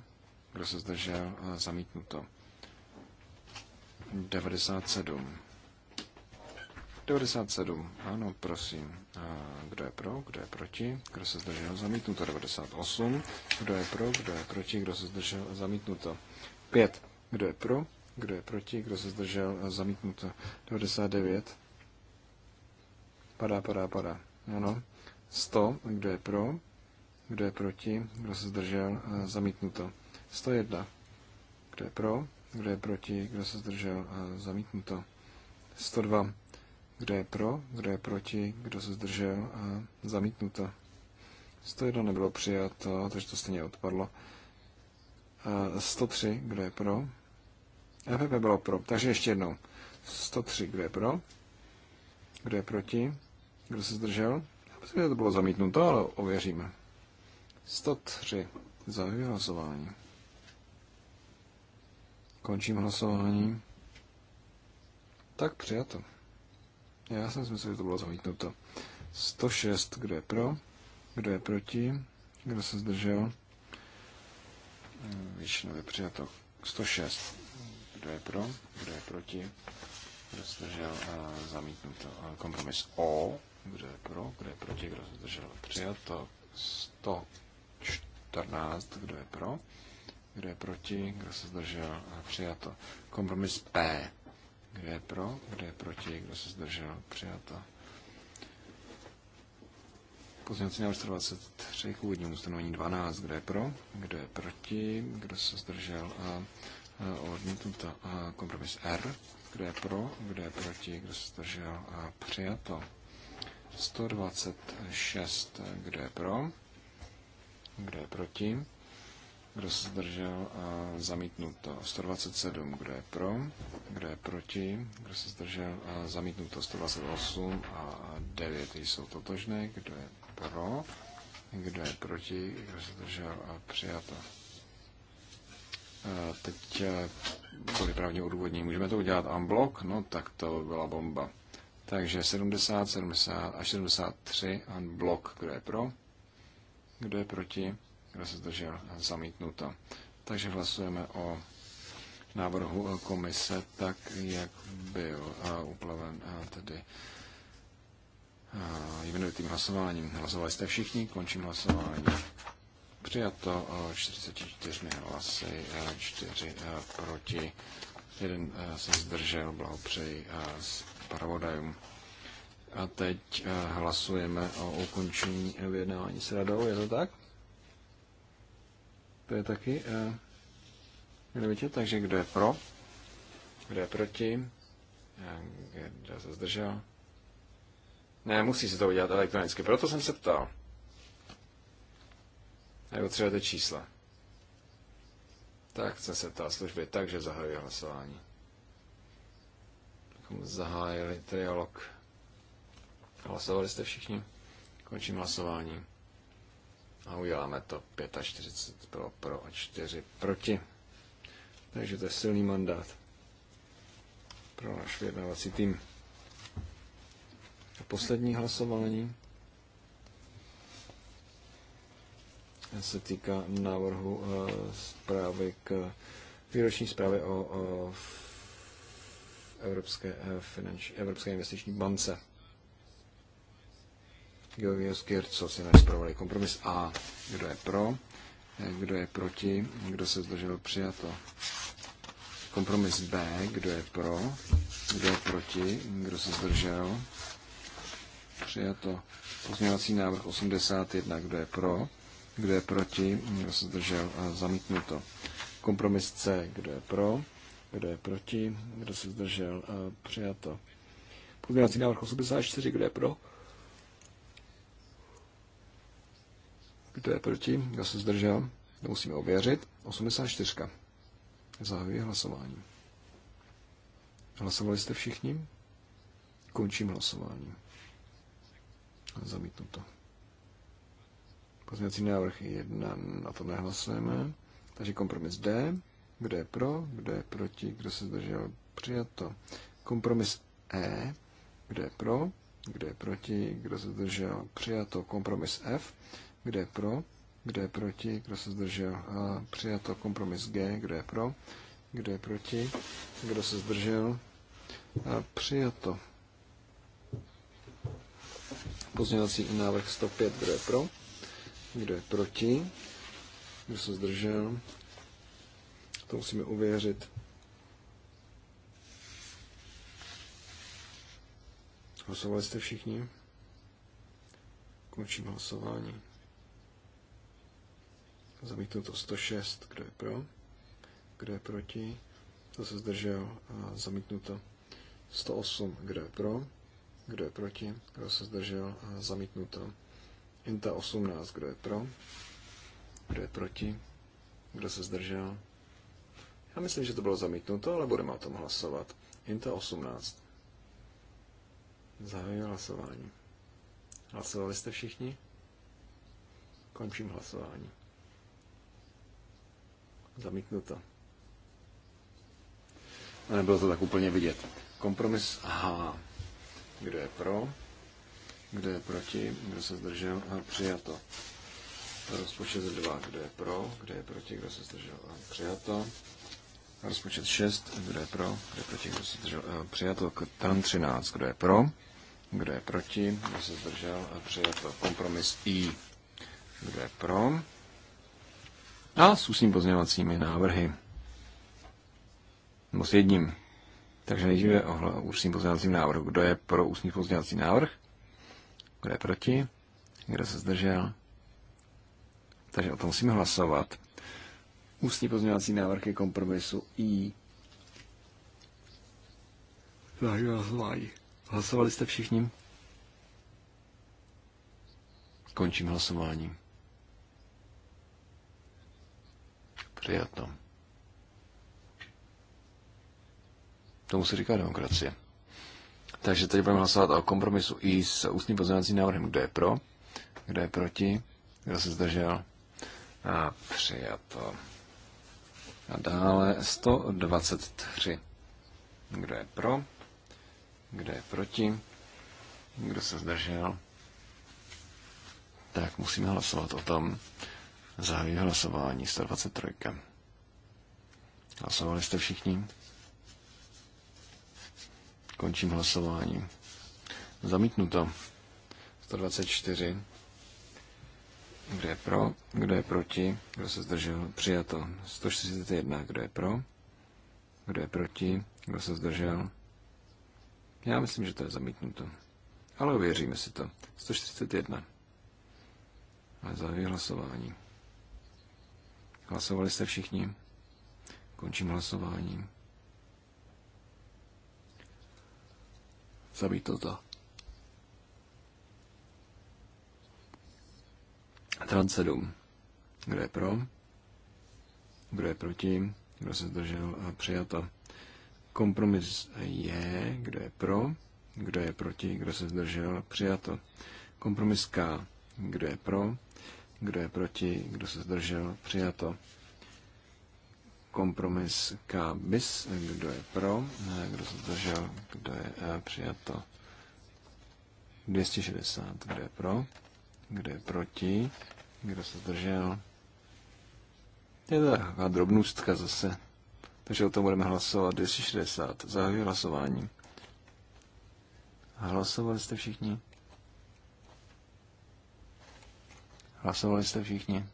kdo se zdržel, eh, zamítnuto 97. 97. Ano, prosím. Kdo je pro, kdo je proti, kdo se zdržel, zamítnuto. 98. Kdo je pro, kdo je proti, kdo se zdržel, zamítnuto. 5. Kdo je pro, kdo je proti, kdo se zdržel, zamítnuto. 99. Padá, padá, padá. Ano. 100. Kdo je pro, kdo je proti, kdo se zdržel, zamítnuto. 101. Kdo je pro, kdo je proti, kdo se zdržel, zamítnuto. 102. Kdo je pro, kdo je proti, kdo se zdržel a zamítnuto. 101 nebylo přijato, takže to stejně odpadlo. A 103, kdo je pro. EPP bylo pro, takže ještě jednou. 103, kdo je pro, kdo je proti, kdo se zdržel. Já myslím, že to bylo zamítnuto, ale ověříme. 103. za hlasování. Končím hlasování. Tak přijato. Já jsem si myslel, že to bylo zamítnuto. 106, kdo je pro, kdo je proti, kdo se zdržel. Hmm, většinou je přijato 106. Kdo je pro, kdo je proti, kdo se zdržel, zamítnuto. Kompromis O, kdo je pro, kdo je proti, kdo se zdržel, přijato 114, kdo je pro, kdo je proti, kdo se zdržel, přijato. Kompromis P, kdo je pro, kde je proti, kdo se zdržel, přijato. Pozměnci návrh 123 k úvodnímu ustanovení 12. Kdo je pro? Kdo je proti? Kdo se zdržel? A, a odmítnuto a kompromis R. Kdo je pro? Kdo je proti? Kdo se zdržel? A přijato. 126. Kdo je pro? Kdo je proti? Kdo se zdržel? A zamítnuto. 127. Kdo je pro? Kdo je proti? Kdo se zdržel? A zamítnuto. 128 a 9 jsou totožné. Kdo je pro? Kdo je proti? Kdo se zdržel? A přijato. A teď eh, kvůli právně odůvodní. Můžeme to udělat unblock? No tak to byla bomba. Takže 70, 70 a 73 unblock. Kdo je pro? Kdo je proti? Kdo se zdržel? Zamítnuto. Takže hlasujeme o návrhu eh, komise tak, jak byl eh, uplaven eh, tedy jmenovitým hlasováním. Hlasovali jste všichni, končím hlasování. Přijato 44 hlasy, 4 proti, jeden se zdržel, blahopřeji pravodajům. A teď hlasujeme o ukončení vyjednávání s radou, je to tak? To je taky uh, takže kdo je pro, kdo je proti, eh, kdo se zdržel. Ne, musí se to udělat elektronicky, proto jsem se ptal. A potřebujete čísla. Tak jsem se ptal služby, takže zahajuji hlasování. Abychom zahájili trialog. Hlasovali jste všichni? Končím hlasování. A uděláme to 45 pro, pro a 4 proti. Takže to je silný mandát pro náš vyjednávací tým. A poslední hlasování se týká návrhu eh, zprávy k výroční zprávy o, o Evropské, eh, finanční, Evropské investiční bance. Georgios Kyrcos si náš Kompromis A. Kdo je pro? Eh, kdo je proti? Kdo se zdržel? Přijato. Kompromis B. Kdo je pro? Kdo je proti? Kdo se zdržel? Přijato. Pozměňovací návrh 81. Kdo je pro? Kdo je proti? Kdo se zdržel? Zamítnuto. Kompromis C. Kdo je pro? Kdo je proti? Kdo se zdržel? Přijato. Pozměňovací návrh 84. Kdo je pro? Kdo je proti? Kdo se zdržel? To musíme ověřit. 84. Zahajuji hlasování. Hlasovali jste všichni? Končím hlasování. to. Pozměňovací návrh 1, na to nehlasujeme. Takže kompromis D. Kdo je pro, kdo je proti, kdo se zdržel, přijato. Kompromis E. Kdo je pro, kdo je proti, kdo se zdržel, přijato. Kompromis F. Kdo je pro? Kdo je proti? Kdo se zdržel? A přijato kompromis G. Kdo je pro? Kdo je proti? Kdo se zdržel? A přijato. Pozměňovací návrh 105. Kdo je pro? Kdo je proti? Kdo se zdržel? To musíme uvěřit. Hlasovali jste všichni? Končím hlasování. Zamítnuto 106. Kdo je pro? Kdo je proti? To se zdržel? Zamítnuto 108. Kdo je pro? Kdo je proti? Kdo se zdržel? Zamítnuto. Inta 18. Kdo je pro? Kdo je proti? Kdo se zdržel? Já myslím, že to bylo zamítnuto, ale budeme o tom hlasovat. Inta 18. Zahajuji hlasování. Hlasovali jste všichni? Končím hlasování. Zamítnuto. A nebylo to tak úplně vidět. Kompromis H. Kdo je pro? Kdo je proti? Kdo se zdržel? A přijato. Rozpočet 2. Kdo je pro? Kdo je proti? Kdo se zdržel? A přijato. Rozpočet 6. Kdo je pro? Kdo je proti? Kdo se zdržel? A přijato. Tran 13. Kdo je pro? Kdo je proti? Kdo se zdržel? A přijato. Kompromis I. Kdo je pro? A s ústním pozměňovacími návrhy. Nebo s jedním. Takže nejdříve o ústním pozměňovacím návrhu. Kdo je pro ústní pozměňovací návrh? Kdo je proti? Kdo se zdržel? Takže o tom musíme hlasovat. Ústní pozměňovací návrh je kompromisu I. Hlasovali jste všichni? Končím hlasování. Přijato. Tomu se říká demokracie. Takže teď budeme hlasovat o kompromisu i s ústním pozměňovacím návrhem. Kdo je pro? Kdo je proti? Kdo se zdržel? A přijato. A dále 123. Kdo je pro? Kdo je proti? Kdo se zdržel? Tak musíme hlasovat o tom, Zahajuji hlasování 123. Hlasovali jste všichni? Končím hlasování. Zamítnuto. 124. Kdo je pro? Kdo je proti? Kdo se zdržel? Přijato. 141. Kdo je pro? Kdo je proti? Kdo se zdržel? Já myslím, že to je zamítnuto. Ale uvěříme si to. 141. Ale zahajuji hlasování. Hlasovali jste všichni? Končím hlasování. Zabít toto. Trant 7. Kdo je pro? Kdo je proti? Kdo se zdržel? A přijato. Kompromis je, kdo je pro, kdo je proti, kdo se zdržel, a přijato. Kompromis K, kdo je pro, kdo je proti? Kdo se zdržel? Přijato. Kompromis K bis. Kdo je pro? Kdo se zdržel? Kdo je eh, přijato? 260. Kdo je pro? Kdo je proti? Kdo se zdržel? Je to taková drobnůstka zase. Takže o tom budeme hlasovat. 260. Zahajuji hlasování. Hlasovali jste všichni? Hlasovali jste všichni?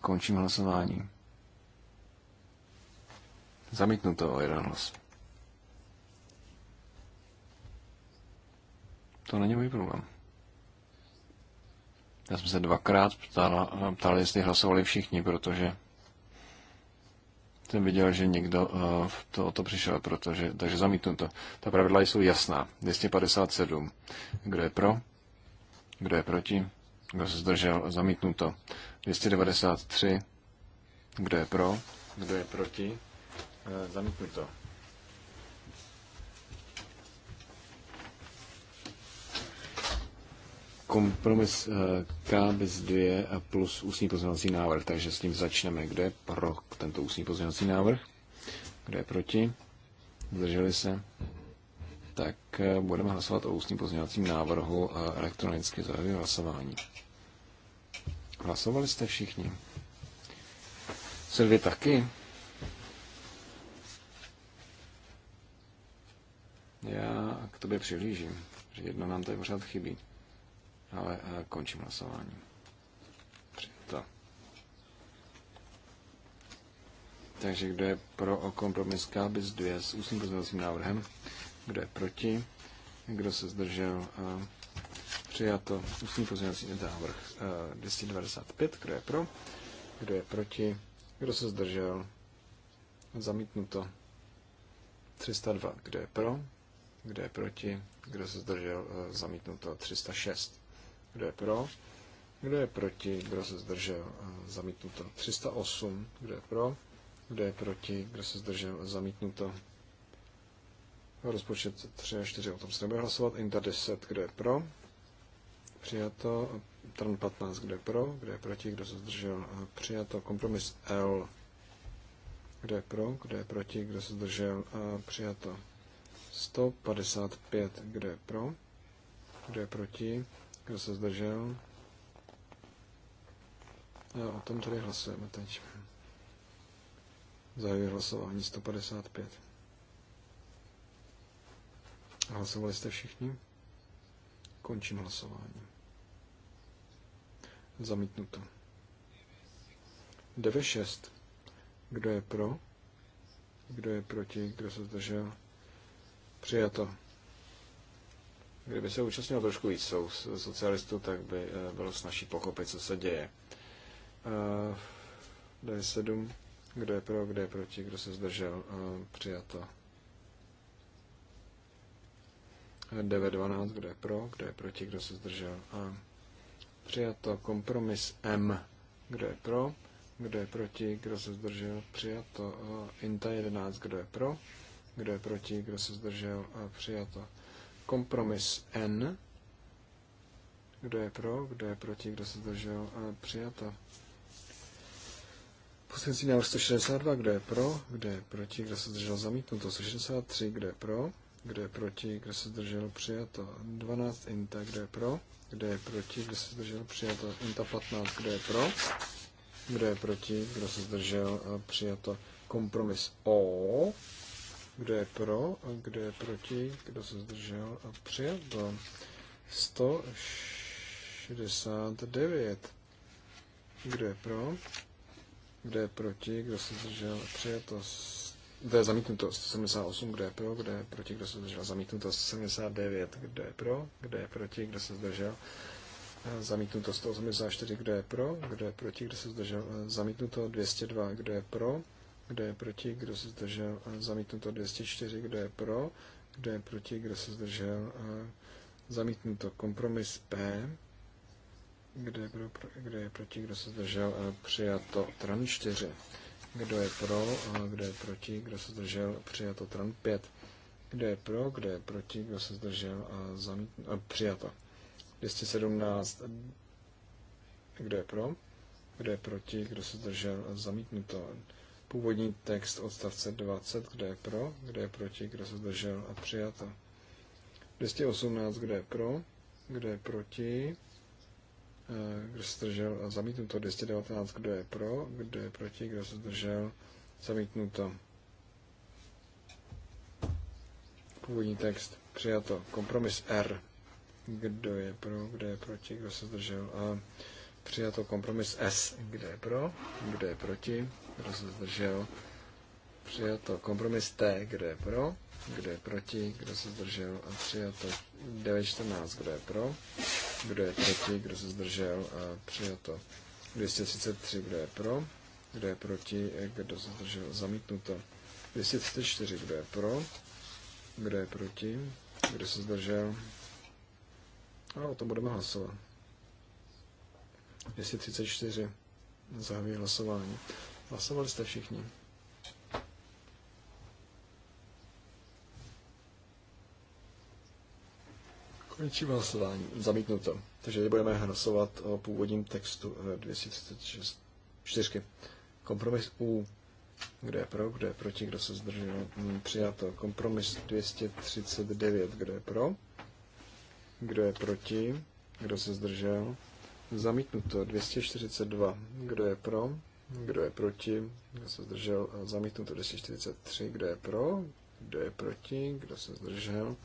Končím hlasování. to o jeden hlas. To není můj problém. Já jsem se dvakrát ptal, ptal jestli hlasovali všichni, protože jsem viděl, že někdo uh, to o to přišel, protože, takže zamítnu to. Ta pravidla jsou jasná. 257. Kdo je pro? Kdo je proti? Kdo se zdržel? Zamítnuto. 293. Kdo je pro? Kdo je proti? E, zamítnuto. Kompromis e, K bez 2 a plus ústní pozměňovací návrh, takže s tím začneme. Kdo je pro tento ústní pozměňovací návrh? Kdo je proti? Zdrželi se? tak eh, budeme hlasovat o ústním pozměňovacím návrhu eh, elektronicky zahajuji hlasování. Hlasovali jste všichni? Silvi taky? Já k tobě přihlížím, že jedno nám tady pořád chybí. Ale eh, končím hlasování. To. Takže kdo je pro kompromis KBIS 2 s ústním pozměňovacím návrhem? Kdo je proti? Kdo se zdržel? Přijato ústní pozměňovací návrh 295. E, Kdo je pro? Kdo je proti? Kdo se zdržel? Zamítnuto 302. E, e, Kdo je pro? Kdo je proti? Kdo se zdržel? Zamítnuto 306. Kdo je pro? Kdo je proti? Kdo se zdržel? Zamítnuto 308. Kdo je pro? Kdo je proti? Kdo se zdržel? Zamítnuto Rozpočet 3 a 4, o tom se nebude hlasovat. Inter 10, kdo je pro? Přijato. Tran 15, kdo je pro? Kdo je proti? Kdo se zdržel? Přijato. Kompromis L. Kdo je pro? Kdo je proti? Kdo se zdržel? Přijato. 155, kdo je pro? Kdo je proti? Kdo se zdržel? A o tom tady hlasujeme teď. Zahajuji hlasování 155. Hlasovali jste všichni? Končím hlasování. Zamítnuto. 9.6. Kdo je pro? Kdo je proti? Kdo se zdržel? Přijato. Kdyby se účastnil trošku víc socialistů, tak by eh, bylo snažší pochopit, co se děje. 97. Eh, kdo je pro, kdo je proti, kdo se zdržel? Eh, přijato. 9.12, kdo je pro, kdo je proti, kdo se zdržel. A přijato kompromis M, kdo je pro, kdo je proti, kdo se zdržel. Přijato INTA 11, kdo je pro, kdo je proti, kdo se zdržel. A přijato kompromis N, kdo je pro, kdo je proti, kdo se zdržel. A přijato poslední návrh 162, kdo je pro, kdo je proti, kdo se zdržel zamítnuto, 163, kdo je pro, kdo je proti, kdo se zdržel, přijato. 12 INTA, kdo je pro, kdo je proti, kdo se zdržel, přijato. INTA 15, kdo je pro, kdo je proti, kdo se zdržel, přijato. Kompromis O, kdo je pro, kdo je proti, kdo se zdržel, přijato. 169, kdo je pro, kdo je proti, kdo se zdržel, přijato kde je zamítnuto 178, kde je pro, kde je proti, kdo se zdržel, zamítnuto 79, kde je pro, kde je proti, kdo se zdržel, zamítnuto 184, kde je pro, kde je proti, kdo se zdržel, eh, zamítnuto 202, kde je pro, kde je proti, kdo se zdržel, eh, zamítnuto 204, kde je pro, kde je proti, kdo se zdržel, eh, zamítnuto kompromis P, kde je, pro, kde je proti, kdo se zdržel, přijato tran 4. Kdo je pro, a kdo je proti, kdo se zdržel, přijato. Tran 5. Kdo je pro, kdo je proti, kdo se zdržel, a zamít, a přijato. 217. Kdo je pro, kdo je proti, kdo se zdržel, a zamítnuto. Původní text odstavce 20, kdo je pro, kdo je proti, kdo se zdržel a přijato. 218, kdo je pro, kdo je proti, kdo se zdržel, zamítnuto 219, kdo je pro, kdo je proti, kdo se zdržel, zamítnuto. Původní text, přijato, kompromis R, kdo je pro, kdo je proti, kdo se zdržel a přijato kompromis S, kdo je pro, kdo je proti, kdo se zdržel, přijato kompromis T, kdo je pro, kdo je proti, kdo se zdržel a přijato 914, kdo je pro, kdo je proti? Kdo se zdržel? A přijato. 233. Kdo je pro? Kdo je proti? Kdo se zdržel? Zamítnuto. 234. Kdo je pro? Kdo je proti? Kdo se zdržel? A o tom budeme hlasovat. 234. Zahajuji hlasování. Hlasovali jste všichni. Končím hlasování. Zamítnuto. Takže tady budeme hlasovat o původním textu 236. Eh, Kompromis U. Kdo je pro, kdo je proti, kdo se zdržel? Hmm, přijato. Kompromis 239. Kdo je pro? Kdo je proti? Kdo se zdržel? Zamítnuto. 242. Kdo je pro? Kdo je proti? Kdo se zdržel? Zamítnuto. 243. Kdo je pro? Kdo je proti? Kdo se zdržel?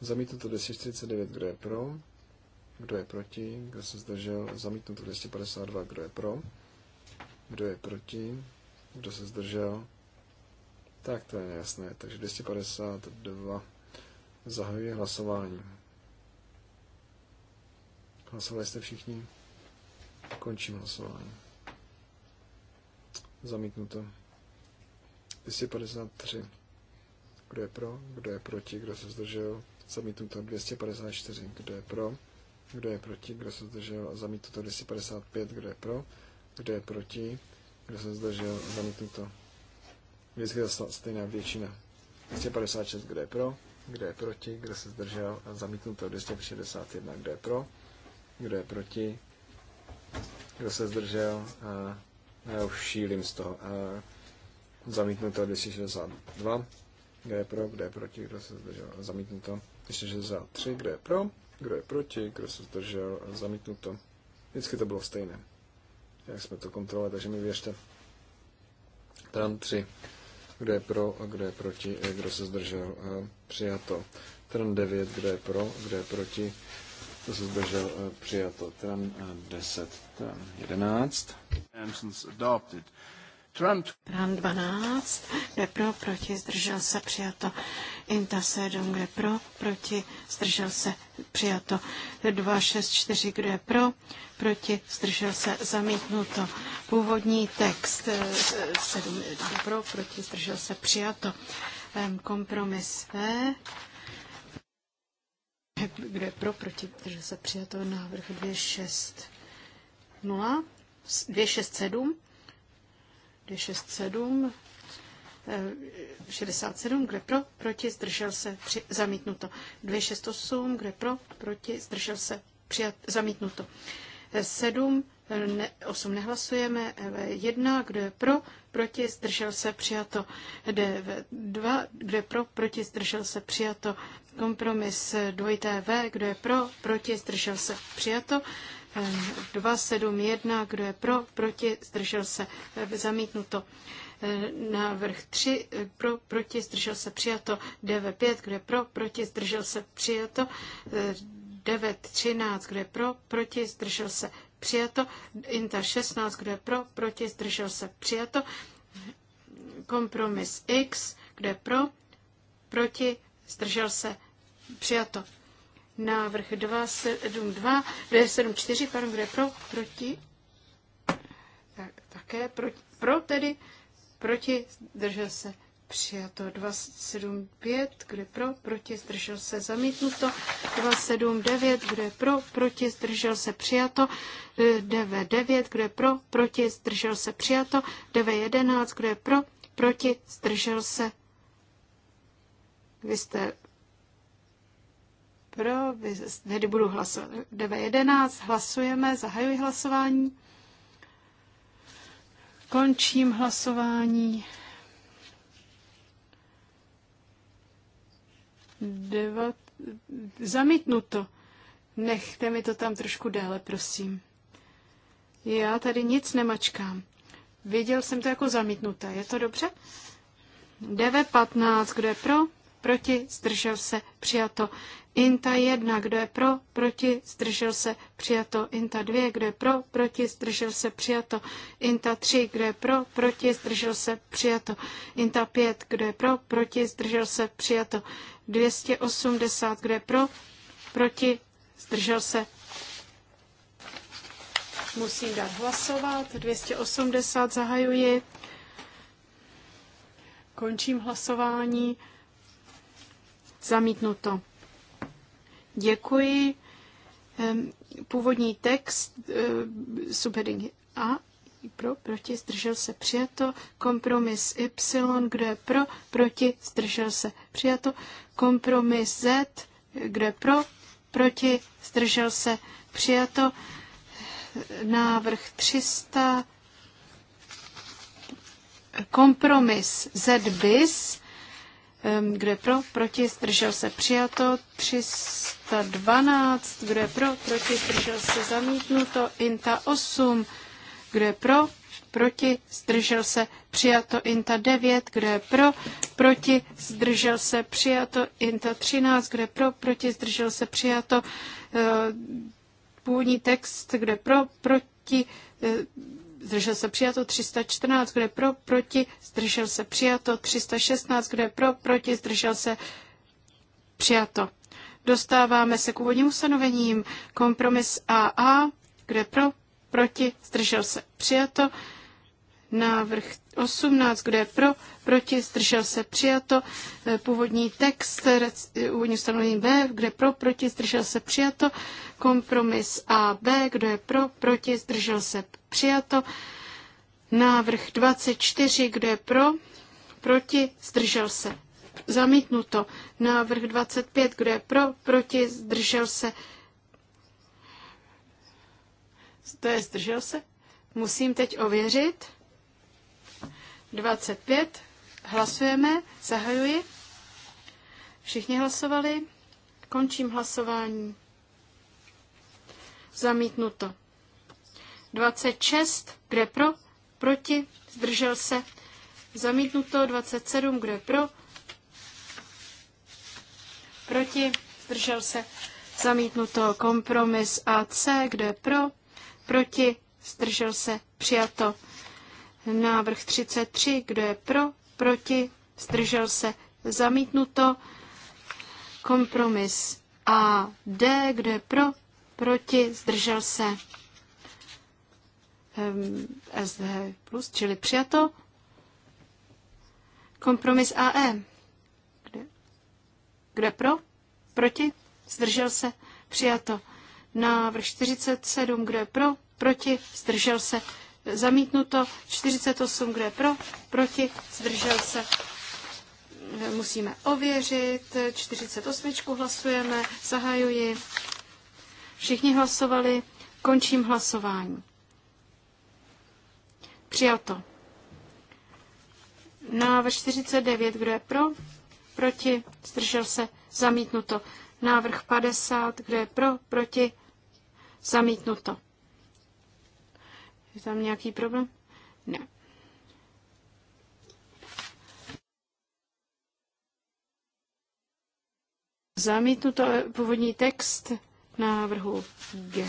Zamítnuto 239, kdo je pro? Kdo je proti? Kdo se zdržel? Zamítnuto 252, kdo je pro? Kdo je proti? Kdo se zdržel? Tak to je jasné. Takže 252. Zahajuji hlasování. Hlasovali jste všichni? Končím hlasování. Zamítnuto. 253. Kdo je pro? Kdo je proti? Kdo se zdržel? Zamítnuto 254. Kdo je pro? Kdo je proti? Kdo se zdržel? Zamítnuto 255. Kdo je pro? Kdo je proti? Kdo se zdržel? Zamítnuto. Vždycky zase stejná většina. 256. Kdo je pro? Kdo je proti? Kdo se zdržel? Zamítnuto 261. Kdo je pro? Kdo je proti? Kdo se zdržel? A já už šílim z toho. A zamítnuto 262. Kdo je pro? Kdo je proti? Kdo se zdržel? Zamítnuto Myslím, že za 463, kdo je pro, kdo je proti, kdo se zdržel, zamítnuto. Vždycky to bylo stejné. Jak jsme to kontrolovali, takže mi věřte. Tam 3, kdo je pro, a kdo je proti, kdo se zdržel, přijato. Tram 9, kdo je pro, kdo je proti, kdo se zdržel, eh, přijato. Tram 10, tram 11. Trump. Prám 12, kde pro, proti, zdržel se, přijato. Inta 7, kde pro, proti, zdržel se, přijato. 2, 6, 4, kde pro, proti, zdržel se, zamítnuto. Původní text 7, eh, kde pro, proti, zdržel se, přijato. Kompromis V, e. kde pro, proti, zdržel se, přijato. Návrh 2, 6, 0, 2, 6, 7, 267, 67, kde pro, proti, zdržel se, při, zamítnuto. 268, kde pro, proti, zdržel se, přijat, zamítnuto. 7, eh, eh, ne, 8 nehlasujeme, 1, eh, kdo je pro, proti, zdržel se, přijato. DV2, kdo je pro, proti, zdržel se, přijato. Kompromis dvojité V, kdo je pro, proti, zdržel se, přijato. 271, kdo je pro, proti, zdržel se, eh, zamítnuto. Eh, návrh 3, eh, pro, proti, zdržel se, přijato. DV5, kdo je pro, proti, zdržel se, přijato. 913, kdo je pro, proti, zdržel se, přijato. inter 16, kdo je pro, proti, zdržel se, přijato. Kompromis X, kdo je pro, proti, zdržel se, přijato. Návrh 272, 274, pardon, kde pro, proti, tak, také pro, pro tedy, proti, zdržel se přijato 275, kde pro, proti, zdržel se zamítnuto, 279, kde pro, proti, zdržel se přijato, 99, kde pro, proti, zdržel se přijato, 911, kde pro, proti, zdržel se vy jste pro, tedy budu hlasovat. 9.11, hlasujeme, zahajuji hlasování. Končím hlasování. 9, zamítnuto. Nechte mi to tam trošku déle, prosím. Já tady nic nemačkám. Viděl jsem to jako zamítnuté. Je to dobře? 9.15. kdo je pro? Proti? Zdržel se? Přijato. Inta 1, kdo je pro, proti, zdržel se, přijato. Inta 2, kdo je pro, proti, zdržel se, přijato. Inta 3, kdo je pro, proti, zdržel se, přijato. Inta 5, kdo je pro, proti, zdržel se, přijato. 280, kdo je pro, proti, zdržel se. Musím dát hlasovat. 280 zahajuji. Končím hlasování. Zamítnuto. Děkuji. Původní text eh, subheading A pro, proti, zdržel se, přijato. Kompromis Y, kdo je pro, proti, zdržel se, přijato. Kompromis Z, kdo je pro, proti, zdržel se, přijato. Návrh 300, kompromis Z bis, kdo je pro? Proti? Zdržel se? Přijato. 312. Kdo je pro? Proti? Zdržel se? Zamítnuto. Inta 8. Kdo je pro? Proti? Zdržel se? Přijato. Inta 9. Kdo je pro? Proti? Zdržel se? Přijato. Inta 13. Kdo je pro? Proti? Zdržel se? Přijato. Původní text. Kdo je pro? Proti? zdržel se přijato 314, kdo je pro, proti, zdržel se přijato 316, kdo je pro, proti, zdržel se přijato. Dostáváme se k úvodním ustanovením. Kompromis AA, kdo je pro, proti, zdržel se přijato. Návrh 18, kde je pro, proti, zdržel se přijato. Eh, Původní text, eh, úvodní ustanovení B, kde pro, proti, zdržel se přijato. Kompromis A, B, kdo je pro, proti, zdržel se přijato. Návrh 24, kdo je pro, proti, zdržel se zamítnuto. Návrh 25, kdo je pro, proti, zdržel se to je zdržel se? Musím teď ověřit. 25. Hlasujeme. Zahajuji. Všichni hlasovali. Končím hlasování. Zamítnuto. 26. Kdo je pro? Proti? Zdržel se? Zamítnuto. 27. Kdo je pro? Proti? Zdržel se? Zamítnuto. Kompromis AC. Kdo je pro? Proti? Zdržel se? Přijato. Návrh 33, kdo je pro, proti, zdržel se, zamítnuto. Kompromis A, D, kdo je pro, proti, zdržel se. Ehm, SD plus, čili přijato. Kompromis AE. Kde, kde pro? Proti? Zdržel se? Přijato. Návrh 47. kde je pro? Proti? Zdržel se? Zamítnuto 48, kdo je pro, proti, zdržel se. Musíme ověřit. 48 hlasujeme, zahajuji. Všichni hlasovali, končím hlasování. Přijato. Návrh 49, kdo je pro, proti, zdržel se, zamítnuto. Návrh 50, kdo je pro, proti, zamítnuto. Je tam nějaký problém? Ne. Zamítnu to eh, původní text návrhu G.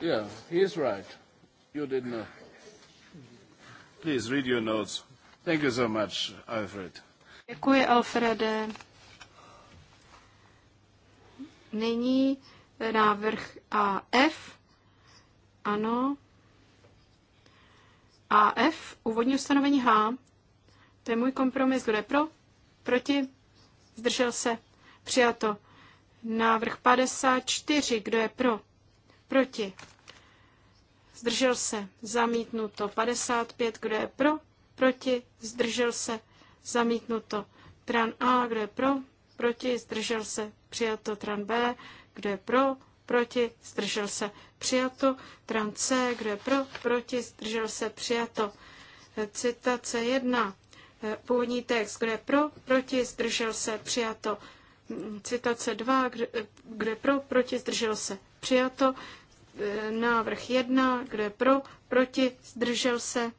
Yeah, he is right. You didn't know. Please read your notes. Thank you so much, Alfred. Děkuji, Alfrede. Nyní návrh AF. Ano. AF, úvodní ustanovení H. To je můj kompromis. Kdo je pro? Proti? Zdržel se? Přijato. Návrh 54. Kdo je pro? Proti? Zdržel se? Zamítnuto. 55. Kdo je pro? Proti? Zdržel se? Zamítnuto. Tran A. Kdo je pro? proti, zdržel se, přijato. Tran B, kdo je pro, proti, zdržel se, přijato. Tran C, kdo je pro, proti, zdržel se, přijato. Citace 1. Eh, původní text, kdo je pro, proti, zdržel se, přijato. Citace 2, eh, kdo je pro, proti, zdržel se, přijato. Eh, návrh 1, kdo je pro, proti, zdržel se,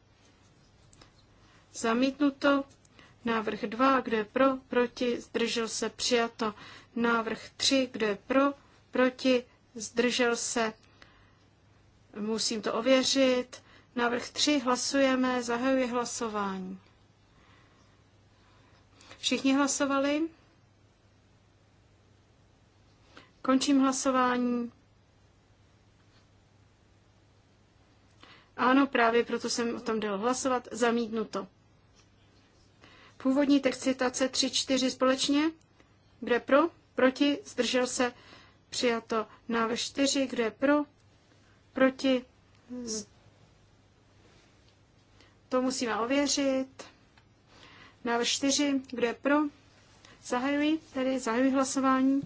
zamítnuto. Návrh 2, kdo je pro, proti, zdržel se, přijato. Návrh 3, kdo je pro, proti, zdržel se, musím to ověřit. Návrh 3, hlasujeme, zahajuji hlasování. Všichni hlasovali? Končím hlasování. Ano, právě proto jsem o tom dal hlasovat. Zamítnuto. Původní text citace 3-4 společně. Kdo je pro? Proti? Zdržel se? Přijato. Návrh 4. Kdo je pro? Proti? Z... To musíme ověřit. Návrh 4. Kdo je pro? Zahajuji, tedy zahajuji hlasování.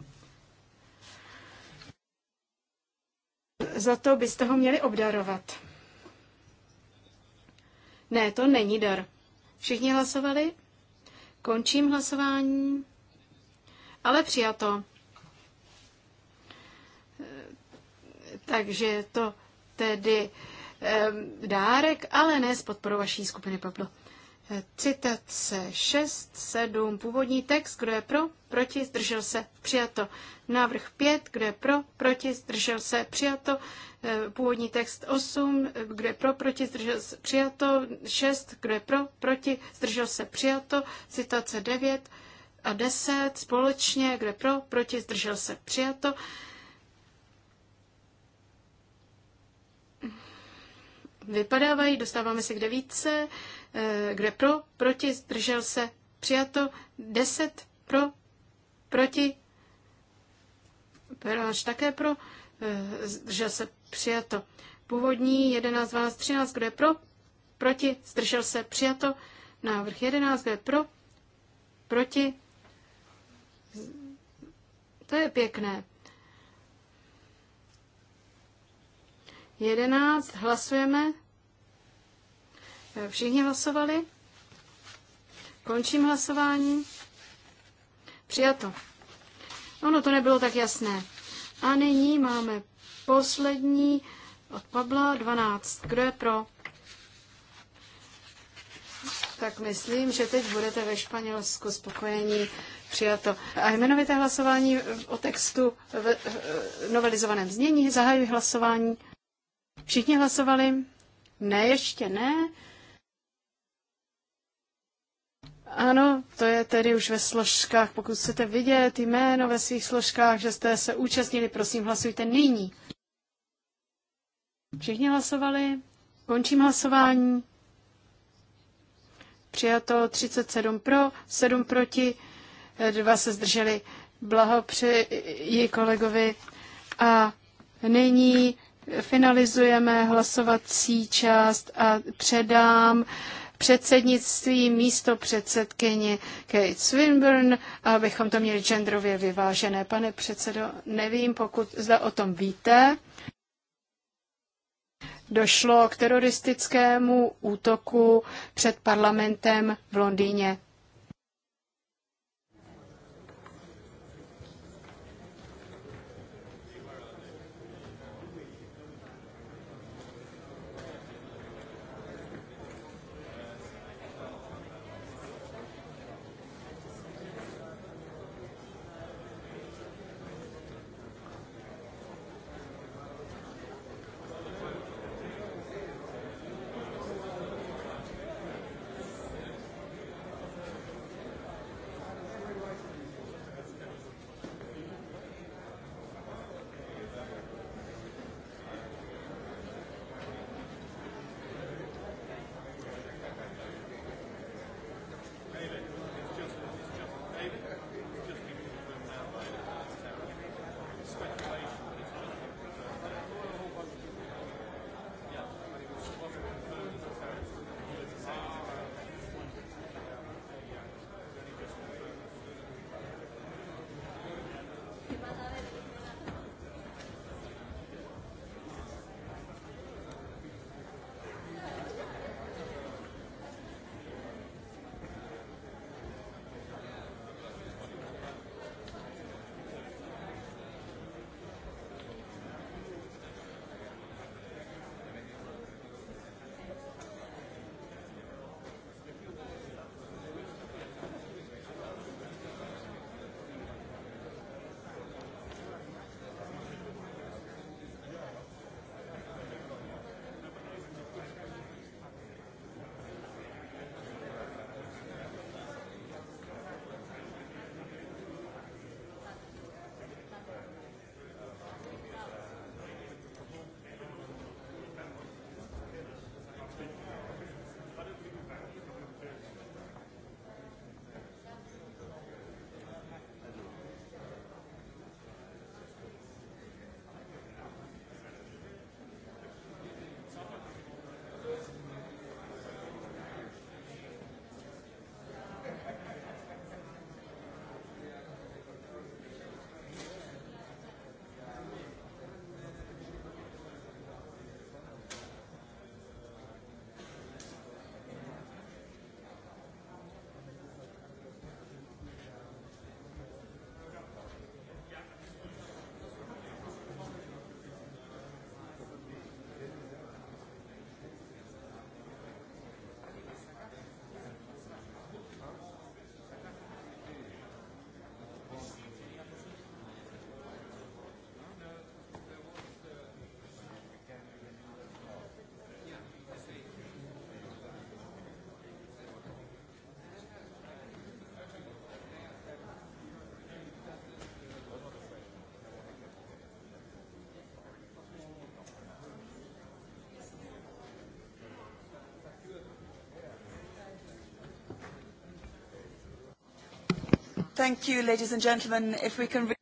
Za to byste ho měli obdarovat. Ne, to není dar. Všichni hlasovali? Končím hlasování. Ale přijato. Takže to tedy eh, dárek, ale ne s podporou vaší skupiny Pablo. Citace 6, 7, původní text, kdo je pro, proti, zdržel se, přijato. Návrh 5, kdo je pro, proti, zdržel se, přijato. Eh, původní text 8, kdo je pro, proti, zdržel se, přijato. 6, kdo je pro, proti, zdržel se, přijato. Citace 9 a 10 společně, kdo je pro, proti, zdržel se, přijato. Vypadávají, dostáváme se k devítce. Eh, kde pro, proti, zdržel se, přijato, 10 pro, proti, až také pro, eh, zdržel se, přijato. Původní 11, 12, 13, kdo je pro, proti, zdržel se, přijato. Návrh 11, kdo je pro, proti, to je pěkné. 11, hlasujeme. Všichni hlasovali? Končím hlasování. Přijato. Ono to nebylo tak jasné. A nyní máme poslední od Pavla 12. Kdo je pro? Tak myslím, že teď budete ve Španělsku spokojení. Přijato. A jmenovité hlasování o textu v novelizovaném znění. Zahajuji hlasování. Všichni hlasovali? Ne, ještě ne. Ano, to je tedy už ve složkách. Pokud chcete vidět jméno ve svých složkách, že jste se účastnili, prosím, hlasujte nyní. Všichni hlasovali. Končím hlasování. Přijato 37 pro, 7 proti, 2 se zdrželi. Blahopřeji kolegovi. A nyní finalizujeme hlasovací část a předám předsednictví místo předsedkyně Kate Swinburne, abychom to měli genderově vyvážené. Pane předsedo, nevím, pokud zda o tom víte. Došlo k teroristickému útoku před parlamentem v Londýně.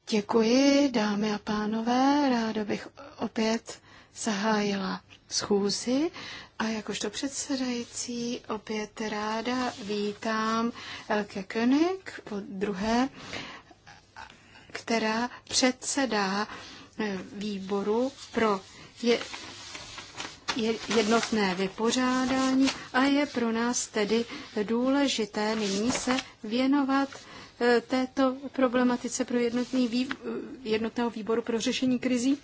Děkuji, dámy a pánové. Ráda bych opět zahájila schůzi a jakožto předsedající opět ráda vítám Elke König po druhé, která předsedá eh, výboru pro je, jednotné vypořádání a je pro nás tedy důležité nyní se věnovat této problematice pro jednotný vý, jednotného výboru pro řešení krizí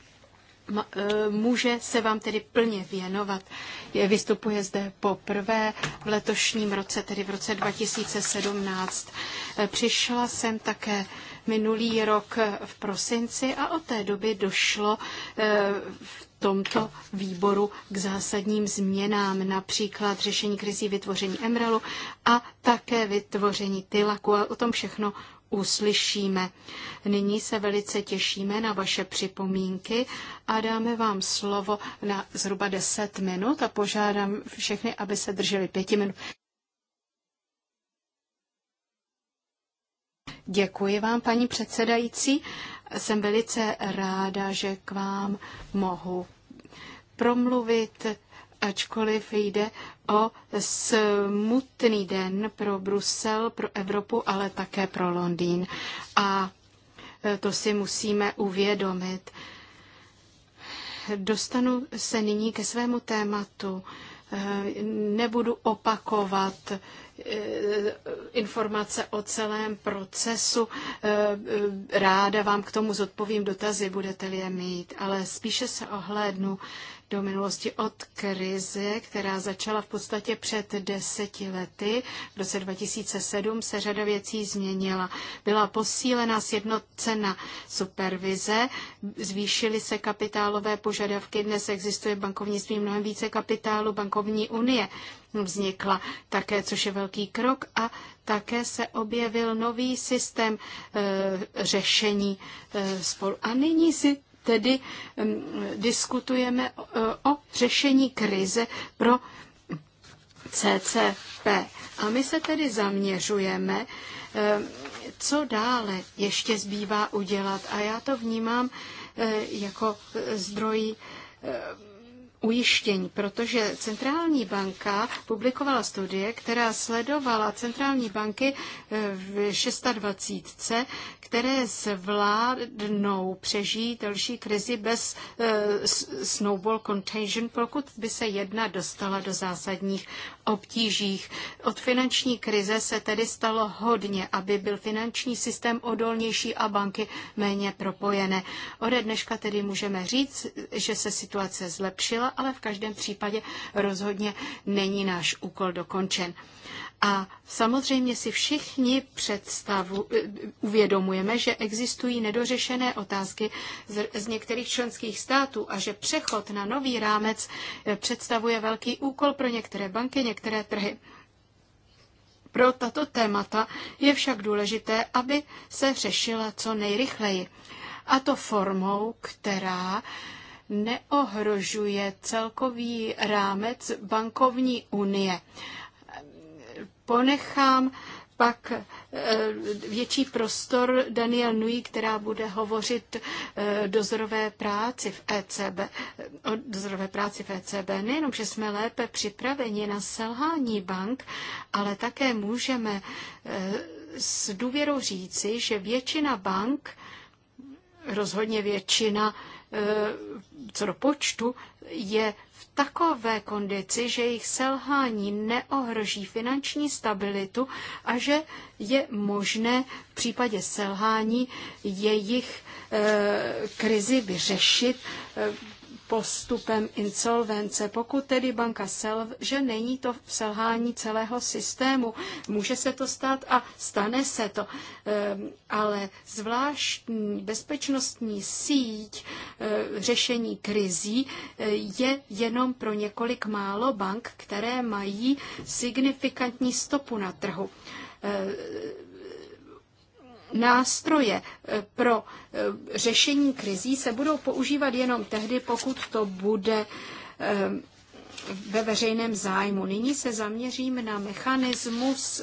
e, může se vám tedy plně věnovat. Vystupuje zde poprvé v letošním roce, tedy v roce 2017. E, přišla jsem také minulý rok v prosinci a od té doby došlo e, v tomto výboru k zásadním změnám, například řešení krizí vytvoření Emralu a také vytvoření Tylaku. A o tom všechno uslyšíme. Nyní se velice těšíme na vaše připomínky a dáme vám slovo na zhruba 10 minut a požádám všechny, aby se drželi pěti minut. Děkuji vám, paní předsedající. Jsem velice ráda, že k vám mohu promluvit, ačkoliv jde o smutný den pro Brusel, pro Evropu, ale také pro Londýn. A to si musíme uvědomit. Dostanu se nyní ke svému tématu. Nebudu opakovat Eh, informace o celém procesu. Eh, ráda vám k tomu zodpovím dotazy, budete-li je mít, ale spíše se ohlédnu do minulosti od krize, která začala v podstatě před deseti lety. V roce 2007 se řada věcí změnila. Byla posílena sjednocena supervize, zvýšily se kapitálové požadavky, dnes existuje bankovnictví mnohem více kapitálu, bankovní unie vznikla také, což je velký krok a také se objevil nový systém e, řešení e, spolu. A nyní si tedy m, mm, diskutujeme o, eh, o řešení krize pro CCP. A my se tedy zaměřujeme, co dále ještě zbývá udělat. A já to vnímám jako zdroj ujištění, protože centrální banka publikovala studie, která sledovala centrální banky eh, v 26, které zvládnou přežít další krizi bez eh, snowball contagion, pokud by se jedna dostala do zásadních obtížích. Od finanční krize se tedy stalo hodně, aby byl finanční systém odolnější a banky méně propojené. Ode dneška tedy můžeme říct, že se situace zlepšila ale v každém případě rozhodně není náš úkol dokončen. A samozřejmě si všichni představu, eh, uvědomujeme, že existují nedořešené otázky z, z některých členských států a že přechod na nový rámec eh, představuje velký úkol pro některé banky, některé trhy. Pro tato témata je však důležité, aby se řešila co nejrychleji. A to formou, která neohrožuje celkový rámec bankovní unie. Ponechám pak eh, větší prostor Daniel Nui, která bude hovořit eh, dozorové práci v ECB, eh, o dozorové práci v ECB. Nejenom, že jsme lépe připraveni na selhání bank, ale také můžeme s důvěrou říci, že většina bank, rozhodně většina, Eh, co do počtu, je v takové kondici, že jejich selhání neohroží finanční stabilitu a že je možné v případě selhání jejich eh, krizi vyřešit eh, postupem insolvence. Pokud tedy banka selv, že není to selhání celého systému, může se to stát a stane se to. Ehm, ale zvláštní bezpečnostní síť eh, řešení krizí eh, je jenom pro několik málo bank, které mají signifikantní stopu na trhu ehm, nástroje e, pro e, řešení krizí se budou používat jenom tehdy, pokud to bude e, ve veřejném zájmu. Nyní se zaměřím na mechanismus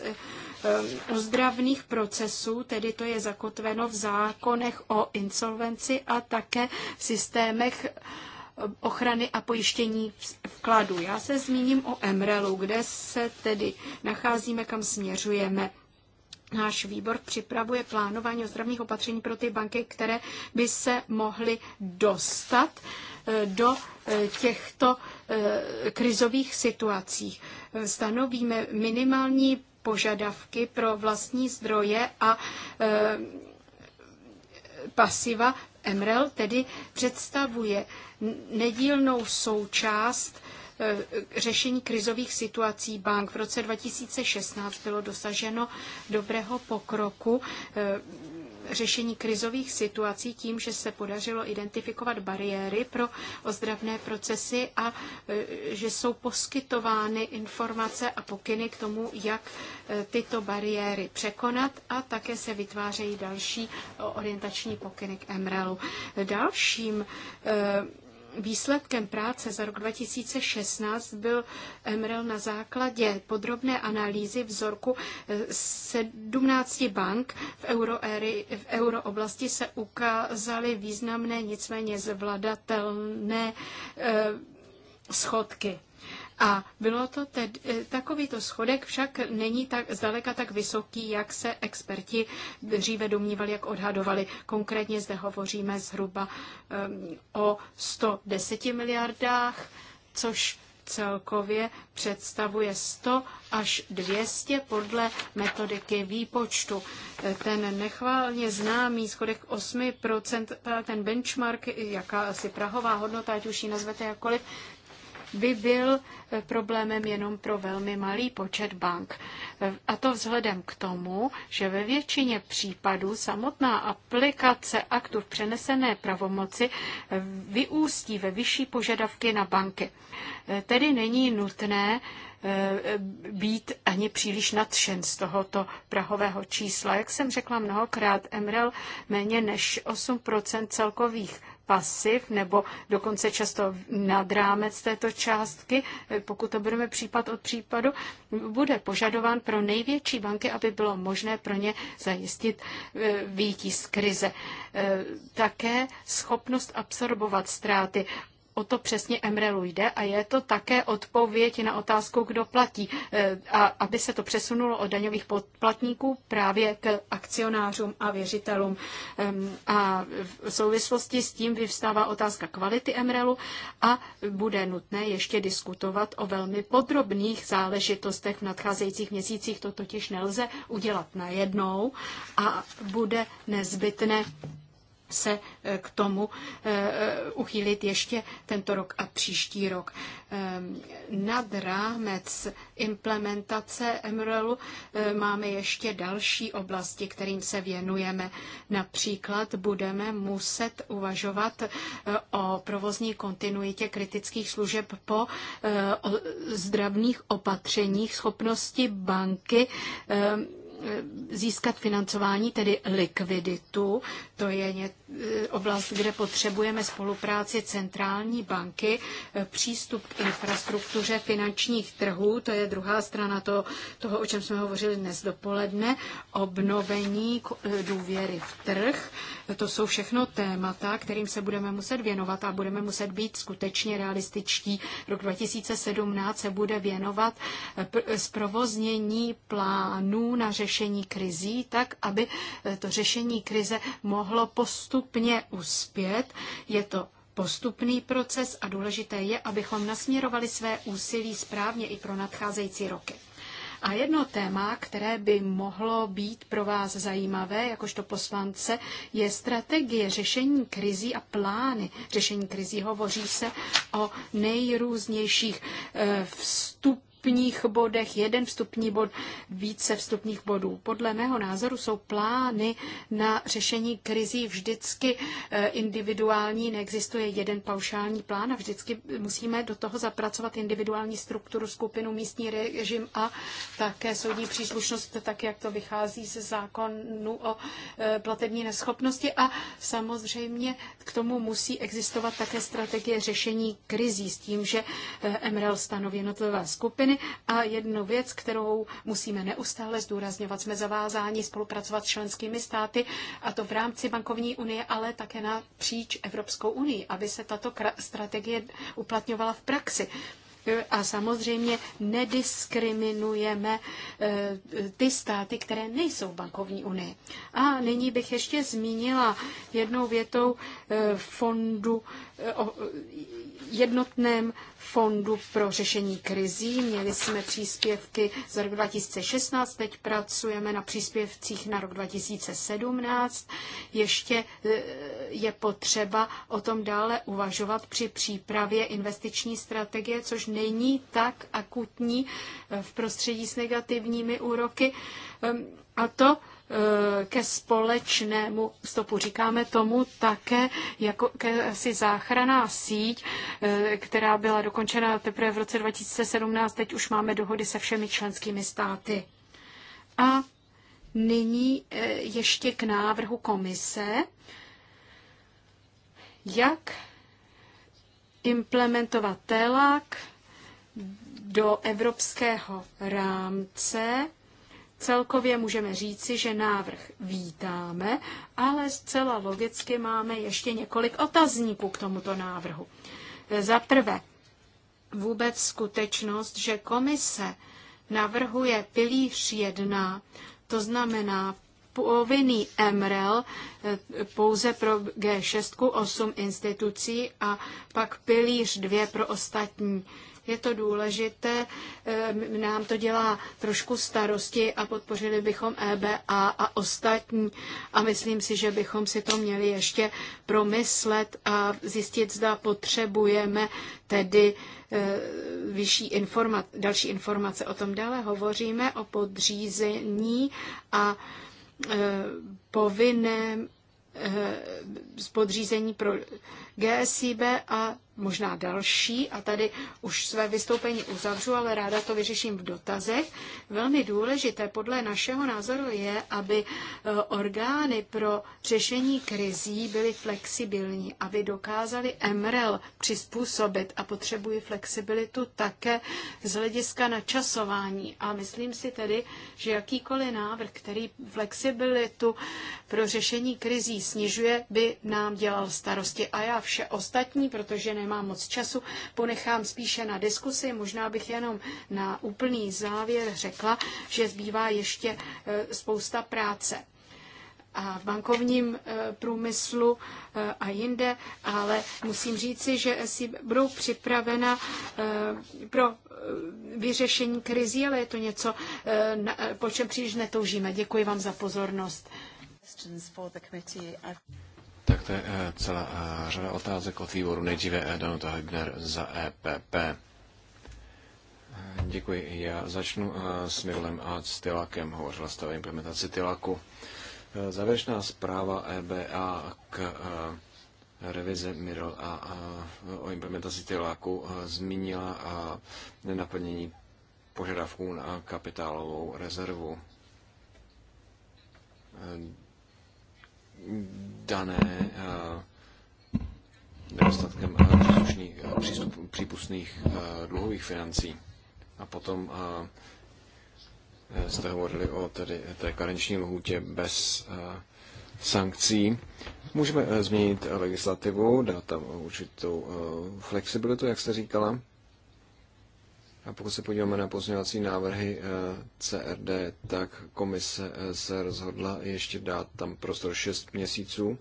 ozdravných procesů, tedy to je zakotveno v zákonech o insolvenci a také v systémech ochrany a pojištění vkladů. Já se zmíním o MRELu, kde se tedy nacházíme, kam směřujeme. Náš výbor připravuje plánování ozdravných opatření pro ty banky, které by se mohly dostat eh, do eh, těchto eh, krizových situací. Stanovíme minimální požadavky pro vlastní zdroje a pasiva MREL tedy představuje nedílnou součást Eh, řešení krizových situací bank. V roce 2016 bylo dosaženo dobrého pokroku eh, řešení krizových situací tím, že se podařilo identifikovat bariéry pro ozdravné procesy a eh, že jsou poskytovány informace a pokyny k tomu, jak tyto bariéry překonat a také se vytvářejí další orientační pokyny k MRELu. Dalším Výsledkem práce za rok 2016 byl MREL na základě podrobné analýzy vzorku 17 eh, bank v, euroéry, v eurooblasti se ukázaly významné, nicméně zvladatelné eh, schodky. A bylo to tedy, eh, takovýto schodek však není tak zdaleka tak vysoký, jak se experti dříve domnívali, jak odhadovali. Konkrétně zde hovoříme zhruba um, o 110 miliardách, což celkově představuje 100 až 200 podle metodiky výpočtu. Eh, ten nechválně známý schodek 8%, eh, ten benchmark, jaká asi prahová hodnota, ať už ji nazvete jakkoliv, by byl eh, problémem jenom pro velmi malý počet bank. Eh, a to vzhledem k tomu, že ve většině případů samotná aplikace aktu v přenesené pravomoci eh, vyústí ve vyšší požadavky na banky. Tedy není nutné být ani příliš nadšen z tohoto prahového čísla. Jak jsem řekla mnohokrát, Emrel méně než 8% celkových pasiv nebo dokonce často nad rámec této částky, eh, pokud to budeme případ od případu, bude požadován pro největší banky, aby bylo možné pro ně zajistit eh, výtí z krize. Eh, také schopnost absorbovat ztráty o to přesně Emrelu jde a je to také odpověď na otázku, kdo platí. E, a aby se to přesunulo od daňových poplatníků právě k akcionářům a věřitelům. A v souvislosti s tím vyvstává otázka kvality Emrelu a bude nutné ještě diskutovat o velmi podrobných záležitostech v nadcházejících měsících. To totiž nelze udělat najednou a bude nezbytné se eh, k tomu eh, eh, uchýlit ještě tento rok a příští rok. Ehm, nad rámec implementace MRL máme ještě další oblasti, kterým se věnujeme. Například budeme muset uvažovat o provozní kontinuitě kritických služeb po zdravných opatřeních schopnosti banky ehm, získat financování, tedy likviditu. To je Eh, oblast, kde potřebujeme spolupráci centrální banky, eh, přístup k infrastruktuře finančních trhů, to je druhá strana toho, toho o čem jsme hovořili dnes dopoledne, obnovení eh, důvěry v trh. To jsou všechno témata, kterým se budeme muset věnovat a budeme muset být skutečně realističtí. Rok 2017 se bude věnovat zprovoznění plánů na řešení krizí, tak aby to řešení krize mohlo postupovat postupně uspět. Je to postupný proces a důležité je, abychom nasměrovali své úsilí správně i pro nadcházející roky. A jedno téma, které by mohlo být pro vás zajímavé, jakožto poslance, je strategie řešení krizí a plány řešení krizí. Hovoří se o nejrůznějších eh, vstupů vstupních bodech, jeden vstupní bod, více vstupních bodů. Podle mého názoru jsou plány na řešení krizí vždycky eh, individuální, neexistuje jeden paušální plán a vždycky musíme do toho zapracovat individuální strukturu, skupinu, místní režim a také soudní příslušnost, tak jak to vychází ze zákonu o eh, platební neschopnosti a samozřejmě k tomu musí existovat také strategie řešení krizí s tím, že eh, MRL stanoví jednotlivé skupiny skupiny. A jednu věc, kterou musíme neustále zdůrazňovat, jsme zavázáni spolupracovat s členskými státy, a to v rámci bankovní unie, ale také na příč Evropskou unii, aby se tato strategie uplatňovala v praxi. A samozřejmě nediskriminujeme eh, ty státy, které nejsou v bankovní unii. A nyní bych ještě zmínila jednou větou eh, fondu eh, o jednotném fondu pro řešení krizí. Měli jsme příspěvky za rok 2016, teď pracujeme na příspěvcích na rok 2017. Ještě e, je potřeba o tom dále uvažovat při přípravě investiční strategie, což není tak akutní e, v prostředí s negativními úroky. A to Eh, ke společnému stopu. Říkáme tomu také jako si záchraná síť, eh, která byla dokončena teprve v roce 2017. Teď už máme dohody se všemi členskými státy. A nyní eh, ještě k návrhu komise. Jak implementovat telak do evropského rámce Celkově můžeme říci, že návrh vítáme, ale zcela logicky máme ještě několik otazníků k tomuto návrhu. Za prvé, vůbec skutečnost, že komise navrhuje pilíř 1, to znamená povinný MREL eh, pouze pro G6, 8 institucí a pak pilíř 2 pro ostatní je to důležité, eh, nám to dělá trošku starosti a podpořili bychom EBA a ostatní. A myslím si, že bychom si to měli ještě promyslet a zjistit, zda potřebujeme tedy eh, vyšší informace, další informace o tom. Dále hovoříme o podřízení a eh, povinném z podřízení pro GSIB a možná další, a tady už své vystoupení uzavřu, ale ráda to vyřeším v dotazech. Velmi důležité podle našeho názoru je, aby eh, orgány pro řešení krizí byly flexibilní, aby dokázali MREL přizpůsobit a potřebují flexibilitu také z hlediska načasování. A myslím si tedy, že jakýkoliv návrh, který flexibilitu pro řešení krizí snižuje, by nám dělal starosti. A já vše ostatní, protože nemám moc času, ponechám spíše na diskusi. Možná bych jenom na úplný závěr řekla, že zbývá ještě e, spousta práce a v bankovním e, průmyslu e, a jinde, ale musím říci, že si budou připravena pro vyřešení krizi, ale je to něco, po čem příliš netoužíme. Děkuji vám za pozornost. Tak to je eh, celá eh, řada otázek od výboru. Nejdříve eh, Danuta Hebner za EPP. Děkuji. Já začnu s Mirlem a s Tylakem. Hovořila jste o implementaci Tylaku. Závěrečná zpráva EBA k revize Mirl a o implementaci Tylaku zmínila nenaplnění požadavků na kapitálovou rezervu dané eh, nedostatkem eh, příslušných eh, přístup, přípustných dluhových financí. A potom jste hovorili o tedy té karenční lhůtě bez sankcí. Můžeme změnit legislativu, dát tam určitou flexibilitu, jak jste říkala. A pokud se podíváme na pozměňovací návrhy eh, CRD, tak komise eh, se rozhodla ještě dát tam prostor 6 měsíců.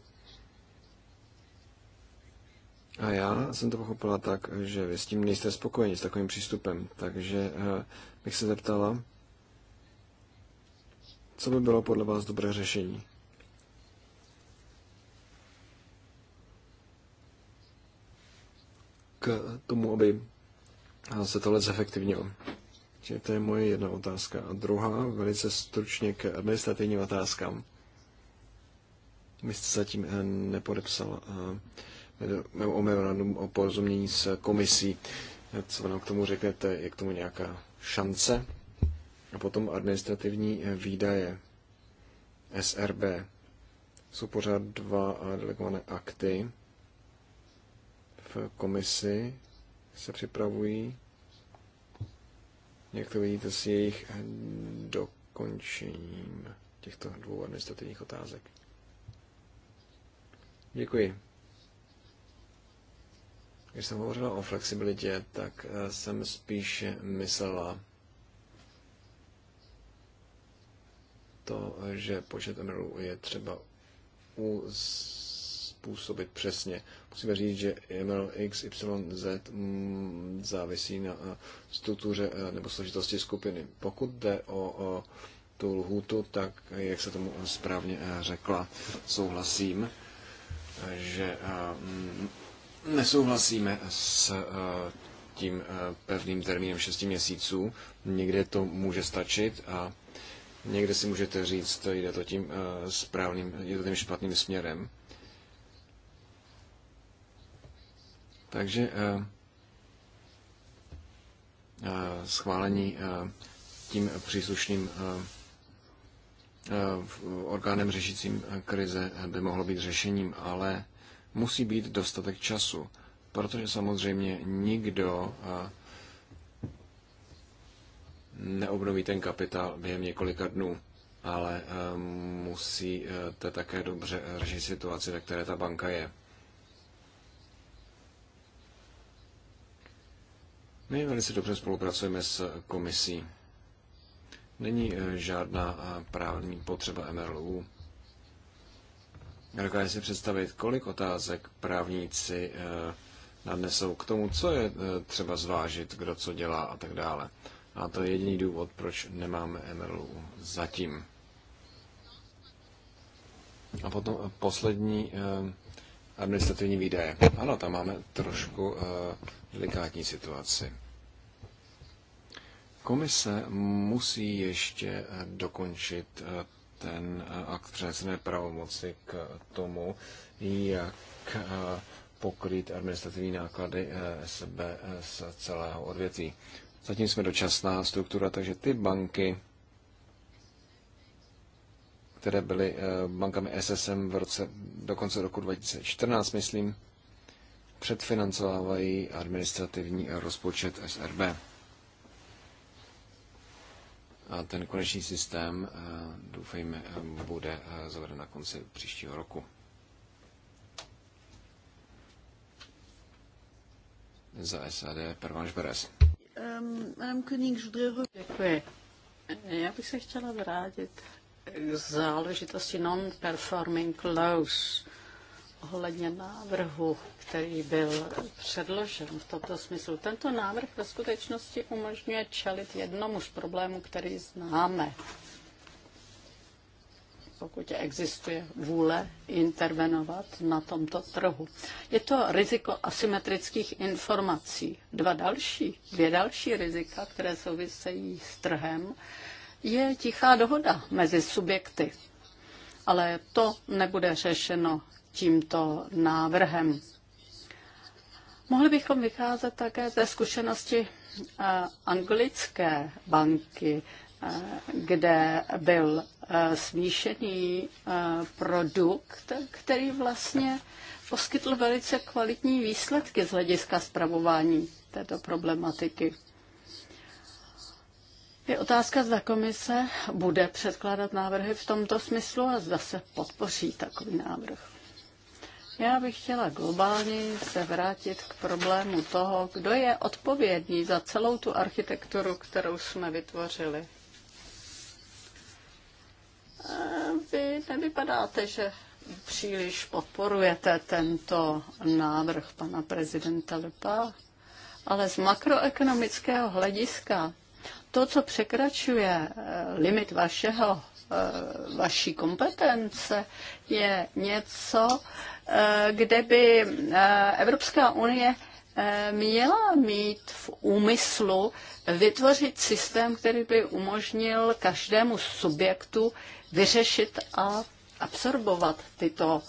A já jsem to pochopila tak, že vy s tím nejste spokojeni s takovým přístupem, takže eh, bych se zeptala, co by bylo podle vás dobré řešení? K tomu, aby a se tohle zefektivnilo. Čili to je moje jedna otázka. A druhá, velice stručně k administrativním otázkám. Vy jste zatím eh, nepodepsal eh, o memorandum o porozumění s komisí. Co nám k tomu řeknete? Je k tomu nějaká šance? A potom administrativní eh, výdaje SRB. Jsou pořád dva delegované akty v komisi se připravují jak to vidíte s jejich dokončením těchto dvou administrativních otázek. Děkuji. Když jsem hovořila o flexibilitě, tak eh, jsem spíš myslela to, že počet emerů je třeba uspůsobit přesně Musíme říct, že ML X, Y, Z mm, závisí na eh, struktuře eh, nebo složitosti skupiny. Pokud jde o tu lhůtu, tak jak se tomu správně eh, řekla, souhlasím, že mm, nesouhlasíme s tím pevným termínem 6 měsíců. Někde to může stačit a někde si můžete říct, jde to tím správným, jde to tím špatným směrem. Takže eh, eh, schválení eh, tím příslušným orgánem řešícím krize by mohlo být řešením, ale musí být dostatek času, protože samozřejmě nikdo neobnoví ten kapitál během několika dnů, ale musíte také dobře řešit situaci, ve které ta banka je. My velice dobře spolupracujeme s komisí. Není eh, žádná eh, právní potřeba MLU. Dokáže si představit, kolik otázek právníci eh, nadnesou k tomu, co je třeba zvážit, kdo co dělá a tak dále. A to je jediný důvod, proč nemáme MLU zatím. A potom poslední administrativní výdaje. Ano, tam máme trošku delikátní situaci. Komise musí ještě eh, dokončit eh, ten eh, akt přenesené pravomoci k tomu, jak pokryt administrativní náklady SB z celého odvětví. Zatím jsme dočasná struktura, takže ty banky, které byly bankami SSM v roce, do konce roku 2014, myslím, předfinancovávají administrativní rozpočet SRB ten konečný systém, eh, doufejme, eh, bude eh, zaveden na konci příštího roku. Za SAD Pervanš Beres. Děkuji. Já bych se chtěla vrátit k záležitosti non-performing loans ohledně návrhu, který byl předložen v tomto smyslu. Tento návrh ve skutečnosti umožňuje čelit jednomu z problémů, který známe. Pokud existuje vůle intervenovat na tomto trhu. Je to riziko asymetrických informací. Dva další, dvě další rizika, které souvisejí s trhem, je tichá dohoda mezi subjekty ale to nebude řešeno tímto návrhem. Mohli bychom vycházet také ze zkušenosti eh, anglické banky, eh, kde byl eh, smíšený produkt, který vlastně poskytl velice kvalitní výsledky z hlediska zpravování této problematiky. Je otázka, zda komise bude předkládat návrhy v tomto smyslu a zda se podpoří takový návrh. Já bych chtěla globálně se vrátit k problému toho, kdo je odpovědný za celou tu architekturu, kterou jsme vytvořili. Vy nevypadáte, že příliš podporujete tento návrh pana prezidenta Lepa, ale z makroekonomického hlediska to, co překračuje eh, limit vašeho, eh, vaší kompetence, je něco, Eh, kde by eh, Evropská unie eh, měla mít v úmyslu vytvořit systém, který by umožnil každému subjektu vyřešit a absorbovat tyto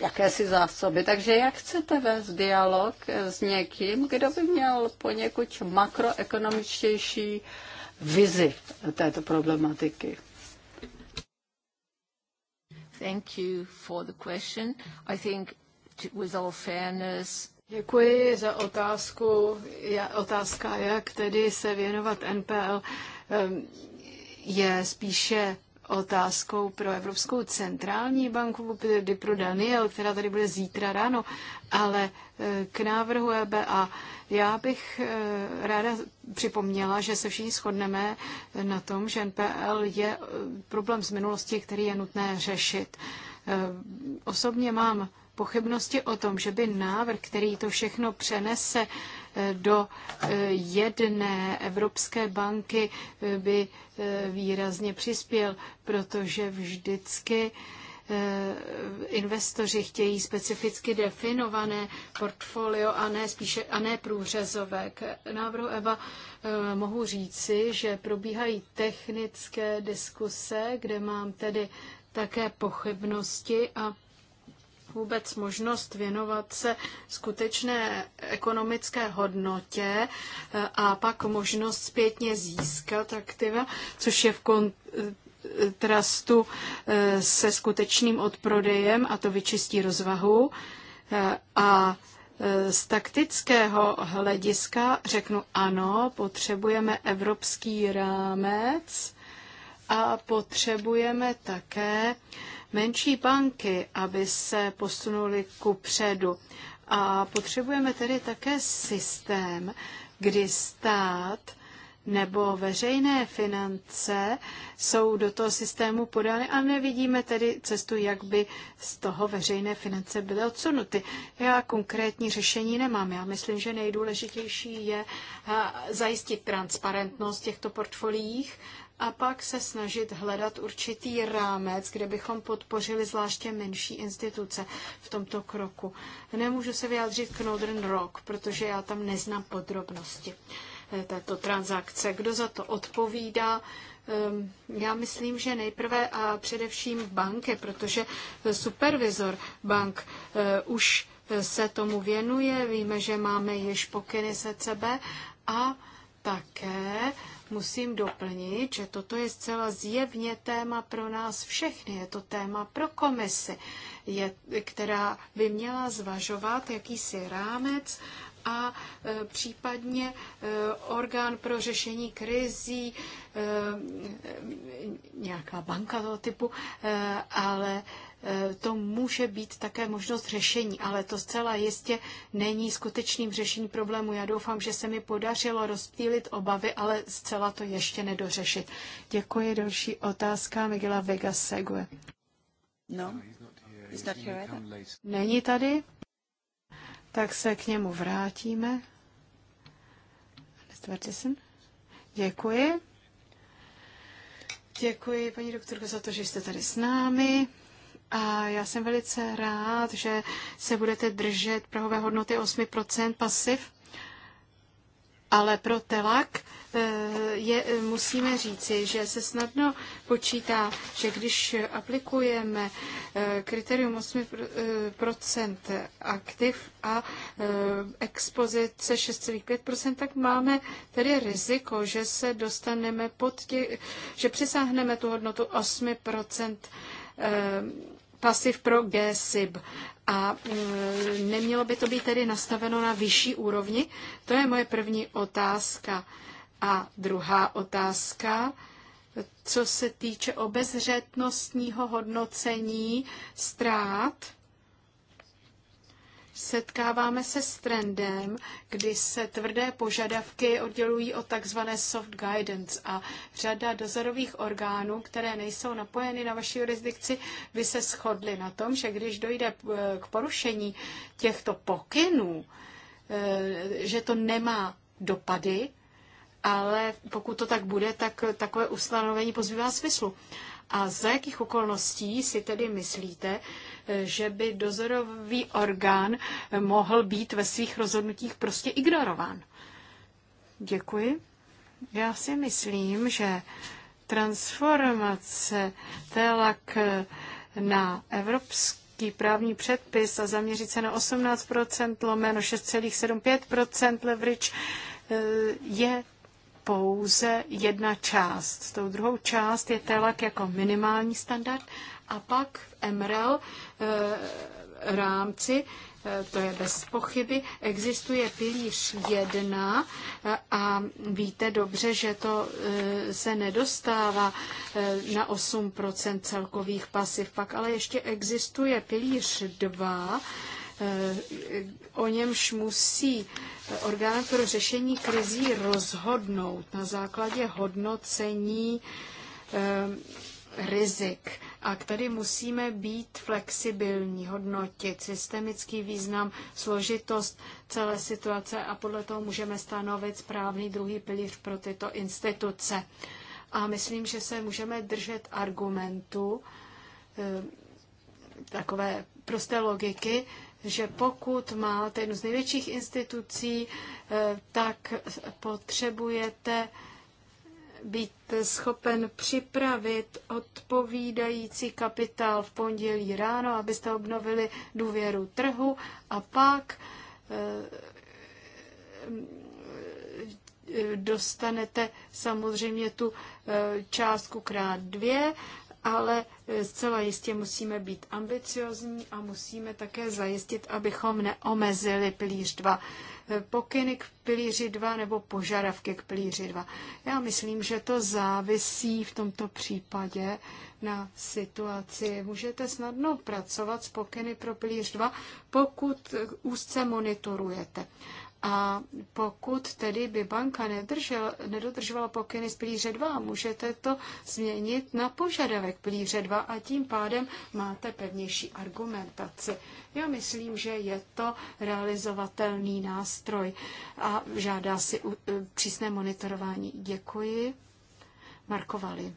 jakési zásoby. Takže jak chcete vést dialog s někým, kdo by měl poněkud makroekonomičtější vizi této problematiky? Thank you for the question. I think with all fairness, Děkuji za otázku. Otázka, jak tedy se věnovat NPL, ehm, je spíše otázkou pro Evropskou centrální banku, kdy pro Daniel, která tady bude zítra ráno, ale eh, k návrhu EBA. Já bych eh, ráda připomněla, že se všichni shodneme eh, na tom, že NPL je problém z minulosti, který je nutné řešit. Osobně mám pochybnosti o tom, že by návrh, který to všechno přenese do eh, jedné Evropské banky eh, by eh, výrazně přispěl, protože vždycky investoři chtějí specificky definované portfolio a ne, spíše, a ne průřezové. K návrhu EVA mohu říci, že probíhají technické diskuse, kde mám tedy také pochybnosti a vůbec možnost věnovat se skutečné ekonomické hodnotě eh, a pak možnost zpětně získat aktiva, což je v kontrastu eh, eh, se skutečným odprodejem a to vyčistí rozvahu. A z taktického hlediska řeknu ano, potřebujeme evropský rámec a potřebujeme také menší banky, aby se posunuli ku předu. A potřebujeme tedy také systém, kdy stát nebo veřejné finance jsou do toho systému podány a nevidíme tedy cestu, jak by z toho veřejné finance byly odsunuty. Já konkrétní řešení nemám. Já myslím, že nejdůležitější je zajistit transparentnost těchto portfoliích a pak se snažit hledat určitý rámec, kde bychom podpořili zvláště menší instituce v tomto kroku. Nemůžu se vyjádřit k Northern Rock, protože já tam neznám podrobnosti eh, této transakce. Kdo za to odpovídá? Ehm, já myslím, že nejprve a především banky, protože supervizor bank eh, už eh, se tomu věnuje. Víme, že máme již pokyny sebe a také musím doplnit, že toto je zcela zjevně téma pro nás všechny. Je to téma pro komisi, je, která by měla zvažovat jakýsi rámec a e, případně e, orgán pro řešení krizí, e, e nějaká banka toho typu, e, ale e, E, to může být také možnost řešení, ale to zcela jistě není skutečným řešením problému. Já doufám, že se mi podařilo rozptýlit obavy, ale zcela to ještě nedořešit. Děkuji. Další otázka Miguela Vega Segue. No, Není tady? Tak se k němu vrátíme. Děkuji. Děkuji, paní doktorko, za to, že jste tady s námi. A já jsem velice rád, že se budete držet prahové hodnoty 8% pasiv, ale pro telak eh, je, musíme říci, že se snadno počítá, že když aplikujeme eh, kritérium 8% aktiv a eh, expozice 6,5%, tak máme tedy riziko, že se dostaneme pod tě, že přesáhneme tu hodnotu 8% pasiv pro GSIB. A e, nemělo by to být tedy nastaveno na vyšší úrovni? To je moje první otázka. A druhá otázka, co se týče obezřetnostního hodnocení ztrát, setkáváme se s trendem, kdy se tvrdé požadavky oddělují od takzvané soft guidance a řada dozorových orgánů, které nejsou napojeny na vaši jurisdikci, by se shodly na tom, že když dojde k porušení těchto pokynů, eh, že to nemá dopady, ale pokud to tak bude, tak takové ustanovení pozbývá smyslu. A za jakých okolností si tedy myslíte, eh, že by dozorový orgán eh, mohl být ve svých rozhodnutích prostě ignorován? Děkuji. Já si myslím, že transformace TELAK eh, na evropský právní předpis a zaměřit se na 18% lomeno 6,75% leverage je pouze jedna část. S tou druhou část je TELAC jako minimální standard a pak v MREL eh, rámci eh, to je bez pochyby. Existuje pilíř 1 eh, a víte dobře, že to se nedostává na 8 celkových pasiv. Pak ale ještě existuje pilíř 2 Eh, o němž musí eh, orgán pro řešení krizí rozhodnout na základě hodnocení eh, rizik. A tady musíme být flexibilní, hodnotit systemický význam, složitost celé situace a podle toho můžeme stanovit správný druhý pilíř pro tyto instituce. A myslím, že se můžeme držet argumentu takové prosté logiky, že pokud máte jednu z největších institucí, eh, tak potřebujete být schopen připravit odpovídající kapitál v pondělí ráno, abyste obnovili důvěru trhu a pak eh, eh, dostanete samozřejmě tu částku krát dvě ale e, zcela jistě musíme být ambiciozní a musíme také zajistit, abychom neomezili pilíř 2. E, pokyny k pilíři 2 nebo požadavky k pilíři 2. Já myslím, že to závisí v tomto případě na situaci. Můžete snadno pracovat s pokyny pro pilíř 2, pokud úzce monitorujete. A pokud tedy by banka nedržel, nedodržovala pokyny z pilíře 2, můžete to změnit na požadavek pilíře 2 a tím pádem máte pevnější argumentaci. Já myslím, že je to realizovatelný nástroj a žádá si u, u, e, přísné monitorování. Děkuji. Markovali.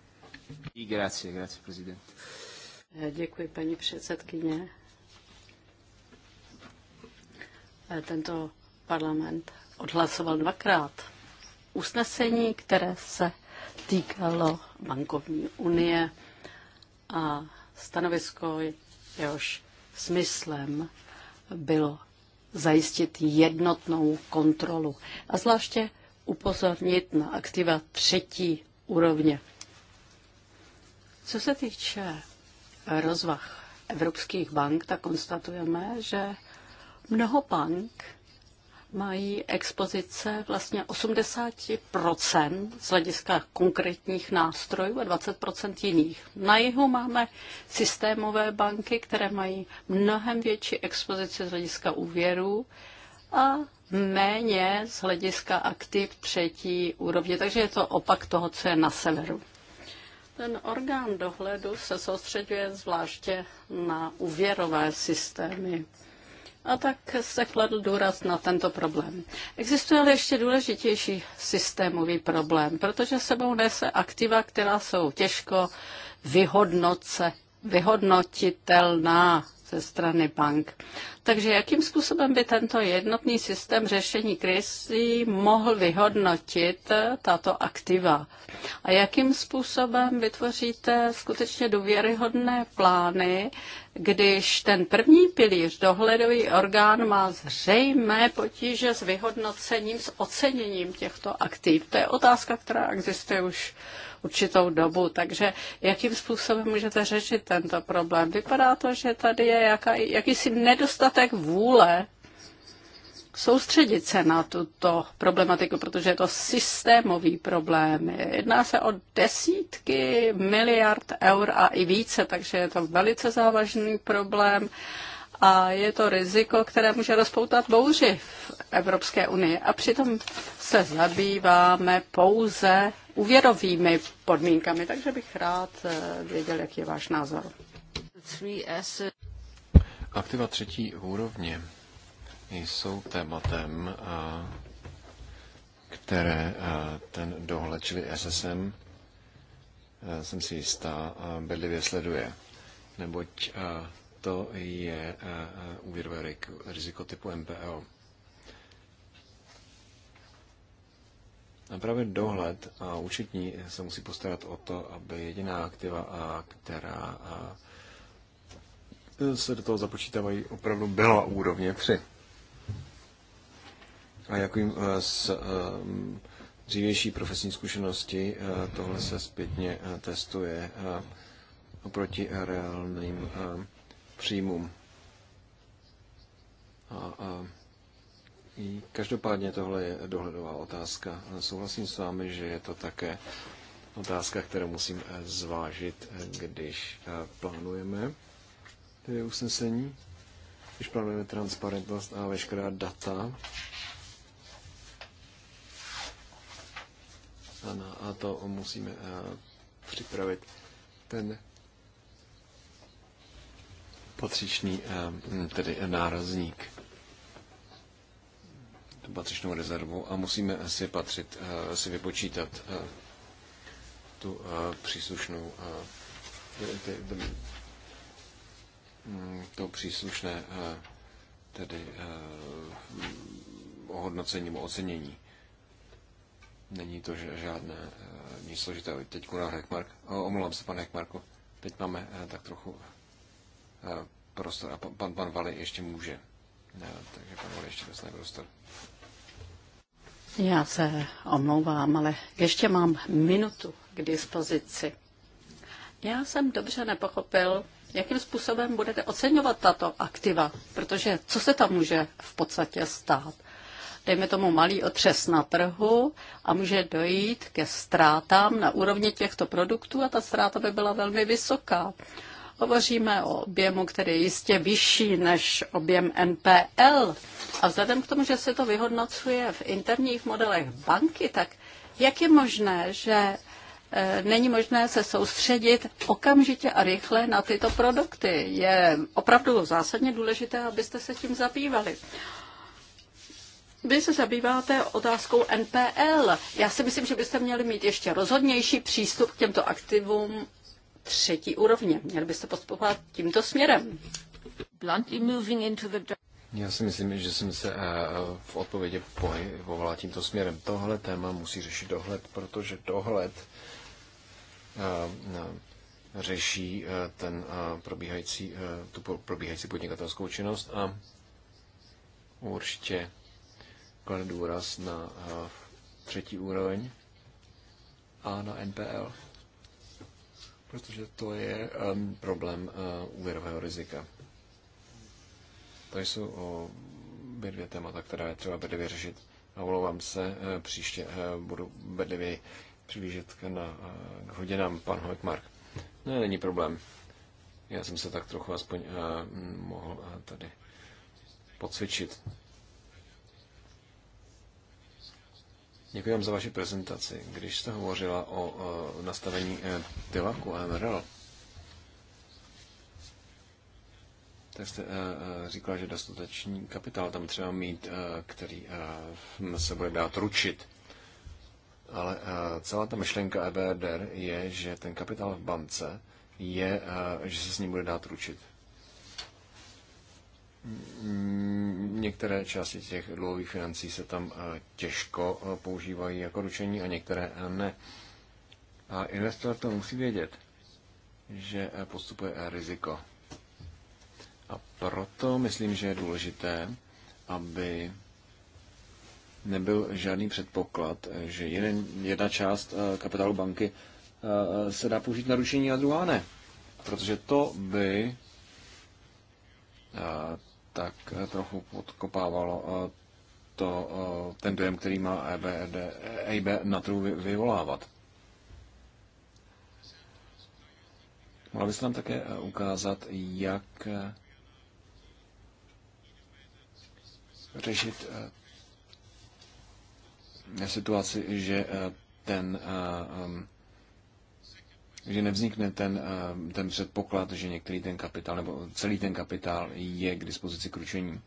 Grazie, grazie, prezident. E, děkuji, paní předsedkyně. E, tento Parlament odhlasoval dvakrát usnesení, které se týkalo bankovní unie a stanovisko, jehož smyslem bylo zajistit jednotnou kontrolu a zvláště upozornit na aktiva třetí úrovně. Co se týče rozvah evropských bank, tak konstatujeme, že mnoho bank mají expozice vlastně 80% z hlediska konkrétních nástrojů a 20% jiných. Na jihu máme systémové banky, které mají mnohem větší expozici z hlediska úvěrů a méně z hlediska aktiv třetí úrovně. Takže je to opak toho, co je na severu. Ten orgán dohledu se soustředuje zvláště na úvěrové systémy a tak se kladl důraz na tento problém. Existuje ale ještě důležitější systémový problém, protože sebou nese aktiva, která jsou těžko vyhodnoce, vyhodnotitelná ze strany bank. Takže jakým způsobem by tento jednotný systém řešení krizí mohl vyhodnotit tato aktiva? A jakým způsobem vytvoříte skutečně důvěryhodné plány, když ten první pilíř, dohledový orgán, má zřejmé potíže s vyhodnocením, s oceněním těchto aktiv? To je otázka, která existuje už určitou dobu. Takže jakým způsobem můžete řešit tento problém? Vypadá to, že tady je jaká, jakýsi nedostatek vůle soustředit se na tuto problematiku, protože je to systémový problém. Jedná se o desítky miliard eur a i více, takže je to velice závažný problém a je to riziko, které může rozpoutat bouři v Evropské unii. A přitom se zabýváme pouze úvěrovými podmínkami, takže bych rád eh, věděl, jaký je váš názor. Aktiva třetí úrovně jsou tématem, eh, které eh, ten dohled, čili SSM, jsem si jistá, bedlivě sleduje. Neboť to je úvěrové riziko typu MPL. Právě dohled a účetní se musí postarat o to, aby jediná aktiva, která se do toho započítávají, opravdu byla úrovně 3. A jak vím z e, e, dřívější profesní zkušenosti, e, tohle se zpětně testuje oproti reálným příjmům. A, a Každopádně tohle je dohledová otázka. Souhlasím s vámi, že je to také otázka, kterou musím eh, zvážit, eh, když eh, plánujeme tedy usnesení, když plánujeme transparentnost a veškerá data Ano, a to musíme připravit ten potřičný tedy nárazník tu patřičnou rezervu a musíme si patřit, eh, si vypočítat eh, tu eh, příslušnou mm, to příslušné tedy ohodnocení nebo ocenění. Není to žádné nic složitého. Teď na Hekmark. Omlouvám se, pane Hekmarku. Teď máme tak trochu prostor a pan, pan Vali ještě může. Ne, takže pan Vali ještě dostane prostor. Já se omlouvám, ale ještě mám minutu k dispozici. Já jsem dobře nepochopil, jakým způsobem budete oceňovat tato aktiva, protože co se tam může v podstatě stát? Dejme tomu malý otřes na trhu a může dojít ke ztrátám na úrovni těchto produktů a ta ztráta by byla velmi vysoká. Hovoříme o objemu, který je jistě vyšší než objem NPL. A vzhledem k tomu, že se to vyhodnocuje v interních modelech banky, tak jak je možné, že e, není možné se soustředit okamžitě a rychle na tyto produkty. Je opravdu zásadně důležité, abyste se tím zabývali. Vy se zabýváte otázkou NPL. Já si myslím, že byste měli mít ještě rozhodnější přístup k těmto aktivům třetí úrovně. Měli byste postupovat tímto směrem. Já si myslím, že jsem se eh, v odpovědi pohybovala tímto směrem. Tohle téma musí řešit dohled, protože dohled eh, eh, řeší ten probíhající, tu probíhající podnikatelskou činnost a určitě klade důraz na třetí úroveň a na NPL protože to je um, problém uh, úvěrového rizika. To jsou obě dvě témata, která je třeba bedlivě řešit. A omlouvám se, uh, příště uh, budu bedlivě přiblížit k, na, uh, k hodinám, pan Hojkmark. Ne, no, není problém. Já jsem se tak trochu aspoň uh, mohl uh, tady pocvičit. Děkuji vám za vaši prezentaci. Když jste hovořila o, o nastavení eh, tilaku MRL, tak jste eh, eh, říkala, že dostatečný kapitál tam třeba mít, který se bude dát ručit. Ale celá ta myšlenka EBRD je, že ten kapitál v bance je, že se s ním bude dát ručit. Některé části těch dluhových financí se tam eh, těžko eh, používají jako ručení a některé eh, ne. A investor to musí vědět, že postupuje riziko. A proto myslím, že je důležité, aby nebyl žádný předpoklad, že jeden, jedna část kapitálu banky se dá použít na ručení a druhá ne. Protože to by tak eh, trochu podkopávalo eh, to, eh, ten dojem, který má EBRD, e EIB na trhu vyvolávat. Mohla byste nám také ukázat, jak řešit situaci, že ten že nevznikne ten, eh, ten předpoklad, že některý ten kapitál nebo celý ten kapitál je k dispozici k ručení.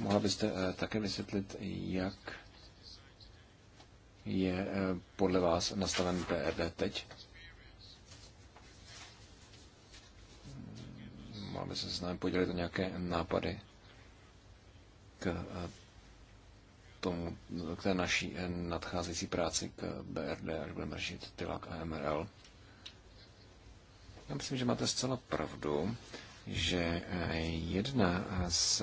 Mohla byste eh, také vysvětlit, jak je eh, podle vás nastaven PRD e teď? Mohla byste se s námi podělit o nějaké nápady k tomu, k té naší eh, nadcházející práci k BRD, až budeme řešit TILAK a MRL. Já myslím, že máte zcela pravdu, že eh, jedna z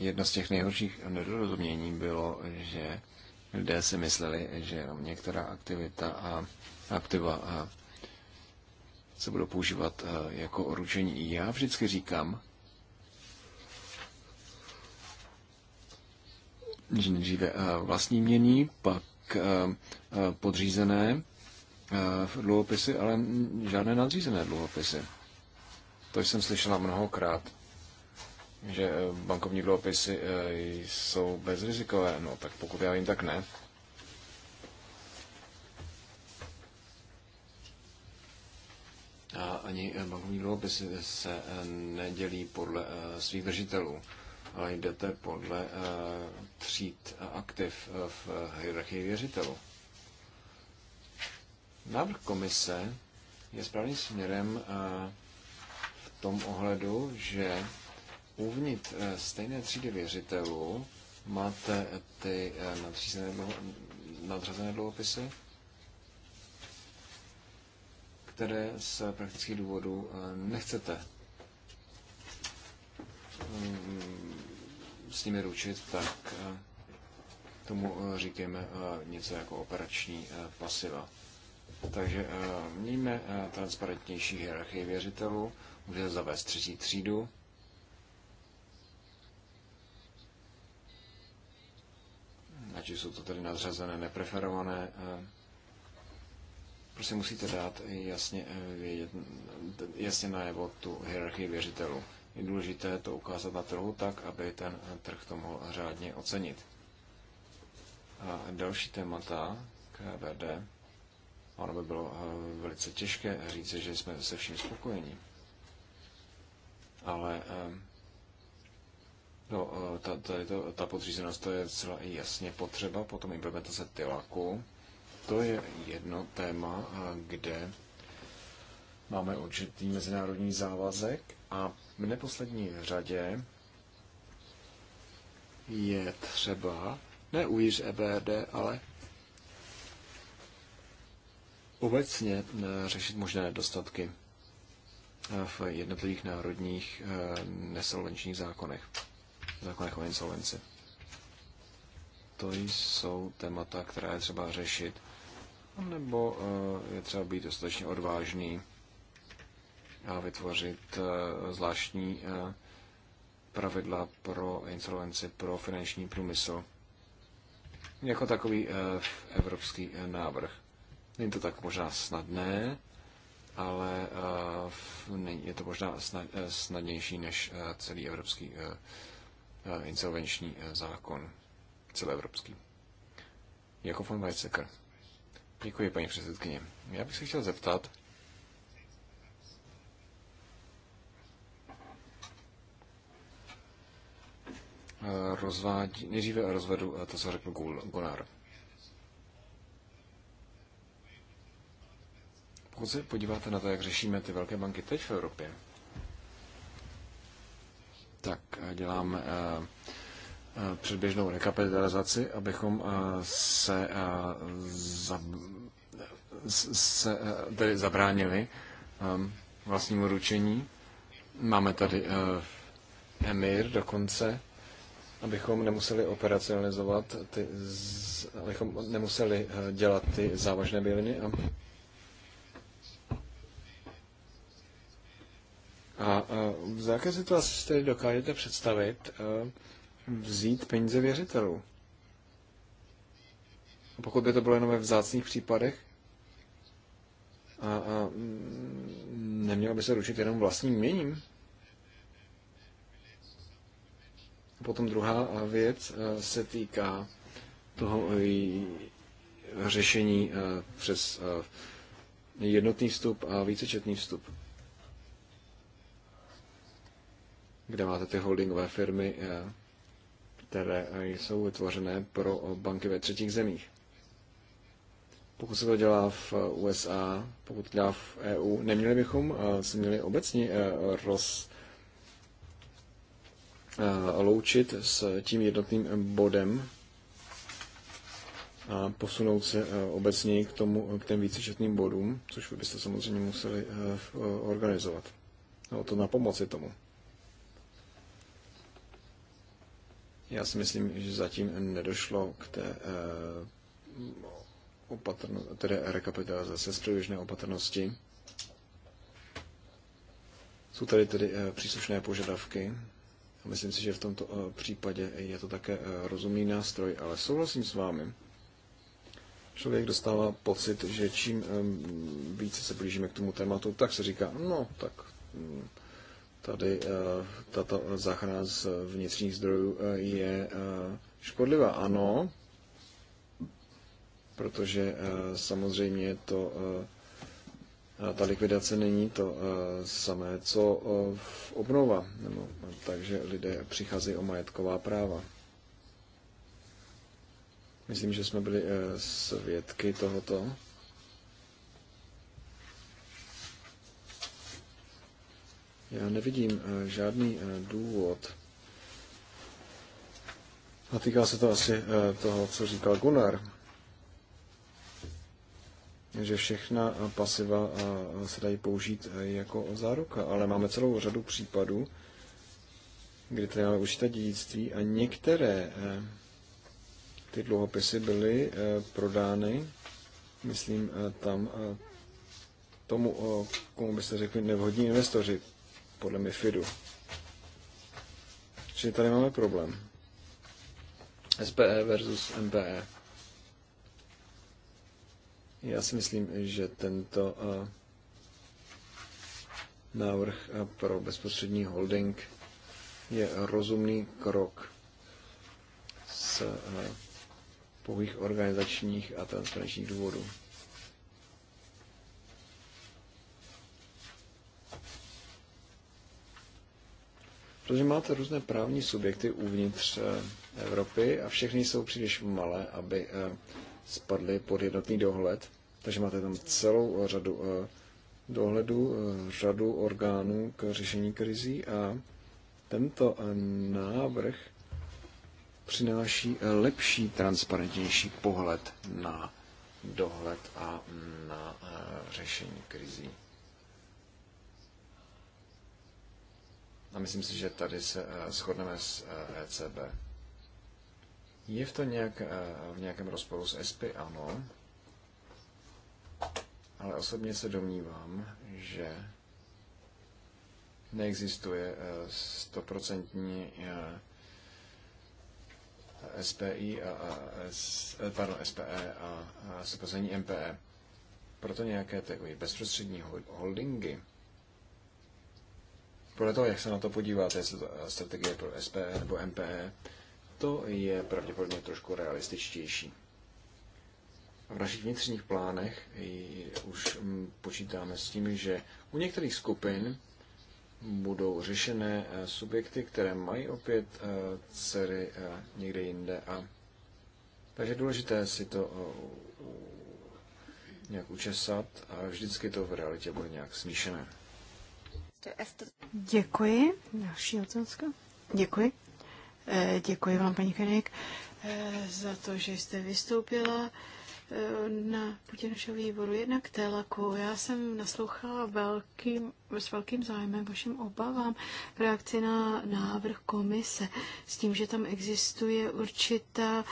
jedno z těch nejhorších nedorozumění bylo, že lidé si mysleli, že jenom některá aktivita a aktiva a eh, se budou používat jako oručení. Já vždycky říkám, že nejdříve eh, vlastní mění, pak eh, eh, podřízené dluhopisy, ale žádné nadřízené dluhopisy. To jsem slyšela mnohokrát, že bankovní dluhopisy jsou bezrizikové. No tak pokud já vím, tak ne. A ani bankovní dluhopisy se nedělí podle svých držitelů ale jdete podle eh, tříd aktiv eh, v hierarchii věřitelů. Návrh komise je správným směrem eh, v tom ohledu, že uvnitř stejné třídy věřitelů máte ty nadřazené dluhopisy, které z praktických důvodů nechcete Mm, s nimi ručit, tak eh, tomu eh, říkáme eh, něco jako operační pasiva. Takže mějme transparentnější hierarchii věřitelů, můžete zavést třetí třídu, ať jsou to tedy nadřazené, nepreferované, prostě musíte dát jasně, vědět, jasně najevo tu hierarchii věřitelů je důležité to ukázat na trhu tak, aby ten trh to mohl řádně ocenit. A další témata k VD. Ono by bylo eh, velice těžké říct, že jsme se vším spokojení. Ale eh, no, eh, ta, tady to, ta podřízenost to je celá i jasně potřeba, potom implementace tylaku. To je jedno téma, kde máme určitý mezinárodní závazek a v neposlední řadě je třeba ne uvíř EBRD, ale obecně eh, řešit možné nedostatky eh, v jednotlivých národních eh, nesolvenčních zákonech, zákonech o insolvenci. To jsou témata, která je třeba řešit, nebo je třeba být dostatečně odvážný a vytvořit eh, zvláštní eh, pravidla pro insolvenci pro finanční průmysl. Jako takový eh, evropský návrh. Není to tak možná snadné, ale je to možná snadnější než celý evropský insolvenční zákon, celoevropský. Jako von Weizsäcker. Děkuji, paní předsedkyně. Já bych se chtěl zeptat, rozvádí, nejdříve rozvedu eh, to, co řekl Gunnar. Pokud se podíváte na to, jak řešíme ty velké banky teď v Evropě, tak eh, děláme eh, předběžnou rekapitalizaci, abychom se, za, se tedy zabránili ehm, vlastnímu ručení. Máme tady Emir dokonce, abychom nemuseli operacionalizovat, ty, abychom nemuseli eh, dělat ty závažné byliny a, a, eh, v jaké situaci si tedy dokážete představit eh, vzít peníze věřitelů? A pokud by to bylo jenom ve vzácných případech, a, a mm, nemělo by se ručit jenom vlastním měním? Potom druhá věc eh, se týká toho eh, řešení eh, přes jednotný vstup a vícečetný vstup, kde máte ty holdingové firmy, které jsou vytvořené pro banky ve třetích zemích. Pokud se to dělá v USA, pokud to dělá v EU, neměli bychom se měli obecně roz Eh, loučit s tím jednotným bodem a posunout se eh, obecně k, tomu, k těm vícečetným bodům, což vy byste samozřejmě museli eh, organizovat. No, to na pomoci tomu. Já si myslím, že zatím nedošlo k té opatrnosti. tedy rekapitalizace z předběžné opatrnosti. Jsou tady tedy příslušné požadavky Myslím si, že v tomto eh, případě je to také eh, rozumný nástroj, ale souhlasím s vámi. Člověk dostává pocit, že čím více se blížíme k tomu tématu, tak se říká, no tak hm, tady eh, tato záchrana z vnitřních zdrojů je škodlivá. Ano, protože samozřejmě to ta likvidace není to eh, samé, co eh, v obnova. Nebo, takže lidé přicházejí o majetková práva. Myslím, že jsme byli eh, svědky tohoto. Já nevidím žádný důvod. A týká se to asi toho, co říkal Gunnar že všechna pasiva eh, se dají použít eh, jako záruka, ale máme celou řadu případů, kdy tady máme určité dědictví a některé eh, ty dluhopisy byly prodány, myslím, tam tomu, komu byste řekli nevhodní investoři, podle MIFIDu. Čili tady máme problém. SPE versus MPE. Já si myslím, že tento eh, návrh eh, pro bezprostřední holding je rozumný krok z eh, pouhých organizačních a transparentních důvodů. Protože máte různé právní subjekty uvnitř Evropy a všechny jsou příliš malé, aby spadly pod jednotný dohled. Takže máte tam celou řadu eh, dohledů, eh, řadu orgánů k řešení krizí a tento eh, návrh přináší lepší, transparentnější pohled na dohled a na řešení krizí. A myslím si, že tady se shodneme s ECB. E je v to nějak, eh, v nějakém rozporu s SP? Ano. Ale osobně se domnívám, že neexistuje eh, stoprocentní eh, SPI a, pardon, SPE a, a sepození e MPE. Proto nějaké takové bezprostřední holdingy, podle toho, jak se na to podíváte, jestli to strategie pro SPE nebo MPE, to je pravděpodobně trošku realističtější. V našich vnitřních plánech už mm, počítáme s tím, že u některých skupin budou řešené eh, subjekty, které mají opět eh, dcery eh, někde jinde. A... Takže je důležité si to nějak učesat a vždycky to v realitě bude nějak smíšené. Děkuji. Další otázka. Děkuji. Eh, děkuji vám, paní Kenik, eh, za to, že jste vystoupila eh, na půdě našeho výboru. Jednak telaku. Já jsem naslouchala velkým, s velkým zájmem vašim obavám v reakci na návrh komise s tím, že tam existuje určitá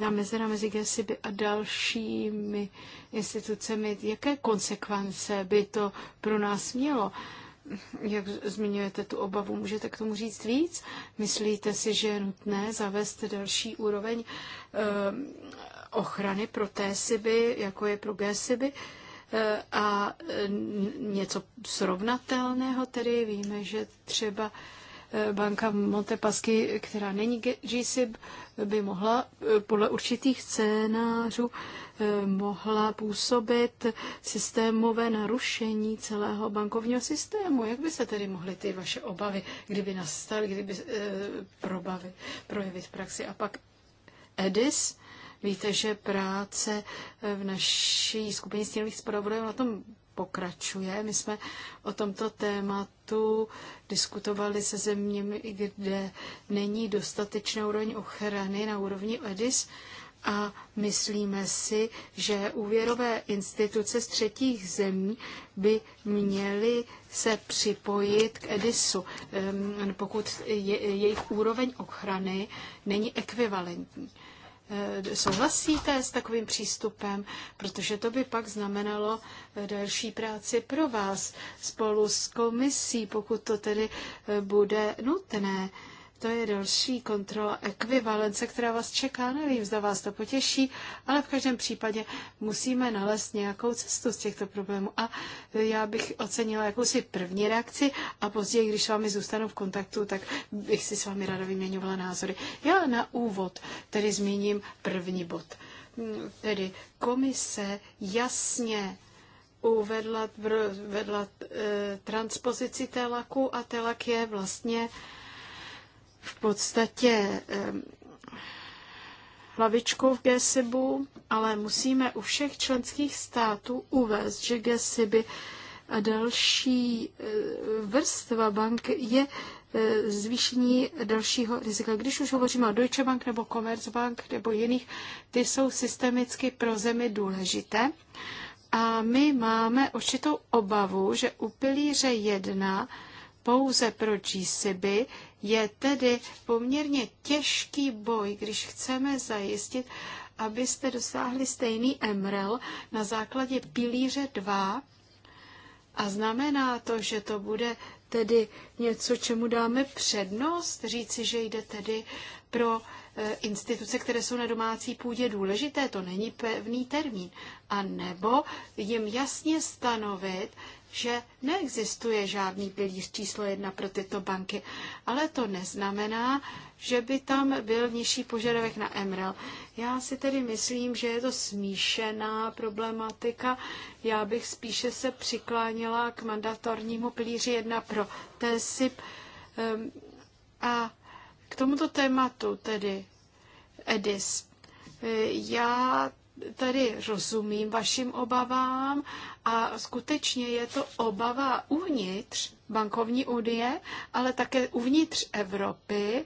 ta mezera mezi GSIB a dalšími institucemi. Jaké konsekvence by to pro nás mělo? jak zmiňujete tu obavu, můžete k tomu říct víc? Myslíte si, že je nutné zavést další úroveň eh, ochrany pro té siby, jako je pro G-siby? Eh, a něco srovnatelného, tedy víme, že třeba banka Montepasky, která není GSIB, by mohla podle určitých scénářů eh, mohla působit systémové narušení celého bankovního systému. Jak by se tedy mohly ty vaše obavy, kdyby nastaly, kdyby eh, probavy, projevit v praxi? A pak EDIS, Víte, že práce v naší skupině stínových zpravodajů na tom pokračuje. My jsme o tomto tématu diskutovali se zeměmi, kde není dostatečná úroveň ochrany na úrovni EDIS a myslíme si, že úvěrové instituce z třetích zemí by měly se připojit k EDISu, pokud jejich úroveň ochrany není ekvivalentní. Eh, souhlasíte s takovým přístupem, protože to by pak znamenalo eh, další práci pro vás spolu s komisí, pokud to tedy eh, bude nutné. To je další kontrola ekvivalence, která vás čeká. Nevím, zda vás to potěší, ale v každém případě musíme nalézt nějakou cestu z těchto problémů. A já bych ocenila jakousi první reakci a později, když s vámi zůstanu v kontaktu, tak bych si s vámi ráda vyměňovala názory. Já na úvod tedy zmíním první bod. Tedy komise jasně uvedla vedla, eh, transpozici telaku a telak je vlastně eh, v podstatě hlavičkou v GSIBu, ale musíme u všech členských států uvést, že GSIBy a další eh, vrstva bank je eh, zvýšení dalšího rizika. Když už hovoříme o Deutsche Bank nebo Commerzbank nebo jiných, ty jsou systemicky pro zemi důležité. A my máme určitou obavu, že u pilíře 1 pouze pro GCB je tedy poměrně těžký boj, když chceme zajistit, abyste dosáhli stejný emrel na základě pilíře 2 a znamená to, že to bude tedy něco, čemu dáme přednost, říci, že jde tedy pro e, instituce, které jsou na domácí půdě důležité, to není pevný termín, a nebo jim jasně stanovit, že neexistuje žádný pilíř číslo jedna pro tyto banky, ale to neznamená, že by tam byl nižší požadavek na MREL. Já si tedy myslím, že je to smíšená problematika. Já bych spíše se přiklánila k mandatornímu pilíři jedna pro TESIP. Ehm, a k tomuto tématu tedy EDIS. E, já tady rozumím vašim obavám a skutečně je to obava uvnitř bankovní unie, ale také uvnitř Evropy,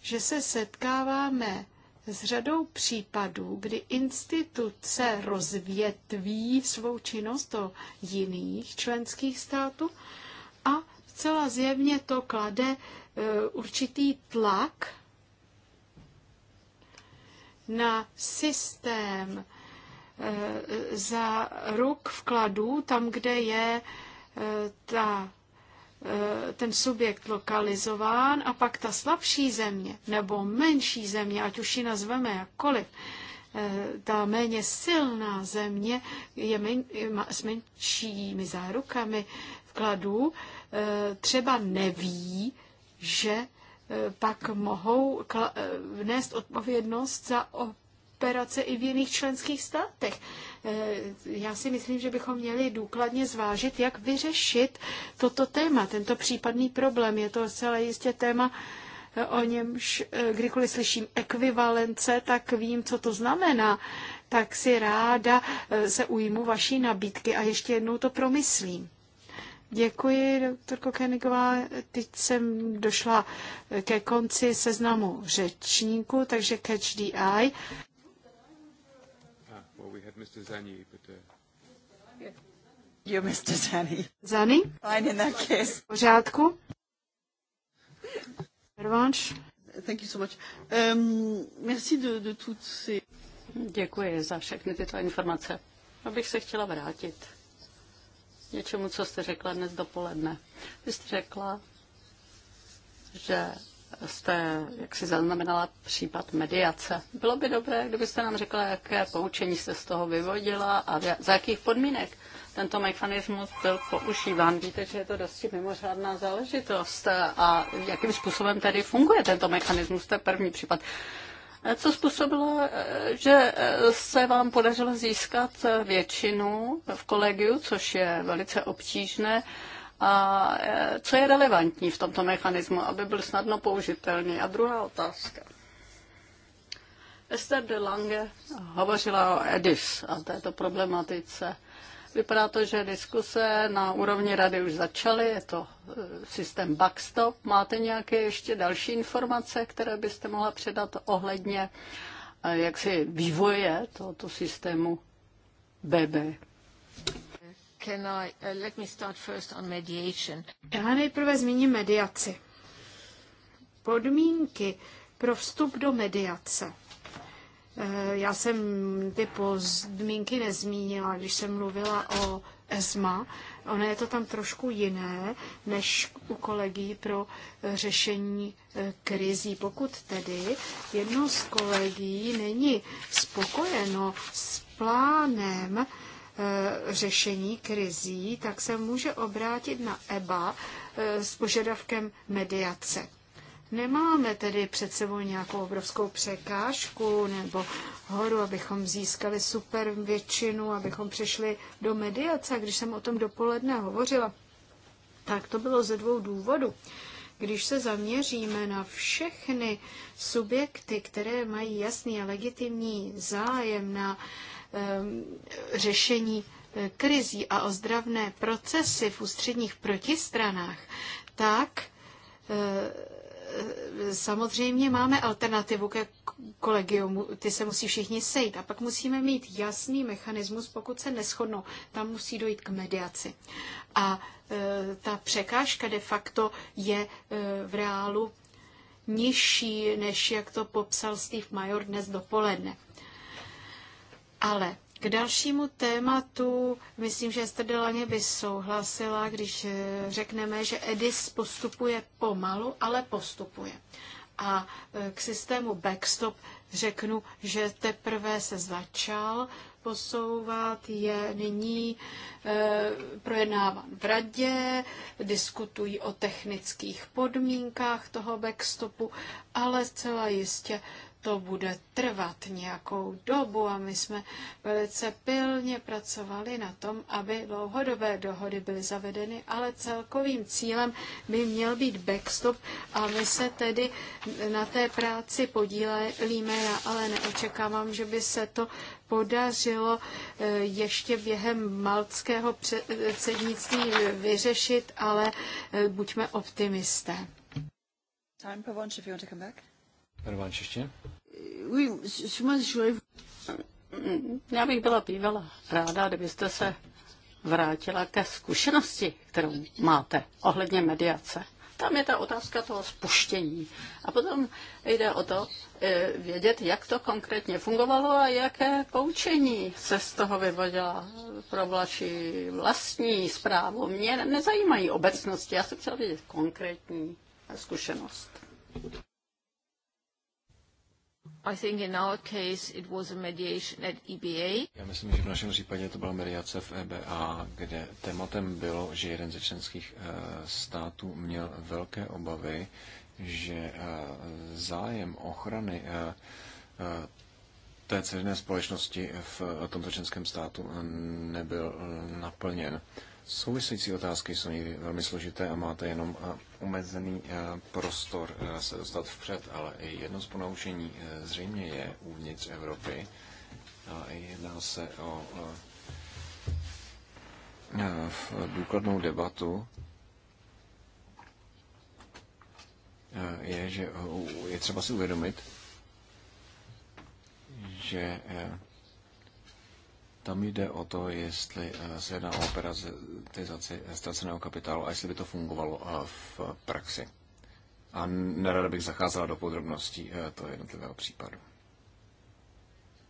že se setkáváme s řadou případů, kdy instituce rozvětví svou činnost do jiných členských států a zcela zjevně to klade e, určitý tlak na systém eh, za ruk vkladů, tam, kde je eh, ta, eh, ten subjekt lokalizován a pak ta slabší země nebo menší země, ať už ji nazveme jakkoliv, ta méně silná země je men, s menšími zárukami vkladů, třeba neví, že Eh, pak mohou eh, vnést odpovědnost za operace i v jiných členských státech. Eh, já si myslím, že bychom měli důkladně zvážit, jak vyřešit toto téma, tento případný problém. Je to celé jistě téma, o němž kdykoliv slyším ekvivalence, tak vím, co to znamená. Tak si ráda se ujmu vaší nabídky a ještě jednou to promyslím. Děkuji, doktorko Kenigová. Teď jsem došla ke konci seznamu řečníků, takže catch the eye. Ah, well, we had Mr. Zani, but, uh... You, Mr. Zani. Zani? Fine in that case. pořádku. Revanche. Thank you so much. Um, merci de, de toutes ces... Děkuji za všechny tyto informace. Abych se chtěla vrátit něčemu, co jste řekla dnes dopoledne. Vy jste řekla, že jste, jak si zaznamenala, případ mediace. Bylo by dobré, kdybyste nám řekla, jaké poučení jste z toho vyvodila a za jakých podmínek tento mechanismus byl používán. Víte, že je to dosti mimořádná záležitost a jakým způsobem tedy funguje tento mechanismus, to je první případ co způsobilo, že se vám podařilo získat většinu v kolegiu, což je velice obtížné. A co je relevantní v tomto mechanismu, aby byl snadno použitelný? A druhá otázka. Esther de Lange hovořila o EDIS a této problematice. Vypadá to, že diskuse na úrovni rady už začaly, je to e, systém backstop. Máte nějaké ještě další informace, které byste mohla předat ohledně e, jak si vývoje tohoto systému BB? Can I, uh, let me start first on mediation. Já nejprve zmíním mediaci. Podmínky pro vstup do mediace Eh, já jsem ty pozdmínky nezmínila, když jsem mluvila o ESMA. Ono je to tam trošku jiné než u kolegí pro řešení eh, krizí. Pokud tedy jedno z kolegí není spokojeno s plánem eh, řešení krizí, tak se může obrátit na EBA s požadavkem mediace. Nemáme tedy před sebou nějakou obrovskou překážku nebo horu, abychom získali super většinu, abychom přešli do mediace. Když jsem o tom dopoledne hovořila, tak to bylo ze dvou důvodů. Když se zaměříme na všechny subjekty, které mají jasný a legitimní zájem na um, řešení eh, krizí a ozdravné procesy v ústředních protistranách, tak eh, samozřejmě máme alternativu ke kolegiumu, ty se musí všichni sejít a pak musíme mít jasný mechanismus, pokud se neschodnou, tam musí dojít k mediaci. A e, ta překážka de facto je e, v reálu nižší, než jak to popsal Steve Major dnes dopoledne. Ale k dalšímu tématu, myslím, že jste Delaně by souhlasila, když eh, řekneme, že EDIS postupuje pomalu, ale postupuje. A eh, k systému backstop řeknu, že teprve se začal posouvat, je nyní e, projednáván v radě, diskutují o technických podmínkách toho backstopu, ale zcela jistě to bude trvat nějakou dobu a my jsme velice pilně pracovali na tom, aby dlouhodobé dohody byly zavedeny, ale celkovým cílem by měl být backstop a my se tedy na té práci podílíme. Já ale neočekávám, že by se to podařilo eh, ještě během maltského předsednictví vyřešit, ale eh, buďme optimisté. Time, Pavonč, if you want to come back. Rvančiště? Já bych byla bývala ráda, kdybyste se vrátila ke zkušenosti, kterou máte ohledně mediace. Tam je ta otázka toho spuštění. A potom jde o to eh, vědět, jak to konkrétně fungovalo a jaké poučení se z toho vyvodila pro vaši vlastní zprávu. Mě nezajímají obecnosti, já jsem chtěla vědět konkrétní zkušenost. I think in our case it was a mediation at EBA. Já myslím, že v našem případě to byla mediace v EBA, kde tématem bylo, že jeden ze členských eh, států měl velké obavy, že eh, zájem ochrany eh, té celé společnosti v tomto členském státu nebyl naplněn. Související otázky jsou někdy velmi složité a máte jenom eh, omezený eh, prostor eh, se dostat vpřed, ale i jedno z ponaučení zřejmě je uvnitř Evropy. A jedná se o důkladnou debatu je, že je třeba si uvědomit, že tam jde o to, jestli eh, se jedná o operatizaci ztraceného kapitálu a jestli by to fungovalo eh, v praxi. A nerada bych zacházela do podrobností eh, toho jednotlivého případu.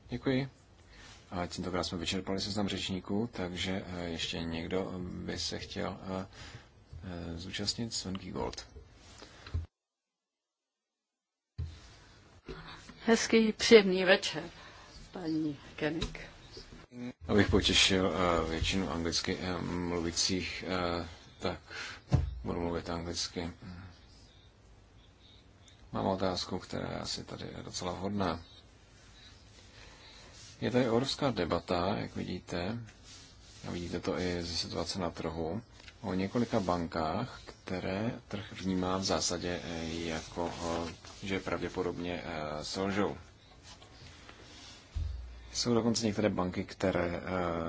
Děkuji. A tímtokrát jsme vyčerpali seznam řečníků, takže ještě někdo by se chtěl zúčastnit Svenky Gold. Hezký, příjemný večer, paní Kenik. Abych potěšil eh, většinu anglicky eh, mluvících, eh, tak budu mluvit anglicky. Mám otázku, která je asi tady docela hodná. Je tady orovská debata, jak vidíte, a vidíte to i ze situace na trhu, o několika bankách, které trh vnímá v zásadě jako, že pravděpodobně selžou. Jsou dokonce některé banky, které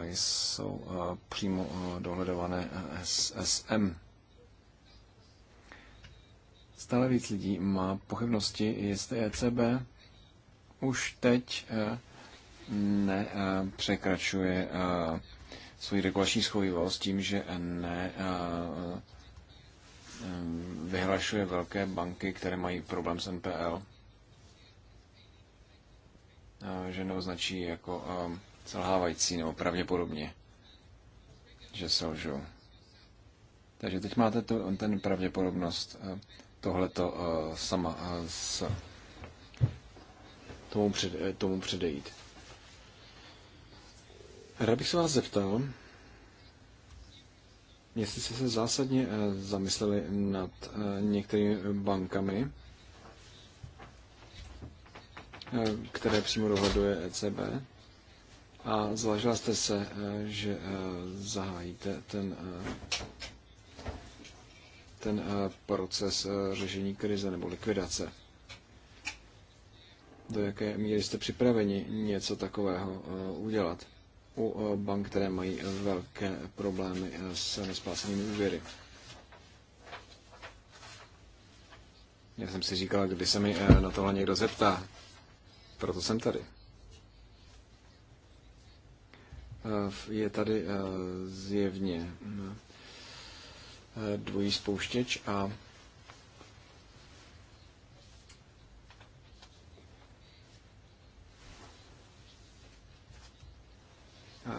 eh, jsou eh, přímo eh, dohledované SSM. Stále víc lidí má pochybnosti, jestli ECB už teď nepřekračuje svoji regulační schovivost tím, že ne vyhlašuje velké banky, které mají problém s NPL že neoznačí jako selhávající nebo pravděpodobně, že selžou. Takže teď máte to, ten pravděpodobnost tohleto sama s tomu, před e, tomu předejít. Rád bych se vás zeptal, jestli jste se zásadně e, zamysleli nad e, některými bankami, Eh, které přímo dohleduje ECB. A zvažila jste se, eh, že eh, zahájíte ten, ten proces řešení krize nebo likvidace. Do jaké míry jste připraveni něco takového udělat u bank, které mají velké problémy s nesplácenými úvěry? Já jsem si říkal, kdy se mi na tohle někdo zeptá proto jsem tady. E, je tady e, zjevně e, dvojí spouštěč a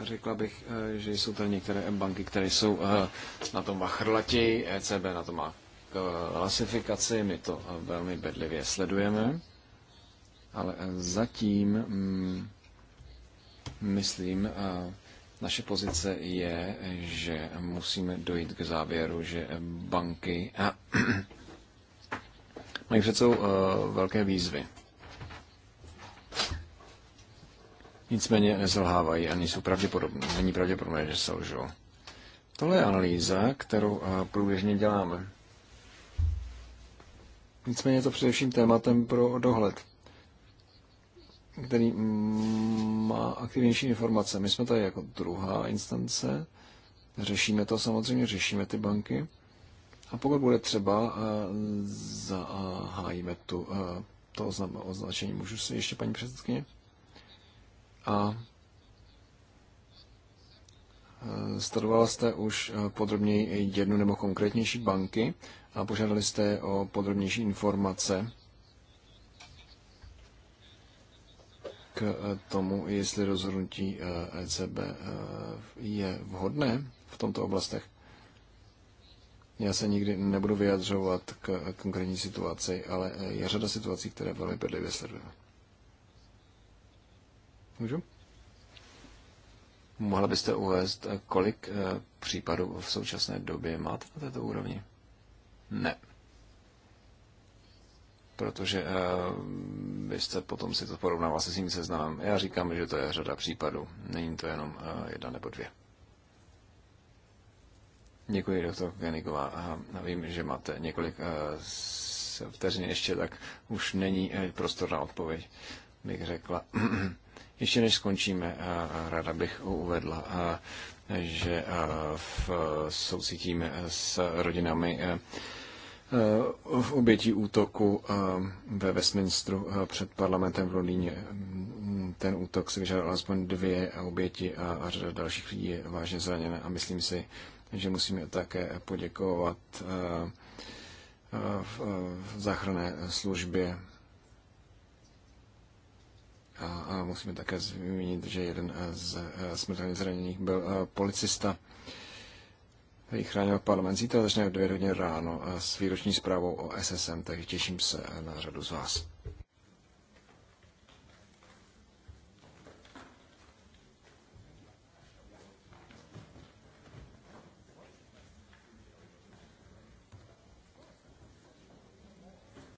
Řekla bych, že jsou tady některé banky, které jsou na tom vachrlatěji, ECB na tom má klasifikaci, my to velmi bedlivě sledujeme ale eh, zatím, mm, myslím, eh, naše pozice je, že musíme dojít k závěru, že banky a mají přece sebou eh, velké výzvy. Nicméně nezlhávají a nejsou pravděpodobné. Není pravděpodobné, že lžou. Tohle je analýza, kterou průběžně děláme. Nicméně je to především tématem pro dohled který má aktivnější informace. My jsme tady jako druhá instance, řešíme to samozřejmě, řešíme ty banky. A pokud bude třeba, eh, zahájíme tu, eh, to označení. Můžu si ještě, paní předsedkyně? A eh, Sledovala jste už podrobněji jednu nebo konkrétnější banky a požádali jste o podrobnější informace k eh, tomu, jestli rozhodnutí ECB eh, e eh, je vhodné v tomto oblastech. Já se nikdy nebudu vyjadřovat k konkrétní situaci, ale je řada situací, které velmi bedlivě sledujeme. Můžu? Mohla byste uvést, kolik případů v současné době máte na této úrovni? Ne protože byste eh, potom si to porovnával se svým seznamem. Já říkám, že to je řada případů, není to jenom eh, jedna nebo dvě. Děkuji, doktor Genigová. Vím, že máte několik eh, vteřin ještě, tak už není prostor na odpověď, bych řekla. Ještě než skončíme, ráda bych uvedla, že v soucítíme s rodinami Eh, v obětí útoku eh, ve Westminsteru eh, před parlamentem v Londýně. Mm, ten útok si vyžádal alespoň dvě oběti a, a řada dalších lidí je vážně zraněna a myslím si, že musíme také poděkovat v záchranné službě a, musíme také zmínit, že jeden z smrtelně zraněných byl policista ji chránil parlament. Zítra začne v 9 hodin ráno eh, s výroční zprávou o SSM, takže těším se eh, na řadu z vás.